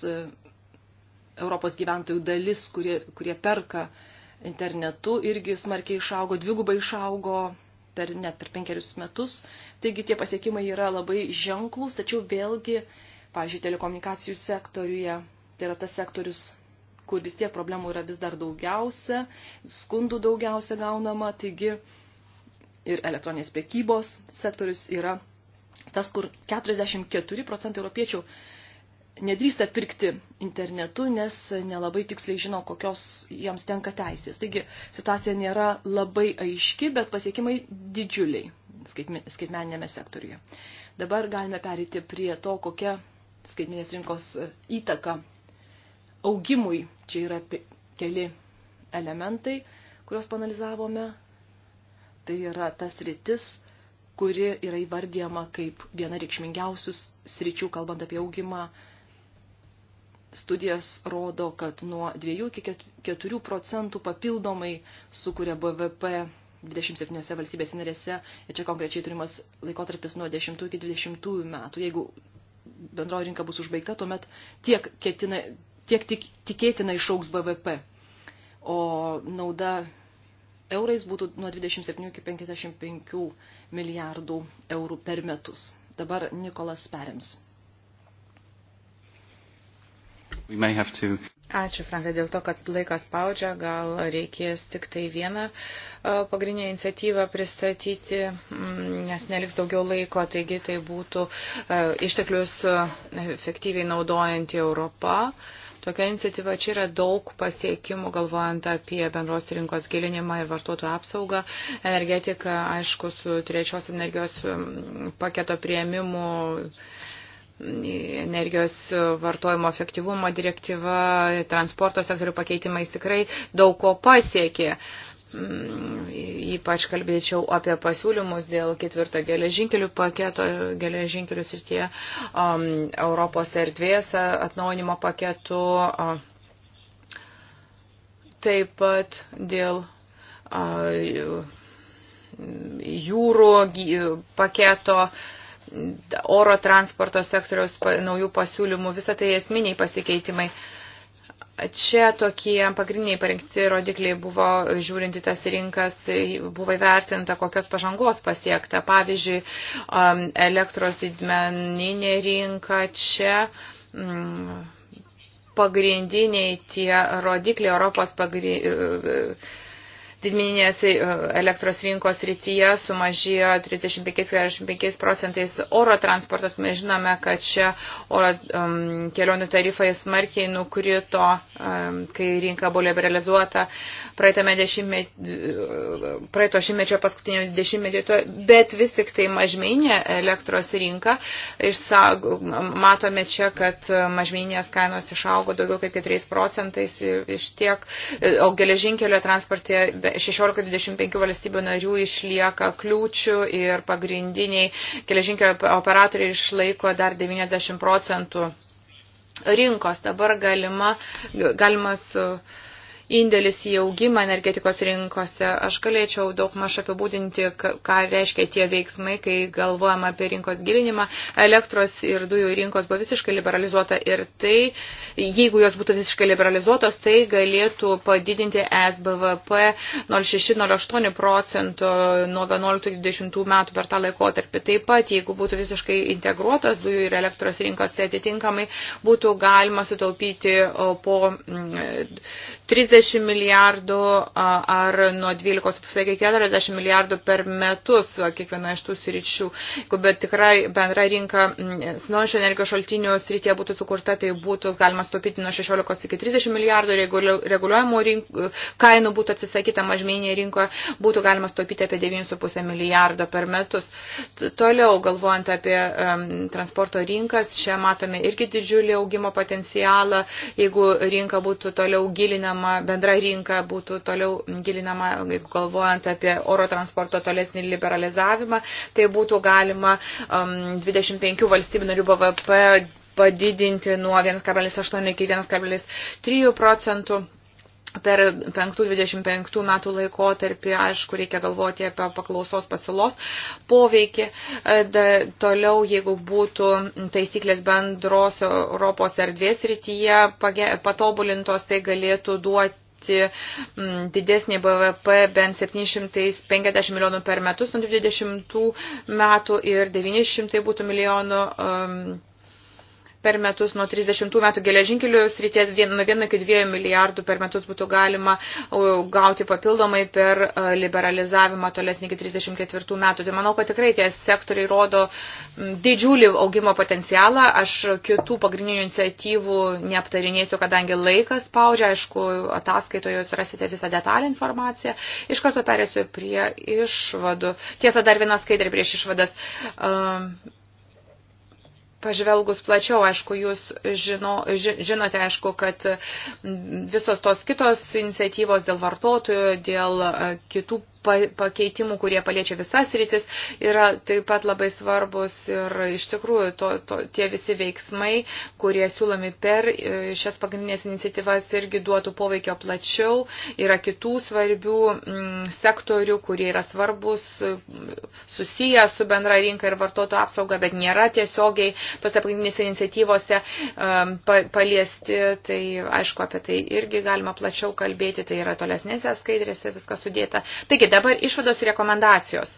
Speaker 3: Europos gyventojų dalis, kurie, kurie perka internetu, irgi smarkiai išaugo, dvigubai išaugo per, net per penkerius metus. Taigi tie pasiekimai yra labai ženklus, tačiau vėlgi, pažiūrėjau, telekomunikacijų sektoriuje, tai yra tas sektorius, kur vis tiek problemų yra vis dar daugiausia, skundų daugiausia gaunama, taigi ir elektroninės prekybos sektorius yra tas, kur 44 procentai europiečių nedrįsta pirkti internetu, nes nelabai tiksliai žino, kokios jiems tenka teisės. Taigi situacija nėra labai aiški, bet pasiekimai didžiuliai skaitmeninėme sektoriuje. Dabar galime perėti prie to, kokia skaitminės rinkos įtaka augimui. Čia yra keli elementai, kuriuos panalizavome. Tai yra tas rytis, kuri yra įvardyjama kaip viena reikšmingiausių sričių, kalbant apie augimą. Studijas rodo, kad nuo 2 iki 4 procentų papildomai sukuria BVP 27 valstybės narėse, ir čia konkrečiai turimas laikotarpis nuo 10 iki 20 metų. Jeigu bendroji rinka bus užbaigta, tuomet tiek ketina tiek tik, tikėtina išauks BVP, o nauda eurais būtų nuo 27 iki 55 milijardų eurų per metus. Dabar Nikolas perims.
Speaker 1: To... Ačiū, Franka, dėl to, kad laikas spaudžia, gal reikės tik tai vieną pagrindinę iniciatyvą pristatyti, mm, nes neliks daugiau laiko, taigi tai būtų e, išteklius e, efektyviai naudojanti Europą. Tokia iniciatyva čia yra daug pasiekimų, galvojant apie bendros rinkos gilinimą ir vartotojų apsaugą. Energetika, aišku, su trečios energijos paketo prieimimu energijos vartojimo efektyvumo direktyva, transporto sektorių pakeitimais tikrai daug ko pasiekė. Uh, Mm, ypač kalbėčiau apie pasiūlymus dėl ketvirto geležinkelių paketo, geležinkelių srityje, um, Europos erdvės atnaunimo paketu, um, taip pat dėl um, jūrų paketo, oro transporto sektoriaus naujų pasiūlymų, visą tai esminiai pasikeitimai. Um, Čia tokie pagrindiniai parengti rodikliai buvo žiūrinti tas rinkas, buvo įvertinta, kokios pažangos pasiekta. Pavyzdžiui, um, elektros didmeninė rinka čia. Mm, pagrindiniai tie rodikliai Europos pagrindiniai didmeninės e, elektros rinkos rytyje sumažėjo 35-45 procentais oro transportas. Mes žinome, kad čia oro um, kelionių tarifai smarkiai nukrito, um, kai rinka buvo liberalizuota šimtmet, praeito šimtmečio paskutinio dešimtmečio, bet vis tik tai mažmeinė elektros rinka. Išsaug, matome čia, kad mažmeinės kainos išaugo daugiau kaip 4 procentais iš tiek, e, o geležinkelio transportė 16-25 valstybių narių išlieka kliūčių ir pagrindiniai keležinkio operatoriai išlaiko dar 90 procentų rinkos. Dabar galima, galimas uh, indėlis į augimą energetikos rinkose. Aš galėčiau daug maž apibūdinti, ką reiškia tie veiksmai, kai galvojama apie rinkos gilinimą. Elektros ir dujų rinkos buvo visiškai liberalizuota ir tai, jeigu jos būtų visiškai liberalizuotos, tai galėtų padidinti SBVP 0,6-0,8 procentų nuo 11-20 metų per tą laikotarpį. Taip pat, jeigu būtų visiškai integruotos dujų ir elektros rinkos, tai atitinkamai būtų galima sutaupyti po 30 mm, 20 milijardų ar nuo 12 iki 40 milijardų per metus kiekviena iš tų sričių. Jeigu bet tikrai bendra rinka atsinaujančio energijos šaltinių srityje būtų sukurta, tai būtų galima stopyti nuo 16 iki 30 milijardų, jeigu reguliuojamų rink, kainų būtų atsisakyta mažmeninėje rinkoje, būtų galima stopyti apie 9,5 milijardo per metus. Toliau, galvojant apie um, transporto rinkas, čia matome irgi didžiulį augimo potencialą, jeigu rinka būtų toliau gilinama bendra rinka būtų toliau gilinama, galvojant apie oro transporto tolesnį liberalizavimą, tai būtų galima 25 um, valstybių narių BVP padidinti nuo 1,8 iki 1,3 procentų per 5-25 metų laikotarpį, aišku, reikia galvoti apie paklausos pasiūlos poveikį. E, da, toliau, jeigu būtų taisyklės bendros Europos erdvės rytyje page, patobulintos, tai galėtų duoti didesnį BVP bent 750 milijonų per metus nuo 20 metų ir 900 būtų milijonų um, per metus nuo 30 metų geležinkelių srities nuo 1 iki 2 milijardų per metus būtų galima gauti papildomai per liberalizavimą tolesnį iki 34 metų. Tai manau, kad tikrai tie sektoriai rodo didžiulį augimo potencialą. Aš kitų pagrindinių iniciatyvų neaptarinėsiu, kadangi laikas spaudžia. Aišku, ataskaitoje jūs rasite visą detalę informaciją. Iš karto perėsiu prie išvadų. Tiesa, dar viena skaidrė prieš išvadas. Um, pažvelgus plačiau, aišku, jūs žino, žinote, aišku, kad visos tos kitos iniciatyvos dėl vartotojų, dėl e, kitų pakeitimų, kurie paliečia visas rytis, yra taip pat labai svarbus ir iš tikrųjų to, to, tie visi veiksmai, kurie siūlomi per e, šias pagrindinės iniciatyvas irgi duotų poveikio plačiau. Yra kitų svarbių m, mm, sektorių, kurie yra svarbus, e, susiję su bendra rinka ir vartotojų apsauga, bet nėra tiesiogiai tose pagrindinėse iniciatyvose m, e, pa, paliesti. Tai aišku, apie tai irgi galima plačiau kalbėti, tai yra tolesnėse skaidrėse viskas sudėta. Taigi, Dabar išvados ir rekomendacijos.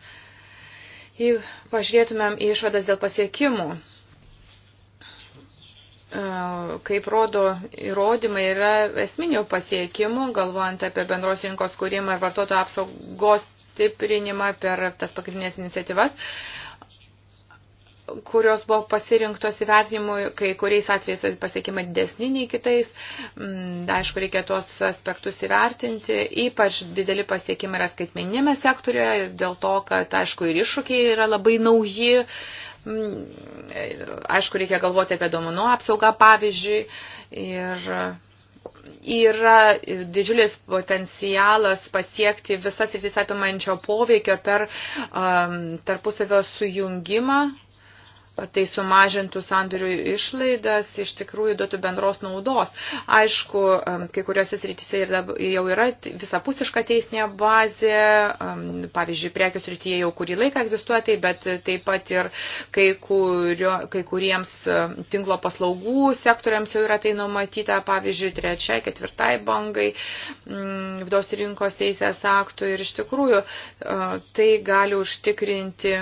Speaker 1: Jei pažiūrėtumėm į išvadas dėl pasiekimų, e, kaip rodo įrodymai, yra esminių pasiekimų, galvojant apie bendros rinkos kūrimą ir vartotojų apsaugos stiprinimą per tas pagrindinės iniciatyvas kurios buvo pasirinktos įvertinimui, kai kuriais atvejais tai pasiekimai didesni nei kitais. Mm, aišku, reikia tuos aspektus įvertinti. Ypač dideli pasiekimai yra skaitmeninėme sektoriuje, dėl to, kad, aišku, ir iššūkiai yra labai nauji. Mm, aišku, reikia galvoti apie duomenų apsaugą, pavyzdžiui. Ir yra didžiulis potencialas pasiekti visas rytis apimančio poveikio per um, tarpusavio sujungimą tai sumažintų sandorių išlaidas, iš tikrųjų duotų bendros naudos. Aišku, kai kuriuose srityse ir jau yra visapusiška teisinė bazė, pavyzdžiui, prekių srityje jau kurį laiką egzistuoja tai, bet taip pat ir kai, kurio, kai kuriems tinklo paslaugų sektoriams jau yra tai numatyta, pavyzdžiui, trečiai, ketvirtai bangai mm, vidaus rinkos teisės aktų ir iš tikrųjų e, tai gali užtikrinti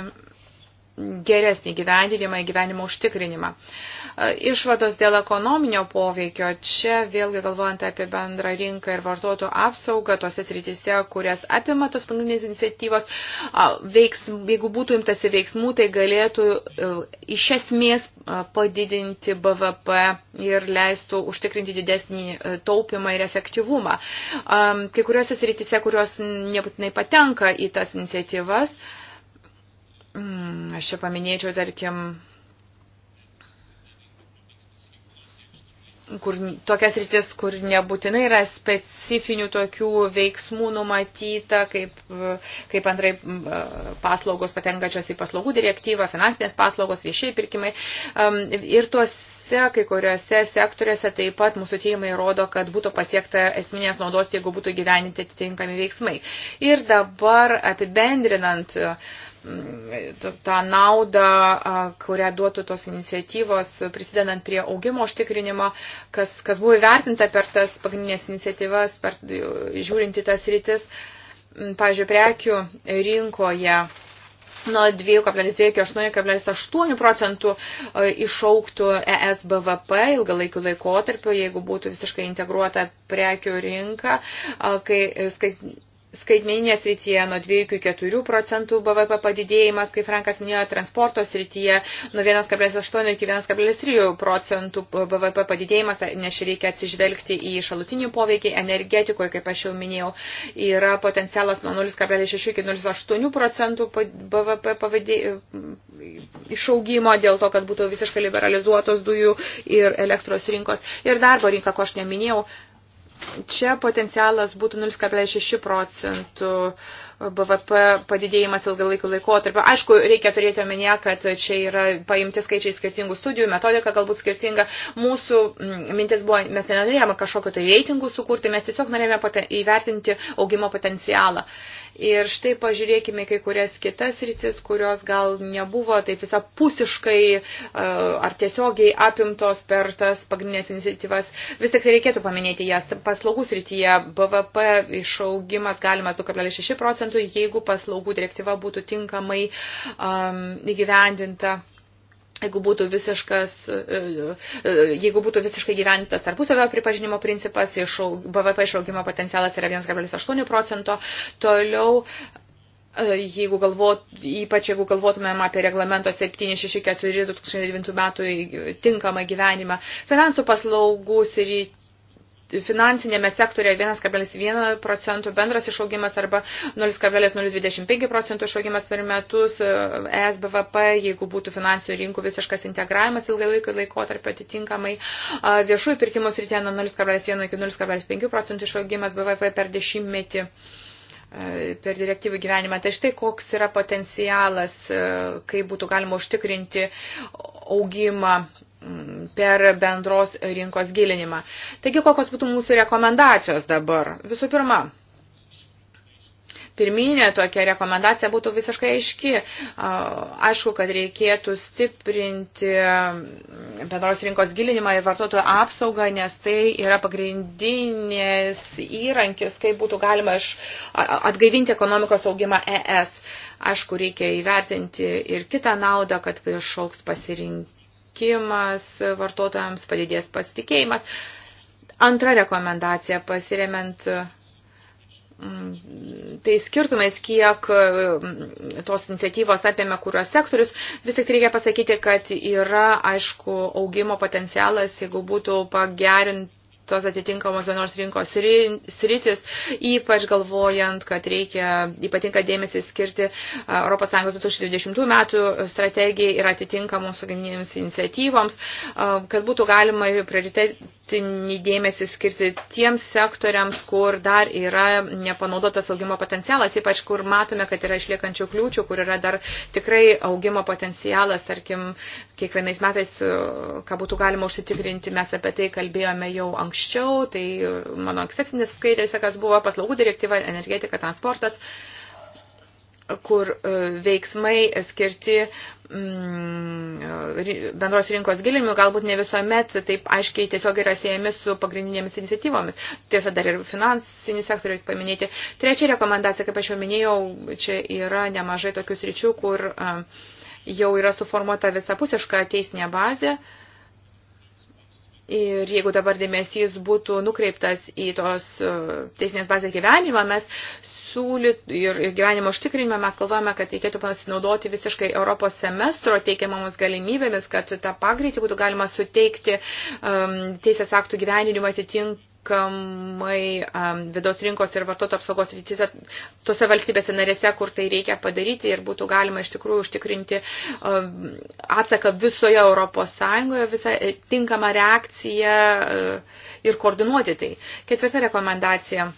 Speaker 1: geresnį gyvendinimą, gyvenimo užtikrinimą. E, išvados dėl ekonominio poveikio, čia vėlgi galvojant apie bendrą rinką ir vartotojų apsaugą, tose srityse, kurias apima tos pagrindinės iniciatyvos, veiks, jeigu būtų imtasi veiksmų, tai galėtų e, iš esmės e, padidinti BVP ir leistų užtikrinti didesnį taupimą ir efektyvumą. Kai kuriuose srityse, kurios nebūtinai patenka į tas iniciatyvas, Mm, aš čia paminėčiau, tarkim, kur, tokias rytis, kur nebūtinai yra specifinių tokių veiksmų numatyta, kaip, kaip antrai mm, paslaugos patenkačios į paslaugų direktyvą, finansinės paslaugos, viešiai pirkimai. Ir tuose, kai kuriuose sektoriuose taip pat mūsų tyrimai rodo, kad būtų pasiekta esminės naudos, jeigu būtų gyveninti atitinkami veiksmai. Ir dabar apibendrinant, uh, tą naudą, kurią duotų tos iniciatyvos, prisidedant prie augimo užtikrinimo, kas, kas buvo įvertinta per tas pagrindinės iniciatyvas, per, žiūrinti tas rytis, mm, pavyzdžiui, prekių rinkoje nuo 2,2 iki 8,8 procentų išauktų ES BVP ilgalaikių laikotarpių, jeigu būtų visiškai integruota prekių rinka, kai skait, skaitmeninės rytyje nuo 2 iki 4 procentų BVP padidėjimas, kaip Frankas minėjo, transporto srityje nuo 1,8 iki 1,3 procentų BVP padidėjimas, tai nes reikia atsižvelgti į šalutinį poveikį energetikoje, kaip aš jau minėjau, yra potencialas nuo 0,6 iki 0,8 procentų BVP pavadė... išaugimo dėl to, kad būtų visiškai liberalizuotos dujų ir elektros rinkos ir darbo rinka, ko aš neminėjau, Čia potencialas būtų 0,6 procentų BVP padidėjimas ilgalaikų laikotarpio. Aišku, reikia turėti omenyje, kad čia yra paimti skaičiai skirtingų studijų, metodika galbūt skirtinga. Mūsų mm, mintis buvo, mes nenorėjome kažkokio tai reitingų sukurti, mes tiesiog norėjome įvertinti augimo potencialą. Ir štai pažiūrėkime kai kurias kitas rytis, kurios gal nebuvo taip visa pusiškai e, ar tiesiogiai apimtos per tas pagrindinės iniciatyvas. Vis tik tai reikėtų paminėti jas. Paslaugų srityje BVP išaugimas galimas 2,6 procentų procentų, jeigu paslaugų direktyva būtų tinkamai um, įgyvendinta jeigu būtų visiškas, e, e, e, jeigu būtų visiškai gyventas tarpusavio pripažinimo principas, išaug, BVP išaugimo potencialas yra 1,8 procento, toliau jeigu galvot, ypač jeigu galvotumėm apie reglamento 764 2009 metų tinkamą gyvenimą, finansų paslaugų srityje finansinėme sektorėje 1,1 procentų bendras išaugimas arba 0,025 procentų išaugimas per metus, e, SBVP, jeigu būtų finansinių rinkų visiškas integravimas ilgalaikio laikotarpio atitinkamai, viešųjų pirkimų srityje nuo 0,1 iki 0,5 procentų išaugimas BVP per dešimtmetį e, per direktyvų gyvenimą. Tai štai koks yra potencialas, e, kaip būtų galima užtikrinti augimą per bendros rinkos gilinimą. Taigi, kokios būtų mūsų rekomendacijos dabar? Visų pirma, pirminė tokia rekomendacija būtų visiškai aiški. Aišku, kad reikėtų stiprinti bendros rinkos gilinimą ir vartotojų apsaugą, nes tai yra pagrindinis įrankis, kaip būtų galima atgaivinti ekonomikos augimą ES. Aišku, reikia įvertinti ir kitą naudą, kad priešauks pasirinkti pasekimas vartotojams, padidės pasitikėjimas. Antra rekomendacija pasiremiant mm, tai skirtumais, kiek mm, tos iniciatyvos apėmė kurios sektorius, vis tik reikia pasakyti, kad yra, aišku, augimo potencialas, jeigu būtų pagerint tos atitinkamos vienos rinkos sritis, ypač galvojant, kad reikia ypatinką dėmesį skirti ES 2020 metų strategijai ir atitinkamoms pagrindinėms iniciatyvoms, kad būtų galima prioritetinį dėmesį skirti tiems sektoriams, kur dar yra nepanaudotas augimo potencialas, ypač kur matome, kad yra išliekančių kliūčių, kur yra dar tikrai augimo potencialas, tarkim, kiekvienais metais, ką būtų galima užsitikrinti, mes apie tai kalbėjome jau anksčiau anksčiau, tai mano ankstesnės skaidrėse, kas buvo paslaugų direktyva, energetika, transportas, kur e, veiksmai skirti mm, bendros rinkos gilinimui galbūt ne visuomet taip aiškiai tiesiog yra siejami su pagrindinėmis iniciatyvomis. Tiesa, dar ir finansinį sektorių reikia paminėti. Trečia rekomendacija, kaip aš jau minėjau, čia yra nemažai tokių sričių, kur e, jau yra suformuota visapusiška teisinė bazė. Uh, Ir jeigu dabar dėmesys būtų nukreiptas į tos e, teisinės bazės gyvenimą, mes siūlyt ir gyvenimo užtikrinimą mes kalbame, kad reikėtų pasinaudoti visiškai Europos semestro teikiamomis galimybėmis, kad tą pagreitį būtų galima suteikti um, teisės aktų gyvenimą atitink tinkamai um, vidaus rinkos ir vartoto apsaugos rytise tose valstybėse narėse, kur tai reikia padaryti ir būtų galima iš tikrųjų užtikrinti um, atsaką visoje Europos Sąjungoje, visą e, tinkamą reakciją uh, ir koordinuoti tai. Ketvirta rekomendacija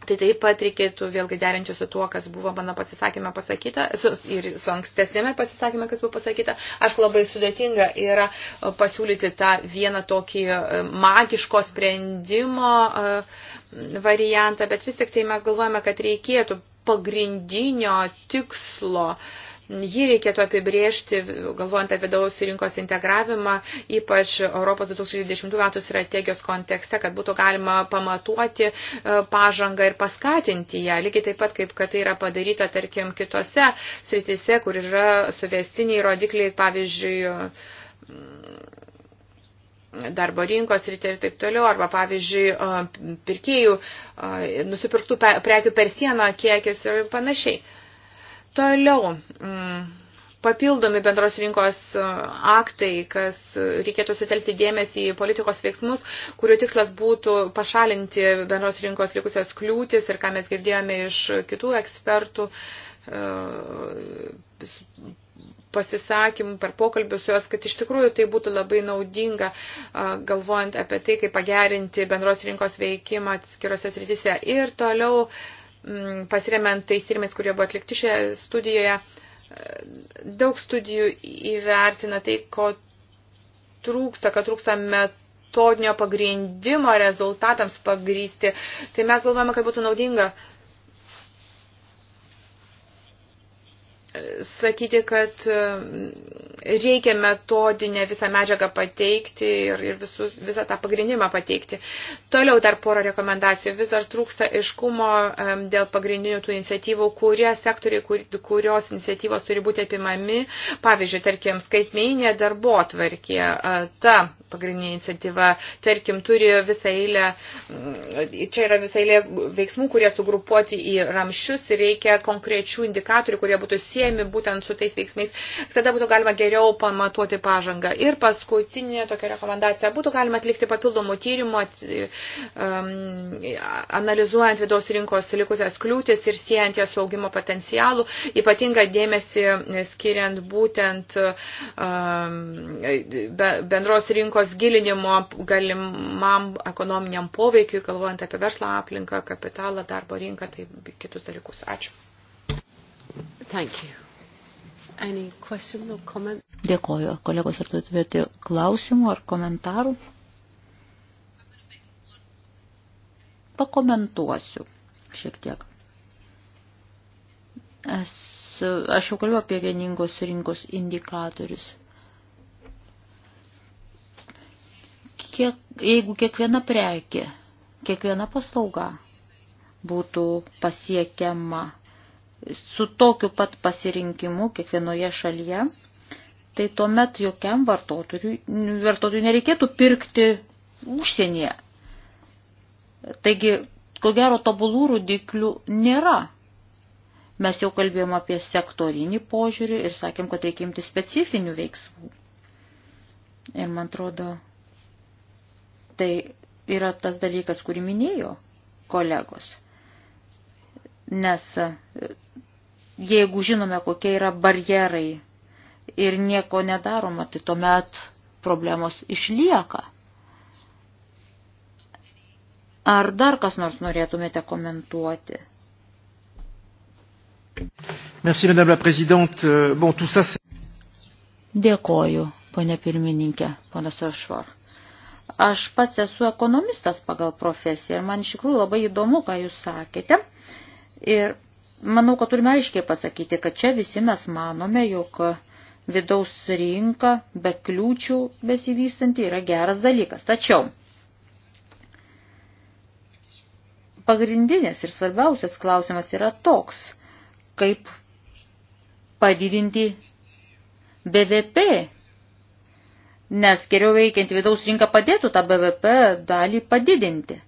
Speaker 1: Tai taip pat reikėtų vėlgi derinti su tuo, kas buvo mano pasisakymė pasakyta su, ir su ankstesnėme pasisakymė, kas buvo pasakyta. Aišku, labai sudėtinga yra e, pasiūlyti tą vieną tokį e, magiško sprendimo e, variantą, bet vis tik tai mes galvojame, kad reikėtų pagrindinio tikslo uh, Jį reikėtų apibriežti, galvojant apie vidaus rinkos integravimą, ypač Europos 2020 metų strategijos kontekste, kad būtų galima pamatuoti e, pažangą ir paskatinti ją, lygiai taip pat, kaip kad tai yra padaryta, tarkim, kitose sritise, kur yra suvestiniai rodikliai, pavyzdžiui, mm, darbo rinkos rytė ir taip toliau, arba pavyzdžiui, e, pirkėjų e, nusipirktų prekių per sieną kiekis ir panašiai. Toliau, mm, papildomi bendros rinkos e, aktai, kas e, reikėtų sutelkti dėmesį į politikos veiksmus, kurių tikslas būtų pašalinti bendros rinkos likusias kliūtis ir ką mes girdėjome iš kitų ekspertų e, pasisakymų, per pokalbius su jos, kad iš tikrųjų tai būtų labai naudinga, galvojant apie tai, kaip pagerinti bendros rinkos veikimą atskirose srityse. Ir toliau uh, Mm, pasiremiant tais tyrimais, kurie buvo atlikti šioje studijoje, e, daug studijų įvertina tai, ko trūksta, kad trūksta metodinio pagrindimo rezultatams pagrysti. Tai mes galvojame, kad būtų naudinga uh, sakyti, kad e, reikia metodinę visą medžiagą pateikti ir, ir visus, visą tą pagrindimą pateikti. Toliau dar porą rekomendacijų. Vis dar trūksta iškumo e, dėl pagrindinių tų iniciatyvų, kurie sektoriai, kur, kurios iniciatyvos turi būti apimami. Pavyzdžiui, tarkim, skaitmeinė darbo tvarkė, e, ta pagrindinė iniciatyva, tarkim, turi visą eilę, čia yra visą eilę veiksmų, kurie sugrupuoti į ramščius ir reikia konkrečių indikatorių, kurie būtų siekti siejami būtent su tais veiksmais, tada būtų galima geriau pamatuoti pažangą. Ir paskutinė tokia rekomendacija, būtų galima atlikti papildomų tyrimų, um, analizuojant vidaus rinkos likusias kliūtis ir siejant jas su augimo potencialu, ypatingą dėmesį skiriant būtent um, bendros rinkos gilinimo galimam ekonominiam poveikiui, galvojant apie verslą aplinką, kapitalą, darbo rinką, tai kitus dalykus. Ačiū. Dėkoju.
Speaker 4: Kolegos, ar turėtumėte klausimų ar komentarų? Pakomentuosiu šiek tiek. Es, aš jau kalbėjau apie vieningos rinkos indikatorius. Kiek, jeigu kiekviena prekė, kiekviena paslauga būtų pasiekiama su tokiu pat pasirinkimu kiekvienoje šalyje, tai tuomet jokiam vartotojui, vartotojui nereikėtų pirkti užsienyje. Taigi, ko gero, tobulų rudiklių nėra. Mes jau kalbėjom apie sektorinį požiūrį ir sakėm, kad reikia imti specifinių veiksmų. Ir man atrodo, tai yra tas dalykas, kurį minėjo kolegos nes e, jeigu žinome, kokie yra barjerai ir nieko nedaroma, tai tuomet problemos išlieka. Ar dar kas nors norėtumėte komentuoti?
Speaker 2: Merci, madame la présidente.
Speaker 4: Euh, bon, tout ça, Dėkoju, ponė pirmininkė, ponas Ošvar. Aš pats esu ekonomistas pagal profesiją ir man iš tikrųjų labai įdomu, ką jūs sakėte. Ir manau, kad turime aiškiai pasakyti, kad čia visi mes manome, jog vidaus rinka be kliūčių besivystanti yra geras dalykas. Tačiau pagrindinės ir svarbiausias klausimas yra toks, kaip padidinti BVP, nes geriau veikianti vidaus rinka padėtų tą BVP dalį padidinti.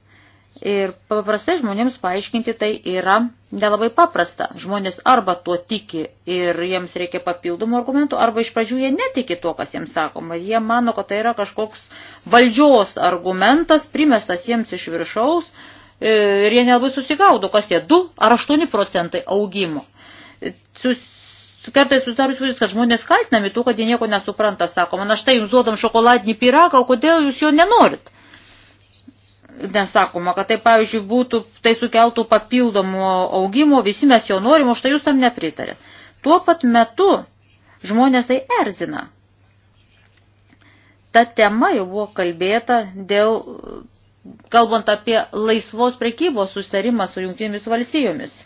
Speaker 4: Ir paprastai žmonėms paaiškinti tai yra nelabai paprasta. Žmonės arba tuo tiki ir jiems reikia papildomų argumentų, arba iš pradžių jie netiki tuo, kas jiems sakoma. Jie mano, kad tai yra kažkoks valdžios argumentas, primestas jiems iš viršaus e, ir jie nelabai susigaudo, kas tie 2 ar 8 procentai augimo. Sus, kartais susidaro įspūdis, kad žmonės kaltinami tuo, kad jie nieko nesupranta, sakoma, na štai jums duodam šokoladinį pyragą, o kodėl jūs jo nenorit? nesakoma, kad tai, pavyzdžiui, būtų, tai sukeltų papildomų augimo, visi mes jo norim, už tai jūs tam nepritarėt. Tuo pat metu žmonės tai erzina. Ta tema jau buvo kalbėta dėl, kalbant apie laisvos prekybos sustarimą su jungtinėmis valstijomis.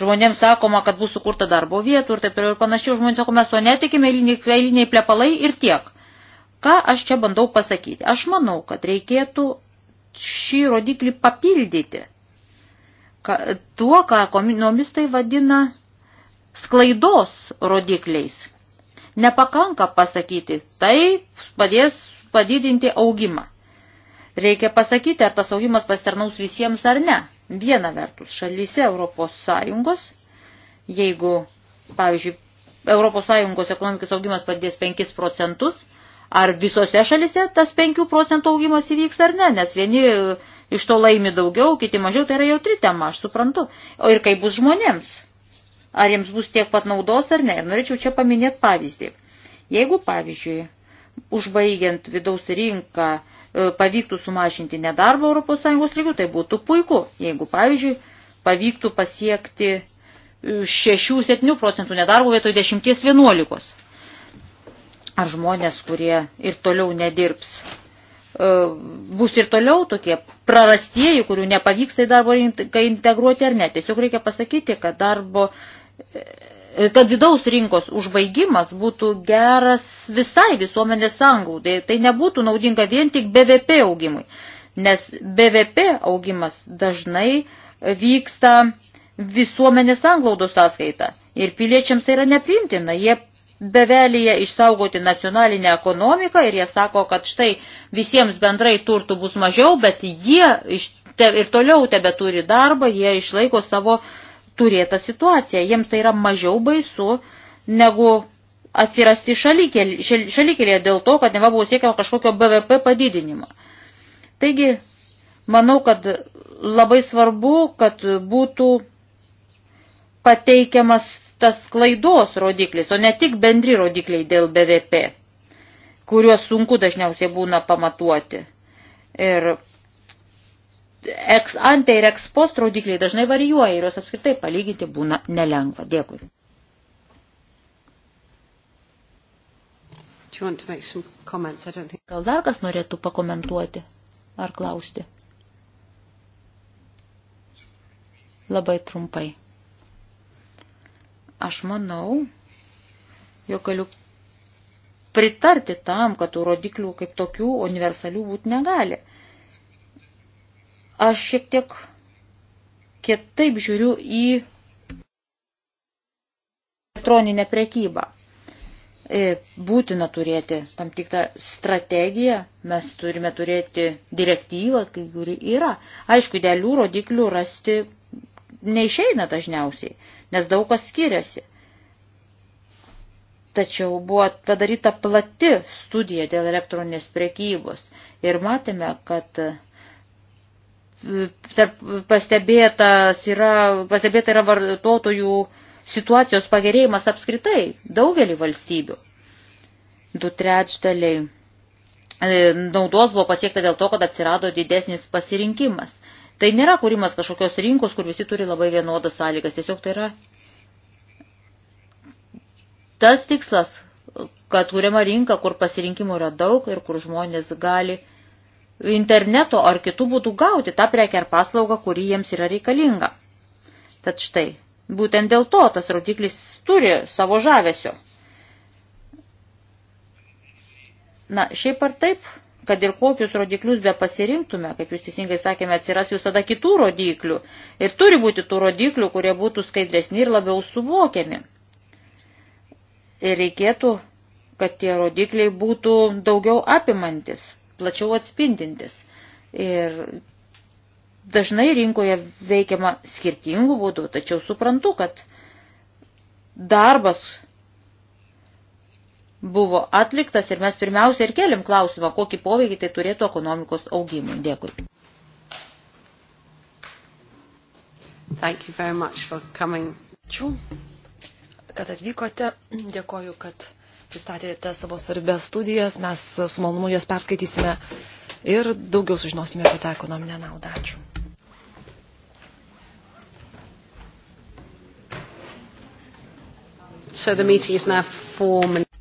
Speaker 4: Žmonėms sakoma, kad bus sukurta darbo vietų ir taip ir panašiai. Žmonės sako, mes to netikime, eiliniai plepalai ir tiek. Ką aš čia bandau pasakyti? Aš manau, kad reikėtų šį rodiklį papildyti ka, tuo, ką ekonomistai vadina sklaidos rodikliais. Nepakanka pasakyti, tai padės padidinti augimą. Reikia pasakyti, ar tas augimas pasitarnaus visiems ar ne. Viena vertus, šalyse Europos Sąjungos, jeigu, pavyzdžiui, Europos Sąjungos ekonomikos augimas padės 5 procentus, ar visose šalise tas 5 procentų augimas įvyks ar ne, nes vieni iš to laimi daugiau, kiti mažiau, tai yra jautri tema, aš suprantu. O ir kaip bus žmonėms? Ar jiems bus tiek pat naudos ar ne? Ir norėčiau čia paminėti pavyzdį. Jeigu, pavyzdžiui, užbaigiant vidaus rinką e, pavyktų sumažinti nedarbą ES lygių, tai būtų puiku. Jeigu, pavyzdžiui, pavyktų pasiekti 6-7 e, procentų nedarbo vietoj 10-11 ar žmonės, kurie ir toliau nedirbs, e, bus ir toliau tokie prarastieji, kurių nepavyksta į darbo rinką integruoti ar ne. Tiesiog reikia pasakyti, kad darbo e, kad vidaus rinkos užbaigimas būtų geras visai visuomenės sanglaudai. Tai nebūtų naudinga vien tik BVP augimui, nes BVP augimas dažnai vyksta visuomenės sanglaudos sąskaita. Ir piliečiams tai yra neprimtina. Jie bevelyje išsaugoti nacionalinę ekonomiką ir jie sako, kad štai visiems bendrai turtų bus mažiau, bet jie iš, te, ir toliau tebe turi darbą, jie išlaiko savo turėtą situaciją. Jiems tai yra mažiau baisu negu atsirasti šalikelėje šaly, dėl to, kad neva buvo siekiama kažkokio BVP padidinimo. Taigi, manau, kad labai svarbu, kad būtų pateikiamas tas klaidos rodiklis, o ne tik bendri rodikliai dėl BVP, kuriuos sunku dažniausiai būna pamatuoti. Ir ex ante ir ex post rodikliai dažnai varijuoja ir juos apskritai palyginti būna nelengva. Dėkui. Gal dar kas norėtų pakomentuoti ar klausti? Labai trumpai. Aš manau, jog galiu pritarti tam, kad tų rodiklių kaip tokių universalių būti negali. Aš šiek tiek kitaip žiūriu į elektroninę prekybą. E, būtina turėti tam tikrą strategiją, mes turime turėti direktyvą, kai kuri yra. Aišku, dėlių rodiklių rasti neišeina dažniausiai, nes daug kas skiriasi. Tačiau buvo padaryta plati studija dėl elektroninės prekybos ir matėme, kad e, tarp pastebėtas yra, pastebėta yra vartotojų situacijos pagerėjimas apskritai daugelį valstybių. Du trečdaliai e, naudos buvo pasiekta dėl to, kad atsirado didesnis pasirinkimas. Tai nėra kūrimas kažkokios rinkos, kur visi turi labai vienodas sąlygas. Tiesiog tai yra tas tikslas, kad kūriama rinka, kur pasirinkimų yra daug ir kur žmonės gali interneto ar kitų būdų gauti tą prekę ar paslaugą, kuri jiems yra reikalinga. Tad štai, būtent dėl to tas rodiklis turi savo žavesio. Na, šiaip ar taip, kad ir kokius rodiklius be pasirinktume, kaip jūs teisingai sakėme, atsiras visada kitų rodiklių. Ir turi būti tų rodiklių, kurie būtų skaidresni ir labiau suvokiami. Ir reikėtų, kad tie rodikliai būtų daugiau apimantis, plačiau atspindintis. Ir dažnai rinkoje veikiama skirtingų būdų, tačiau suprantu, kad darbas buvo atliktas ir mes pirmiausia ir keliam klausimą, kokį poveikį tai turėtų ekonomikos augimui. Dėkui. Thank you very much for coming. Ačiū, kad atvykote.
Speaker 3: Dėkoju, kad pristatėte savo svarbės studijas. Mes su malonumu jas perskaitysime ir daugiau sužinosime apie tą ekonominę naudą. Ačiū.
Speaker 1: So the meeting is now
Speaker 3: four minutes.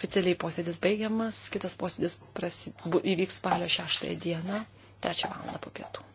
Speaker 3: Oficialiai posėdis baigiamas, kitas posėdis prasi, bu, įvyks spalio 6 dieną, 3 valandą po pietų.